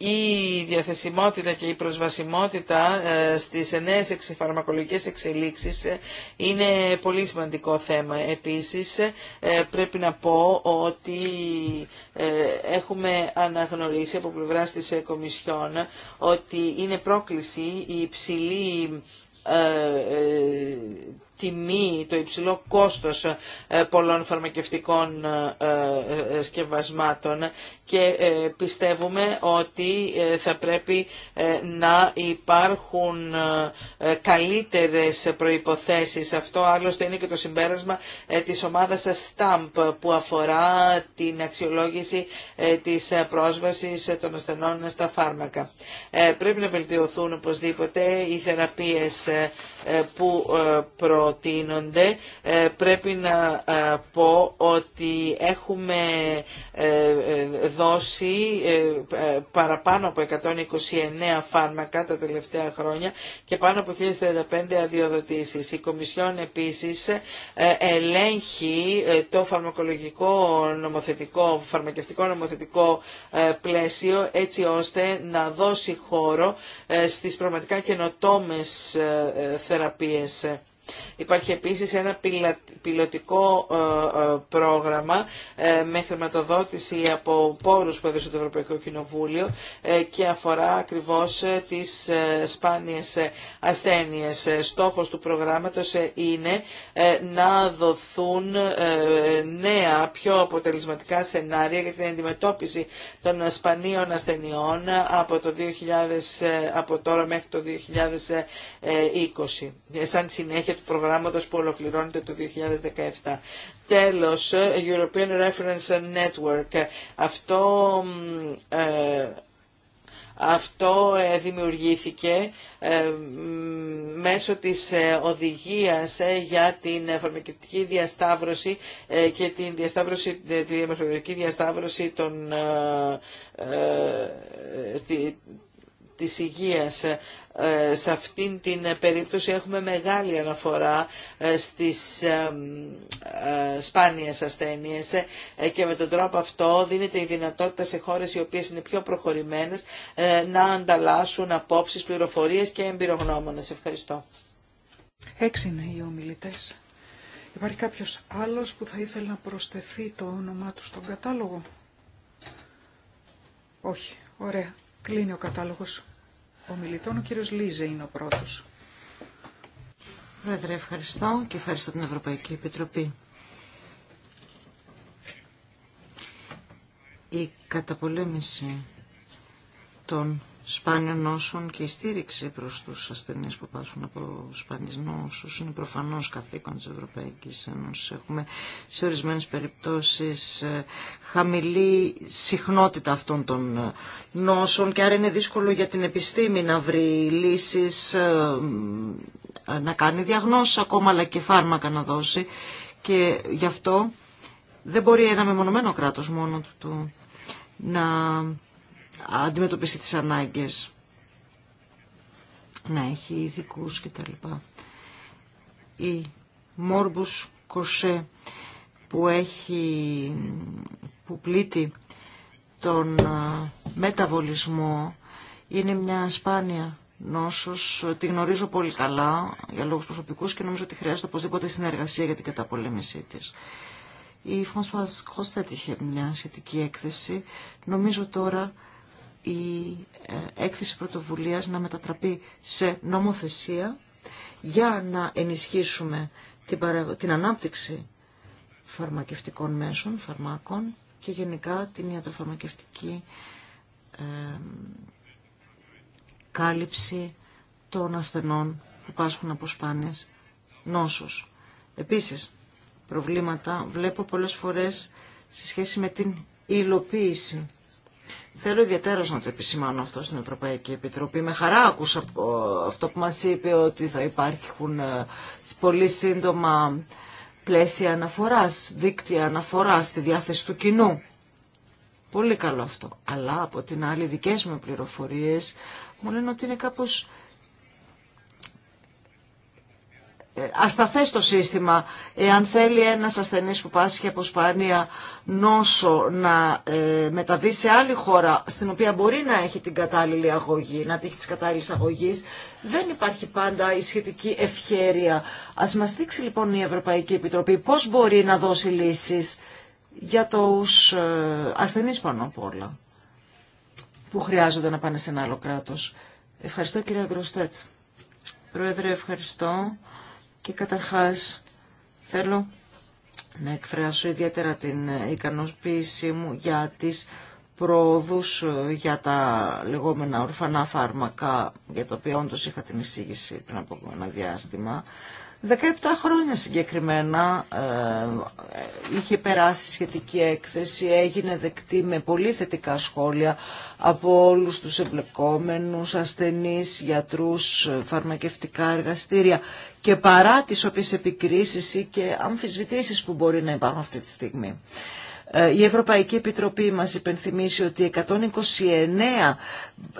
η διαθεσιμότητα και η προσβασιμότητα ε, στις νέες φαρμακολογικές εξελίξεις ε, είναι πολύ σημαντικό θέμα. Επίσης ε, πρέπει να πω ότι έχουμε αναγνωρίσει από πλευρά της Κομισιόν ότι είναι πρόκληση η υψηλή τιμή, το υψηλό κόστος πολλών φαρμακευτικών σκευασμάτων και ε, πιστεύουμε ότι ε, θα πρέπει ε, να υπάρχουν καλύτερες προϋποθέσεις. Αυτό άλλωστε είναι και το συμπέρασμα της ομάδας STAMP που αφορά την αξιολόγηση της πρόσβασης των ασθενών στα φάρμακα. Πρέπει να βελτιωθούν οπωσδήποτε οι θεραπείες που προτείνονται. Πρέπει να πω ότι έχουμε δώσει ε, ε, παραπάνω από 129 φάρμακα τα τελευταία χρόνια και πάνω από 1035 αδειοδοτήσεις. Η Κομισιόν επίσης ε, ελέγχει το φαρμακολογικό νομοθετικό, φαρμακευτικό νομοθετικό πλαίσιο έτσι ώστε να δώσει χώρο στις πραγματικά καινοτόμες θεραπείες. Υπάρχει επίσης ένα πιλωτικό ε, ε, πρόγραμμα ε, με χρηματοδότηση από πόρους που έδωσε το Ευρωπαϊκό Κοινοβούλιο και αφορά ακριβώς τις σπάνιες ασθένειες. Στόχος του προγράμματος είναι να δοθούν νέα, πιο αποτελεσματικά σενάρια για την αντιμετώπιση των σπανίων ασθενειών από, το 2000, από τώρα μέχρι το 2020. Σαν συνέχεια του προγράμματος που ολοκληρώνεται το 2017. Τέλος, European Reference Network. Αυτό ε, αυτό ε, δημιουργήθηκε ε, μέσω της οδηγίας για την φαρμακευτική διασταύρωση και την διασταύρωση, τη διασταύρωση των, της υγείας. Ε, σε αυτήν την περίπτωση έχουμε μεγάλη αναφορά ε, στις ε, σπάνιες ασθένειες και με τον τρόπο αυτό δίνεται η δυνατότητα σε χώρες οι οποίες είναι πιο προχωρημένες να ανταλλάσσουν απόψεις, πληροφορίες και εμπειρογνώμονες. Ευχαριστώ. Έξι είναι οι ομιλητές. Υπάρχει κάποιος άλλος που θα ήθελε να προσθεθεί το όνομά του στον κατάλογο. Όχι. Ωραία. Κλείνει ο κατάλογος μιλητών Ο κύριος Λίζε είναι ο πρώτος. Πρόεδρε, ευχαριστώ και ευχαριστώ την Ευρωπαϊκή Επιτροπή. Η καταπολέμηση των Σπάνιο νόσων και η στήριξη προς τους ασθενείς που πάσουν από σπάνιες νόσους είναι προφανώς καθήκον της Ευρωπαϊκής Ένωσης. Έχουμε σε ορισμένες περιπτώσεις ε, χαμηλή συχνότητα αυτών των ε, νόσων και άρα είναι δύσκολο για την επιστήμη να βρει λύσεις, ε, να κάνει διαγνώσεις ακόμα αλλά και φάρμακα να δώσει και γι' αυτό δεν μπορεί ένα μεμονωμένο κράτος μόνο του να αντιμετωπίσει τις ανάγκες, να έχει ειδικού κτλ. Η Μόρμπους Κοσέ που έχει που πλήττει τον μεταβολισμό είναι μια σπάνια νόσος, τη γνωρίζω πολύ καλά για λόγους προσωπικούς και νομίζω ότι χρειάζεται οπωσδήποτε συνεργασία για την καταπολέμησή της. Η Φωνσουάς Κώστατ είχε μια σχετική έκθεση. Νομίζω τώρα η ε, έκθεση πρωτοβουλίας να μετατραπεί σε νομοθεσία για να ενισχύσουμε την, την ανάπτυξη φαρμακευτικών μέσων, φαρμάκων και γενικά την ιατροφαρμακευτική ε, κάλυψη των ασθενών που πάσχουν από σπάνιες νόσους. Επίσης, προβλήματα βλέπω πολλές φορές σε σχέση με την υλοποίηση Θέλω ιδιαίτερα να το επισημάνω αυτό στην Ευρωπαϊκή Επιτροπή. Με χαρά άκουσα αυτό που μας είπε ότι θα υπάρχουν ε, πολύ σύντομα πλαίσια αναφοράς, δίκτυα αναφοράς στη διάθεση του κοινού. Πολύ καλό αυτό. Αλλά από την άλλη δικές μου πληροφορίες μου λένε ότι είναι κάπως Ε, ασταθές το σύστημα. Εάν θέλει ένας ασθενής που πάσχει από σπάνια νόσο να ε, μεταβεί σε άλλη χώρα στην οποία μπορεί να έχει την κατάλληλη αγωγή, να τύχει της κατάλληλης αγωγής, δεν υπάρχει πάντα η σχετική ευχέρεια. Ας μας δείξει λοιπόν η Ευρωπαϊκή Επιτροπή πώς μπορεί να δώσει λύσεις για τους ε, ασθενείς πάνω απ' όλα που χρειάζονται να πάνε σε ένα άλλο κράτος. Ευχαριστώ κύριε Γκροστέτ. Πρόεδρε, ευχαριστώ. Και καταρχάς θέλω να εκφράσω ιδιαίτερα την ικανοποίησή μου για τις προόδους ε, για τα λεγόμενα ορφανά φάρμακα, για τα οποία όντως είχα την εισήγηση πριν από ένα διάστημα. 17 χρόνια συγκεκριμένα ε, είχε περάσει σχετική έκθεση, έγινε δεκτή με πολύ θετικά σχόλια από όλους τους εμπλεκόμενους, ασθενείς, γιατρούς, φαρμακευτικά εργαστήρια και παρά τις οποίες επικρίσεις ή και αμφισβητήσεις που μπορεί να υπάρχουν αυτή τη στιγμή. Ε, η Ευρωπαϊκή Επιτροπή μας υπενθυμίσει ότι 129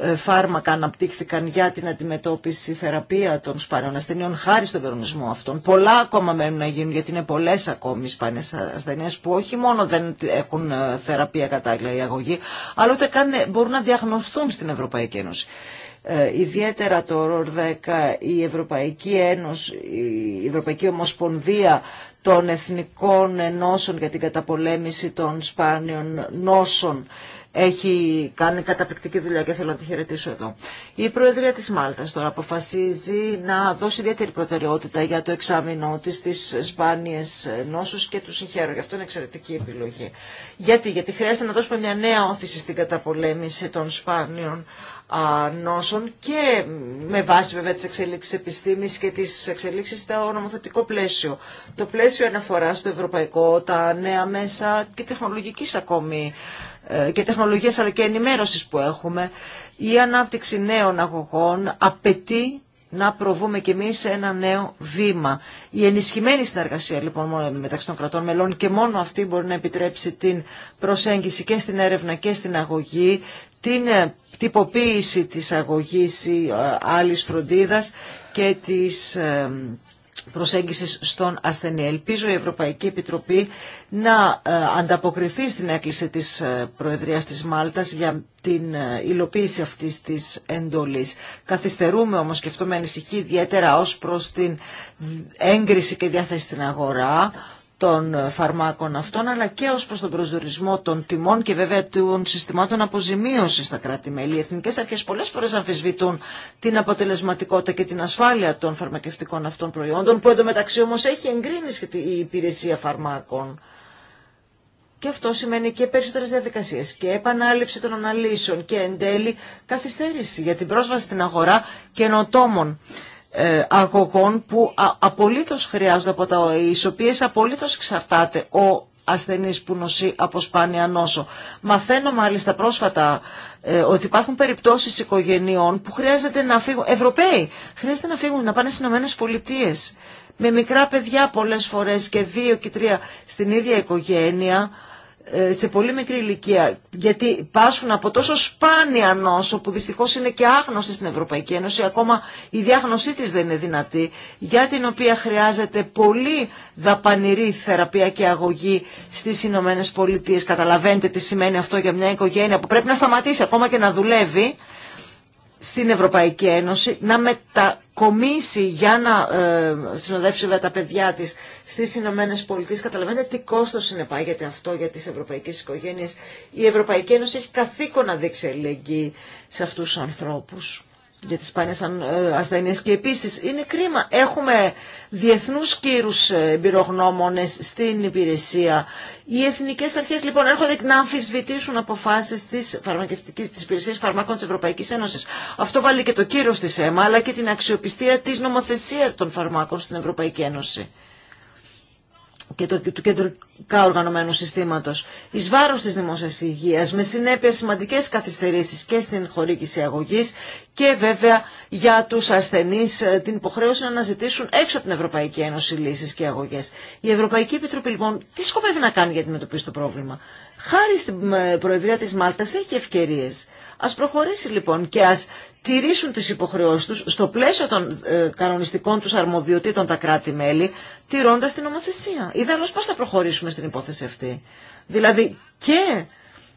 ε, φάρμακα αναπτύχθηκαν για την αντιμετώπιση θεραπεία των σπάνιων ασθενειών χάρη στον κανονισμό αυτών. Πολλά ακόμα μένουν να γίνουν γιατί είναι πολλές ακόμη σπάνιες ασθενειές που όχι μόνο δεν έχουν ε, θεραπεία κατάλληλα η αγωγή αλλά ούτε μπορούν να διαγνωστούν στην Ευρωπαϊκή Ένωση. Ε, ιδιαίτερα το 10, η Ευρωπαϊκή Ένωση, η Ευρωπαϊκή Ομοσπονδία των Εθνικών Ενώσεων για την καταπολέμηση των σπάνιων νόσων έχει κάνει καταπληκτική δουλειά και θέλω να τη χαιρετήσω εδώ. Η Προεδρία της Μάλτας τώρα αποφασίζει να δώσει ιδιαίτερη προτεραιότητα για το εξάμεινό της στις σπάνιες νόσους και του συγχαίρω. Γι' αυτό είναι εξαιρετική επιλογή. Γιατί, γιατί χρειάζεται να δώσουμε μια νέα όθηση στην καταπολέμηση των σπάνιων νόσων και με βάση βέβαια τις εξελίξεις επιστήμης και τις εξελίξεις στο νομοθετικό πλαίσιο. Το πλαίσιο αναφορά στο ευρωπαϊκό, τα νέα μέσα και τεχνολογικής ακόμη ε, και τεχνολογίες αλλά και ενημέρωσης που έχουμε, η ανάπτυξη νέων αγωγών απαιτεί να προβούμε κι εμείς σε ένα νέο βήμα. Η ενισχυμένη συνεργασία λοιπόν μεταξύ των κρατών μελών και μόνο αυτή μπορεί να επιτρέψει την προσέγγιση και στην έρευνα και στην αγωγή την ε, τυποποίηση της αγωγής ή ε, άλλης φροντίδας και της ε, προσέγγισης στον ασθενή. Ελπίζω η Ευρωπαϊκή Επιτροπή να ανταποκριθεί στην έκκληση της Προεδρίας της Μάλτας για την υλοποίηση αυτής της εντολής. Καθυστερούμε όμως και αυτό με ανησυχεί ιδιαίτερα ως προς την έγκριση και διάθεση στην αγορά των φαρμάκων αυτών, αλλά και ως προς τον προσδορισμό των τιμών και βέβαια των συστημάτων αποζημίωσης στα κράτη-μέλη. Οι εθνικές αρχές πολλές φορές αμφισβητούν την αποτελεσματικότητα και την ασφάλεια των φαρμακευτικών αυτών προϊόντων, που εντωμεταξύ όμως έχει εγκρίνει η υπηρεσία φαρμάκων. Και αυτό σημαίνει και περισσότερε διαδικασίε και επανάληψη των αναλύσεων και εν τέλει καθυστέρηση για την πρόσβαση στην αγορά καινοτόμων ε, αγωγών που απολύτως χρειάζονται από τα ΟΗ, οι οποίες απολύτως εξαρτάται ο ασθενής που νοσεί από σπάνια νόσο. Μαθαίνω μάλιστα πρόσφατα ε, ότι υπάρχουν περιπτώσεις οικογενειών που χρειάζεται να φύγουν, Ευρωπαίοι, χρειάζεται να φύγουν, να πάνε στις Ηνωμένε Πολιτείες, με μικρά παιδιά πολλές φορές και δύο και τρία στην ίδια οικογένεια, ε, σε πολύ μικρή ηλικία, γιατί πάσχουν από τόσο σπάνια νόσο που δυστυχώς είναι και άγνωστη στην Ευρωπαϊκή Ένωση, ακόμα η διάγνωσή της δεν είναι δυνατή, για την οποία χρειάζεται πολύ δαπανηρή θεραπεία και αγωγή στις Ηνωμένε Πολιτείες. Καταλαβαίνετε τι σημαίνει αυτό για μια οικογένεια που πρέπει να σταματήσει ακόμα και να δουλεύει, στην Ευρωπαϊκή Ένωση να μετακομίσει για να ε, συνοδεύσει τα παιδιά της στις Ηνωμένε Πολιτείες. Καταλαβαίνετε τι κόστος συνεπάγεται αυτό για τις ευρωπαϊκές οικογένειες. Η Ευρωπαϊκή Ένωση έχει καθήκον να δείξει ελεγγύη σε αυτούς τους ανθρώπους για τις σπάνιες ε, ασθένειες και επίσης είναι κρίμα. Έχουμε διεθνούς κύρους ε, εμπειρογνώμονες στην υπηρεσία. Οι εθνικές αρχές λοιπόν έρχονται να αμφισβητήσουν αποφάσεις της, φαρμακευτικής, της υπηρεσίας φαρμάκων της Ευρωπαϊκής Ένωσης. Αυτό βάλει και το κύρος της αίμα αλλά και την αξιοπιστία της νομοθεσίας των φαρμάκων στην Ευρωπαϊκή Ένωση και του κεντρικά οργανωμένου συστήματος εις βάρος της δημόσιας υγείας με συνέπειες σημαντικές καθυστερήσεις και στην χορήγηση αγωγής και βέβαια για τους ασθενείς ε, την υποχρέωση να αναζητήσουν έξω από την Ευρωπαϊκή Ένωση λύσεις και αγωγές. Η Ευρωπαϊκή Επιτροπή λοιπόν τι σκοπεύει να κάνει για να αντιμετωπίσει το πρόβλημα. Χάρη στην ε, Προεδρία της Μάλτας έχει ευκαιρίες Ας προχωρήσει λοιπόν και ας τηρήσουν τις υποχρεώσεις τους στο πλαίσιο των ε, κανονιστικών τους αρμοδιοτήτων τα κράτη-μέλη, τηρώντας την νομοθεσία. Ιδάλλως πώς θα προχωρήσουμε στην υπόθεση αυτή. Δηλαδή και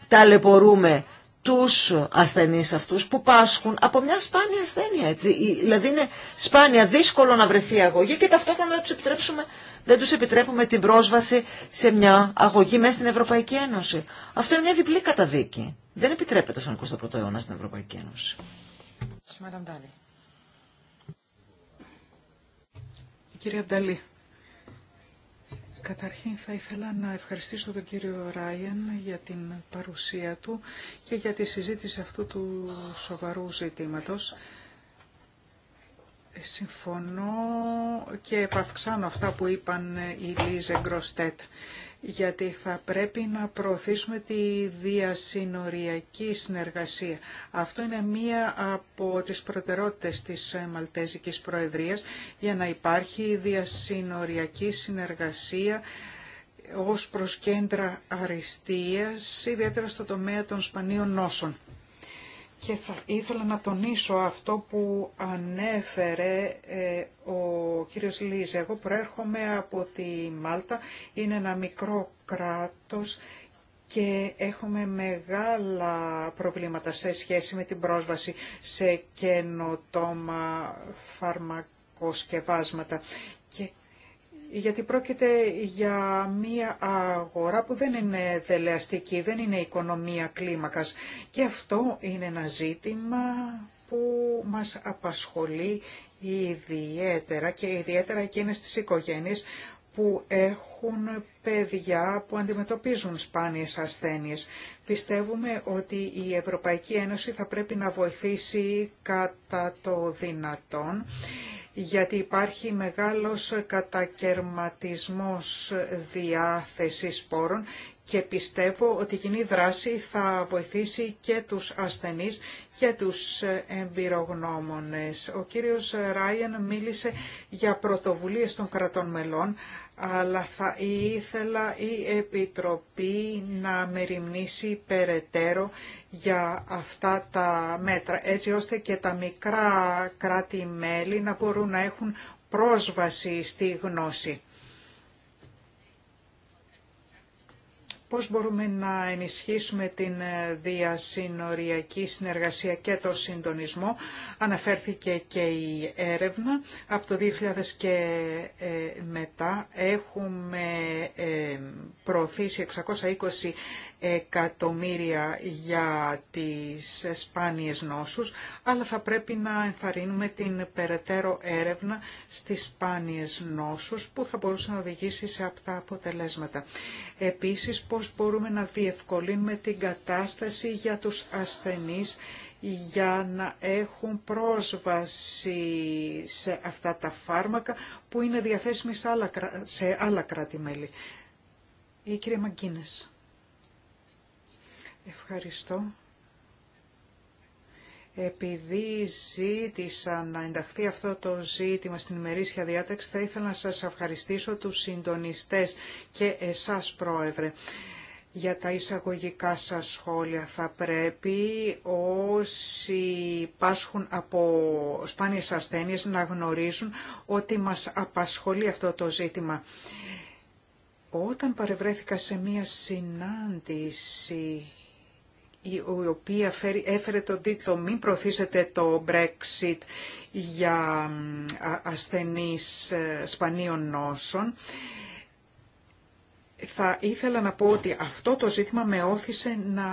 ταλαιπωρούμε τους ασθενείς αυτούς που πάσχουν από μια σπάνια ασθένεια. Έτσι. Δηλαδή είναι σπάνια, δύσκολο να βρεθεί αγωγή και ταυτόχρονα δεν τους, επιτρέψουμε, δεν τους επιτρέπουμε την πρόσβαση σε μια αγωγή μέσα στην Ευρωπαϊκή Ένωση. Αυτό είναι μια διπλή καταδίκη. Δεν επιτρέπεται στον 21ο αιώνα στην Ευρωπαϊκή Ένωση. Κυρία Νταλή. Καταρχήν θα ήθελα να ευχαριστήσω τον κύριο Ράιεν για την παρουσία του και για τη συζήτηση αυτού του σοβαρού ζητήματος. Συμφωνώ και επαυξάνω αυτά που είπαν η Λίζε Γκροστέτ γιατί θα πρέπει να προωθήσουμε τη διασυνοριακή συνεργασία. Αυτό είναι μία από τις προτεραιότητες της Μαλτέζικης Προεδρίας για να υπάρχει διασυνοριακή συνεργασία ως προς κέντρα αριστείας, ιδιαίτερα στο τομέα των σπανίων νόσων. Και θα ήθελα να τονίσω αυτό που ανέφερε ε, ο κύριος Λίζε. Εγώ προέρχομαι από τη Μάλτα, είναι ένα μικρό κράτος και έχουμε μεγάλα προβλήματα σε σχέση με την πρόσβαση σε καινοτόμα φαρμακοσκευάσματα γιατί πρόκειται για μία αγορά που δεν είναι δελεαστική, δεν είναι οικονομία κλίμακας. Και αυτό είναι ένα ζήτημα που μας απασχολεί ιδιαίτερα και ιδιαίτερα εκείνες τις οικογένειες που έχουν παιδιά που αντιμετωπίζουν σπάνιες ασθένειες. Πιστεύουμε ότι η Ευρωπαϊκή Ένωση θα πρέπει να βοηθήσει κατά το δυνατόν γιατί υπάρχει μεγάλος κατακαιρματισμός διάθεσης σπόρων και πιστεύω ότι η κοινή δράση θα βοηθήσει και τους ασθενείς και τους εμπειρογνώμονες. Ο κύριος Ράιεν μίλησε για πρωτοβουλίες των κρατών μελών, αλλά θα ήθελα η Επιτροπή να μεριμνήσει περαιτέρω για αυτά τα μέτρα, έτσι ώστε και τα μικρά κράτη-μέλη να μπορούν να έχουν πρόσβαση στη γνώση. πώς μπορούμε να ενισχύσουμε την ε, διασυνοριακή συνεργασία και το συντονισμό. Αναφέρθηκε και η έρευνα. Από το 2000 και ε, μετά έχουμε ε, προωθήσει 620 εκατομμύρια για τις σπάνιες νόσους, αλλά θα πρέπει να ενθαρρύνουμε την περαιτέρω έρευνα στις σπάνιες νόσους που θα μπορούσε να οδηγήσει σε αυτά αποτελέσματα. Επίσης, πώς μπορούμε να διευκολύνουμε την κατάσταση για τους ασθενείς για να έχουν πρόσβαση σε αυτά τα φάρμακα που είναι διαθέσιμοι σε άλλα, σε κρατη κράτη-μέλη. Η κυρία Μαγκίνες. Ευχαριστώ. Επειδή ζήτησα να ενταχθεί αυτό το ζήτημα στην ημερήσια διάταξη, θα ήθελα να σας ευχαριστήσω τους συντονιστές και εσάς, Πρόεδρε. Για τα εισαγωγικά σας σχόλια θα πρέπει όσοι πάσχουν από σπάνιες ασθένειες να γνωρίζουν ότι μας απασχολεί αυτό το ζήτημα. Όταν παρευρέθηκα σε μία συνάντηση η οποία έφερε τον τίτλο «Μην προωθήσετε το Brexit για ασθενείς ε, σπανίων νόσων». Θα ήθελα να πω ότι αυτό το ζήτημα με όθησε να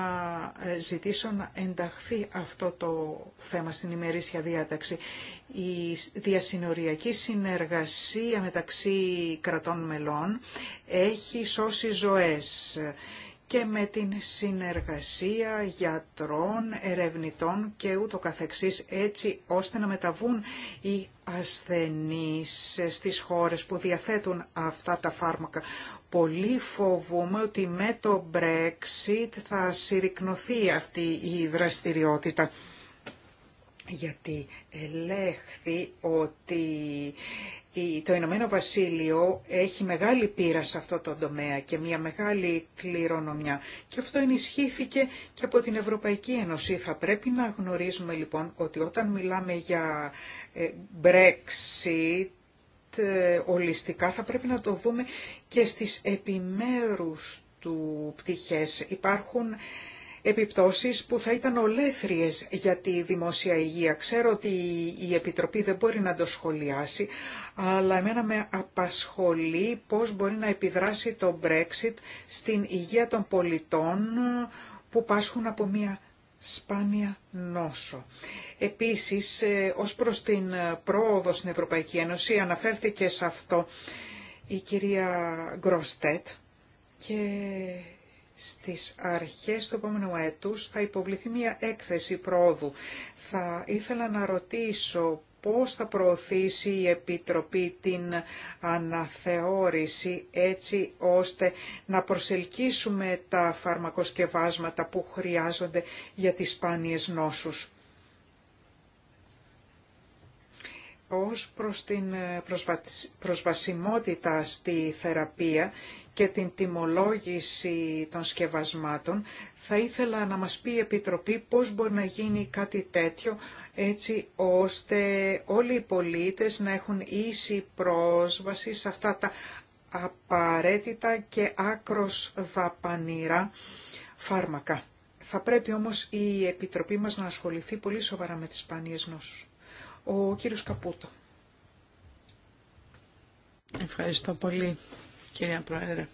ε, ζητήσω να ενταχθεί αυτό το θέμα στην ημερήσια διάταξη. Η διασυνοριακή συνεργασία μεταξύ κρατών μελών έχει σώσει ζωές και με την συνεργασία γιατρών, ερευνητών και ούτω καθεξής έτσι ώστε να μεταβούν οι ασθενείς στις χώρες που διαθέτουν αυτά τα φάρμακα. Πολύ φοβούμαι ότι με το Brexit θα συρρυκνωθεί αυτή η δραστηριότητα γιατί ελέγχθη ότι το Ηνωμένο Βασίλειο έχει μεγάλη πείρα σε αυτό το τομέα και μια μεγάλη κληρονομιά. Και αυτό ενισχύθηκε και από την Ευρωπαϊκή Ένωση. Θα πρέπει να γνωρίζουμε λοιπόν ότι όταν μιλάμε για ε, Brexit, ε, ολιστικά θα πρέπει να το δούμε και στις επιμέρους του πτυχές. Υπάρχουν επιπτώσεις που θα ήταν ολέθριες για τη δημόσια υγεία. Ξέρω ότι η Επιτροπή δεν μπορεί να το σχολιάσει, αλλά εμένα με απασχολεί πώς μπορεί να επιδράσει το Brexit στην υγεία των πολιτών που πάσχουν από μια σπάνια νόσο. Επίσης, ε, ως προς την πρόοδο στην Ευρωπαϊκή Ένωση, αναφέρθηκε σε αυτό η κυρία Γκροστέτ και στις αρχές του επόμενου έτους θα υποβληθεί μια έκθεση πρόοδου. Θα ήθελα να ρωτήσω πώς θα προωθήσει η Επιτροπή την αναθεώρηση έτσι ώστε να προσελκύσουμε τα φαρμακοσκευάσματα που χρειάζονται για τις σπάνιες νόσους. ως προς την ε, προσβασιμότητα στη θεραπεία και την τιμολόγηση των σκευασμάτων θα ήθελα να μας πει η Επιτροπή πώς μπορεί να γίνει κάτι τέτοιο έτσι ώστε όλοι οι πολίτες να έχουν ίση πρόσβαση σε αυτά τα απαραίτητα και άκρος δαπανηρά φάρμακα. Θα πρέπει όμως η Επιτροπή μας να ασχοληθεί πολύ σοβαρά με τις σπάνιες νόσους. Ο κύριος Καπούτο. Ευχαριστώ πολύ κυρία Πρόεδρε.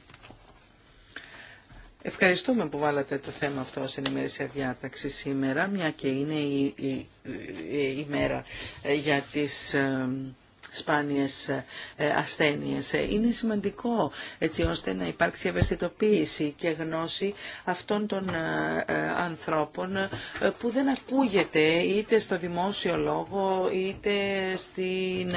Ευχαριστούμε που βάλατε το θέμα αυτό σε ημερήσια διάταξη σήμερα, μια και είναι η, η, η, η μέρα ε, για τις... Ε, σπάνιες ε, ε, ασθένειες. Ε, είναι σημαντικό έτσι ώστε να υπάρξει ευαισθητοποίηση και γνώση αυτών των ανθρώπων που δεν ακούγεται είτε στο δημόσιο λόγο είτε στην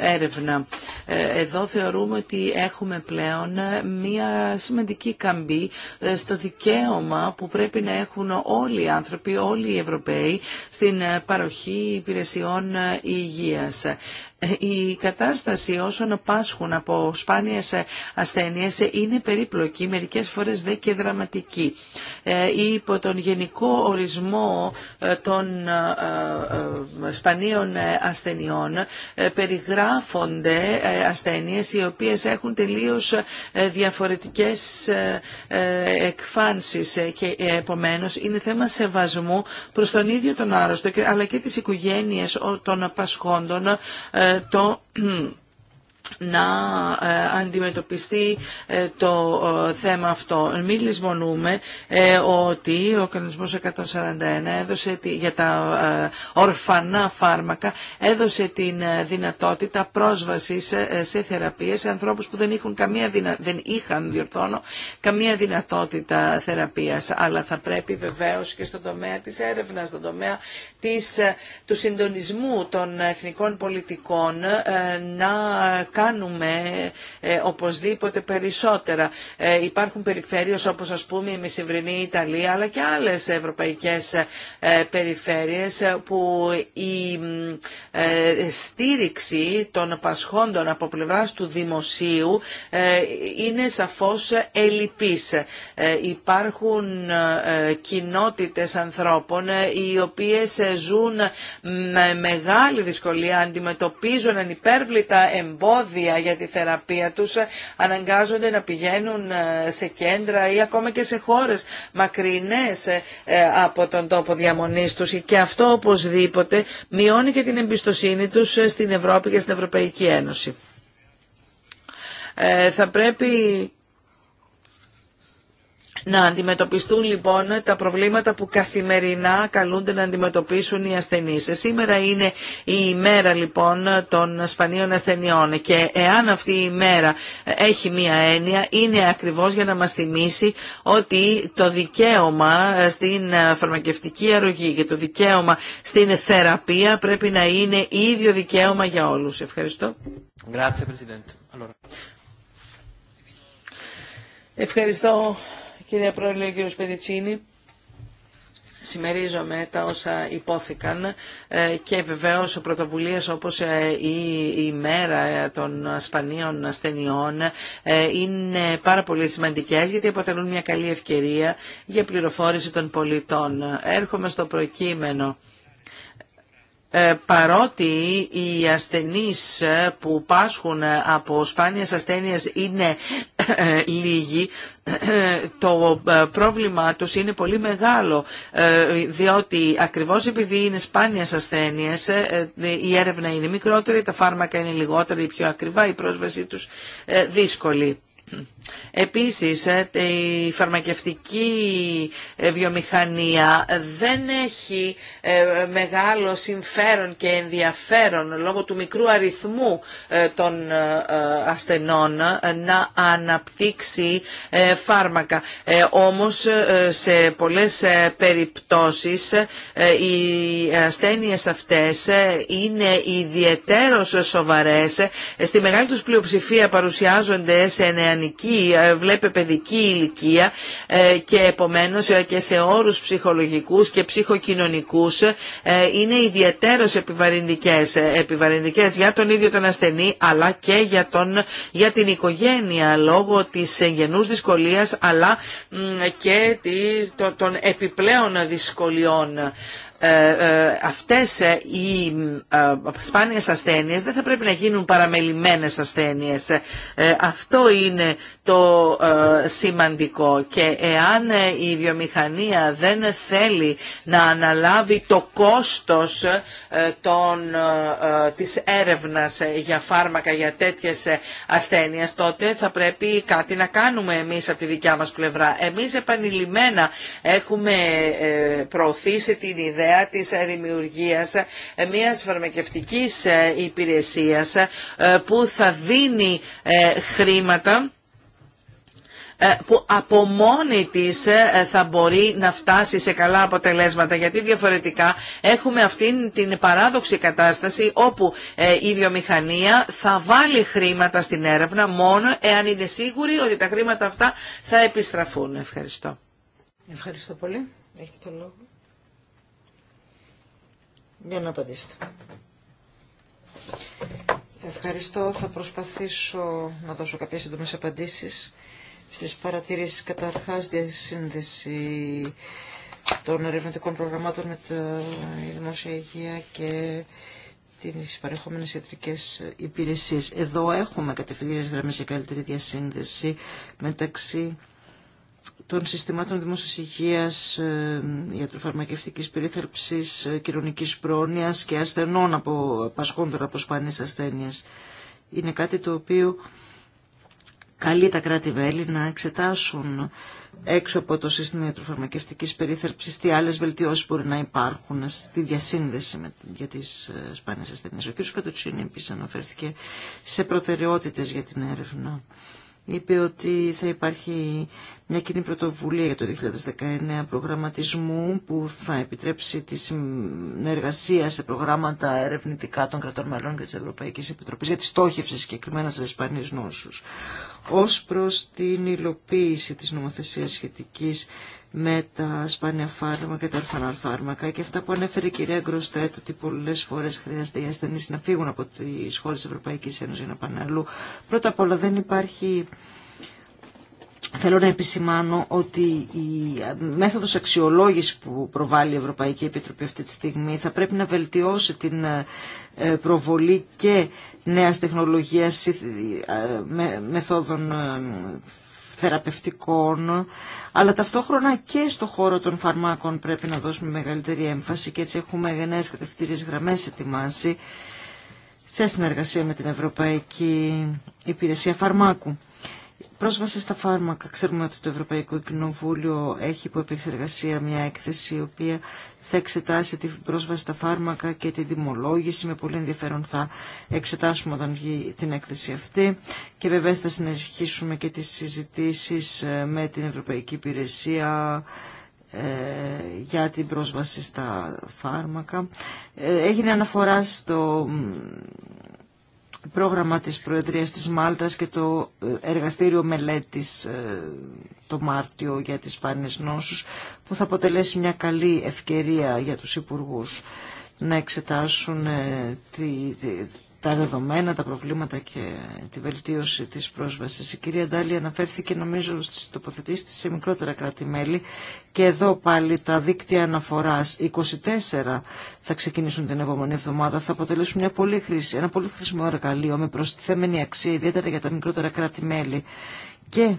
έρευνα. Εδώ θεωρούμε ότι έχουμε πλέον μία σημαντική καμπή στο δικαίωμα που πρέπει να έχουν όλοι οι άνθρωποι, όλοι οι Ευρωπαίοι στην παροχή υπηρεσιών υγείας. Ε, η κατάσταση όσων πάσχουν από σπάνιες ε, ασθένειες είναι περίπλοκη, μερικές φορές δε και δραματική. Ε, υπό τον γενικό ορισμό των σπανίων ασθενειών περιγράφονται ασθένειες οι οποίες έχουν τελείως διαφορετικές εκφάνσεις και επομένως είναι θέμα σεβασμού προς τον ίδιο τον άρρωστο αλλά και τις οικογένειε των πασχόντων ε, το να ε, αντιμετωπιστεί ε, το ε, θέμα αυτό. Μην λησμονούμε ότι ο κανονισμός 141 έδωσε για τα ορφανά φάρμακα έδωσε την δυνατότητα πρόσβασης σε θεραπείες σε ανθρώπους που δεν, είχαν καμία δεν είχαν διορθώνω καμία δυνατότητα θεραπείας. Αλλά θα πρέπει βεβαίως και στον τομέα της έρευνας, στον τομέα της... του συντονισμού των εθνικών πολιτικών να κάνουμε ε, οπωσδήποτε περισσότερα. Ε, υπάρχουν περιφέρειες όπως ας πούμε η Μεσημβρινή Ιταλία αλλά και άλλες ευρωπαϊκές ε, περιφέρειες που η στήριξη των πασχόντων από πλευράς του δημοσίου είναι σαφώς ελλειπής. Υπάρχουν κοινότητες ανθρώπων οι οποίες ζουν με μεγάλη δυσκολία, αντιμετωπίζουν ανυπέρβλητα εμπόδια για τη θεραπεία τους ε, αναγκάζονται να πηγαίνουν ε, σε κέντρα ή ακόμα και σε χώρες μακρινές ε, από τον τόπο διαμονής τους και αυτό οπωσδήποτε μειώνει και την εμπιστοσύνη τους στην Ευρώπη και στην Ευρωπαϊκή Ένωση. Θα πρέπει να αντιμετωπιστούν λοιπόν τα προβλήματα που καθημερινά καλούνται να αντιμετωπίσουν οι ασθενείς. Σήμερα είναι η ημέρα λοιπόν των σπανίων ασθενειών και εάν αυτή η ημέρα έχει μία έννοια είναι ακριβώς για να μας θυμίσει ότι το δικαίωμα στην φαρμακευτική αρρωγή και το δικαίωμα στην θεραπεία πρέπει να είναι ίδιο δικαίωμα για όλους. Ευχαριστώ. Grazie, Ευχαριστώ Κύριε Πρόεδρε, κύριο Πεδητσίνη. Συμμερίζομαι τα όσα υπόθηκαν ε, και βεβαίως πρωτοβουλίες όπως ε, η ημέρα ε, των ασπανίων ασθενειών είναι πάρα πολύ σημαντικές γιατί αποτελούν μια καλή ευκαιρία για πληροφόρηση των πολιτών. Έρχομαι στο προκείμενο. Ε, παρότι οι ασθενείς ε, που πάσχουν ε, από σπάνιες ασθένειες είναι λίγοι, το πρόβλημά τους είναι πολύ μεγάλο διότι ακριβώς επειδή είναι σπάνιες ασθένειες η έρευνα είναι μικρότερη, τα φάρμακα είναι λιγότερα, η πιο ακριβά, η πρόσβασή τους δύσκολη. Επίσης, ε, η φαρμακευτική ε, βιομηχανία δεν έχει ε, μεγάλο συμφέρον και ενδιαφέρον λόγω του μικρού αριθμού των ασθενών να αναπτύξει φάρμακα. Όμως, σε πολλές περιπτώσεις οι ασθένειες αυτές είναι ιδιαίτερος σοβαρές. Στη μεγάλη τους πλειοψηφία παρουσιάζονται σε νεανικά νεανική, ε, βλέπε παιδική ηλικία ε, και επομένως ε, και σε όρους ψυχολογικούς και ψυχοκοινωνικούς είναι ιδιαίτερος επιβαρυντικές, επιβαρυντικές για τον ίδιο τον ασθενή αλλά και για, τον, για την οικογένεια λόγω της γενούς δυσκολίας αλλά και των επιπλέον δυσκολιών ε, ε, αυτές ε, οι σπάνιες ασθένειες δεν θα πρέπει να γίνουν παραμελημένες ασθένειες. Αυτό είναι το σημαντικό και εάν η βιομηχανία δεν θέλει να αναλάβει το κόστος των, της έρευνας για φάρμακα για τέτοιες ασθένειες τότε θα πρέπει κάτι να κάνουμε εμείς από τη δικιά μας πλευρά. Εμείς επανειλημμένα έχουμε προωθήσει την ιδέα Τη της δημιουργίας μιας φαρμακευτικής υπηρεσίας ε, που θα δίνει ε, χρήματα ε, που από μόνη της θα μπορεί να φτάσει σε καλά αποτελέσματα γιατί διαφορετικά έχουμε αυτήν την παράδοξη κατάσταση όπου η βιομηχανία θα βάλει χρήματα στην έρευνα μόνο εάν είναι σίγουρη ότι τα χρήματα αυτά θα επιστραφούν. Ευχαριστώ. Ευχαριστώ πολύ. Έχετε το λόγο για να απαντήσετε. Ευχαριστώ. Θα προσπαθήσω να δώσω κάποιες σύντομες απαντήσεις στις παρατηρήσεις. Καταρχάς, διασύνδεση των ερευνητικών προγραμμάτων με τη δημόσια υγεία και τις παρεχόμενες ιατρικές υπηρεσίες. Εδώ έχουμε κατευθυντήρες γραμμές για καλύτερη διασύνδεση μεταξύ των συστημάτων δημόσιας υγείας, ε, ιατροφαρμακευτικής περίθαλψης, ε, κοινωνικής πρόνοιας και ασθενών από πασχόντων από σπάνιες ασθένειες. Είναι κάτι το οποίο καλεί τα κράτη-μέλη να εξετάσουν έξω από το σύστημα ιατροφαρμακευτικής περίθαλψης τι άλλες βελτιώσεις μπορεί να υπάρχουν στη διασύνδεση με, για τις ε, σπάνιες ασθένειες. Ο κ. Κατουτσίνη επίσης αναφέρθηκε σε προτεραιότητες για την έρευνα είπε ότι θα υπάρχει μια κοινή πρωτοβουλία για το 2019 προγραμματισμού που θα επιτρέψει τη συνεργασία σε προγράμματα ερευνητικά των κρατών μελών και της Ευρωπαϊκής Επιτροπής για τη στόχευση συγκεκριμένα στις Ισπανίες νόσους. Ως προς την υλοποίηση της νομοθεσίας σχετικής με τα σπάνια φάρμακα και τα ορφανά φάρμακα και αυτά που ανέφερε η κυρία Γκροστέτ ότι πολλέ φορέ χρειάζεται οι ασθενεί να φύγουν από τι χώρε τη Ευρωπαϊκή Ένωση για να πάνε αλλού. Πρώτα απ' όλα δεν υπάρχει. Θέλω να επισημάνω ότι η μέθοδος αξιολόγηση που προβάλλει η Ευρωπαϊκή Επιτροπή αυτή τη στιγμή θα πρέπει να βελτιώσει την ε, προβολή και νέας τεχνολογίας ε, μεθόδων ε, θεραπευτικών, αλλά ταυτόχρονα και στο χώρο των φαρμάκων πρέπει να δώσουμε μεγαλύτερη έμφαση και έτσι έχουμε γενναίες κατευθυντήριες γραμμές ετοιμάσει σε συνεργασία με την Ευρωπαϊκή Υπηρεσία Φαρμάκου πρόσβαση στα φάρμακα. Ξέρουμε ότι το Ευρωπαϊκό Κοινοβούλιο έχει υπό επεξεργασία μια έκθεση η οποία θα εξετάσει την πρόσβαση στα φάρμακα και τη δημολόγηση. Με πολύ ενδιαφέρον θα εξετάσουμε όταν βγει την έκθεση αυτή. Και βέβαια θα συνεχίσουμε και τις συζητήσεις ε, με την Ευρωπαϊκή Υπηρεσία ε, για την πρόσβαση στα φάρμακα. Ε, έγινε αναφορά στο πρόγραμμα της Προεδρίας της Μάλτας και το ε, εργαστήριο μελέτης ε, το Μάρτιο για τις σπάνιες νόσους που θα αποτελέσει μια καλή ευκαιρία για τους Υπουργούς να εξετάσουν ε, τα δεδομένα, τα προβλήματα και τη βελτίωση της πρόσβασης. Η κυρία Ντάλη αναφέρθηκε νομίζω στις τοποθετήσεις της σε μικρότερα κράτη-μέλη και εδώ πάλι τα δίκτυα αναφοράς 24 θα ξεκινήσουν την επόμενη εβδομάδα, θα αποτελέσουν μια πολύ χρήση, ένα πολύ χρήσιμο εργαλείο με προστιθέμενη αξία ιδιαίτερα για τα μικρότερα κράτη-μέλη και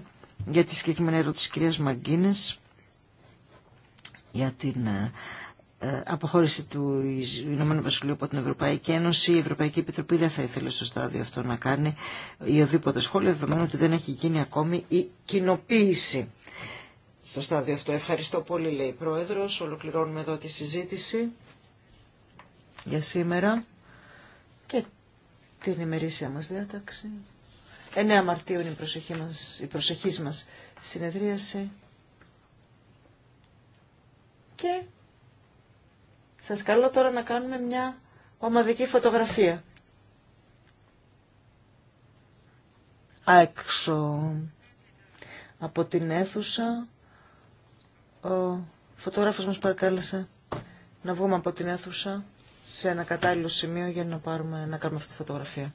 για τη συγκεκριμένη ερώτηση της κυρίας για την ε, ε, αποχώρηση του Ηνωμένου Βασιλείου από την Ευρωπαϊκή Ένωση, η Ευρωπαϊκή Επιτροπή δεν θα ήθελε στο στάδιο αυτό να κάνει ή οδήποτε σχόλιο, δεδομένου ότι δεν έχει γίνει ακόμη η κοινοποίηση. Στο στάδιο αυτό ευχαριστώ πολύ, λέει η Πρόεδρος. Ολοκληρώνουμε Πρόεδρο ολοκληρωνουμε εδω τη συζήτηση για σήμερα και την ημερήσια μας διάταξη. 9 Μαρτίου είναι η προσοχή μας, η συνεδρίαση και σας καλώ τώρα να κάνουμε μια ομαδική φωτογραφία. Έξω από την αίθουσα ο φωτόγραφος μας παρακάλεσε να βγούμε από την αίθουσα σε ένα κατάλληλο σημείο για να, πάρουμε, να κάνουμε αυτή τη φωτογραφία.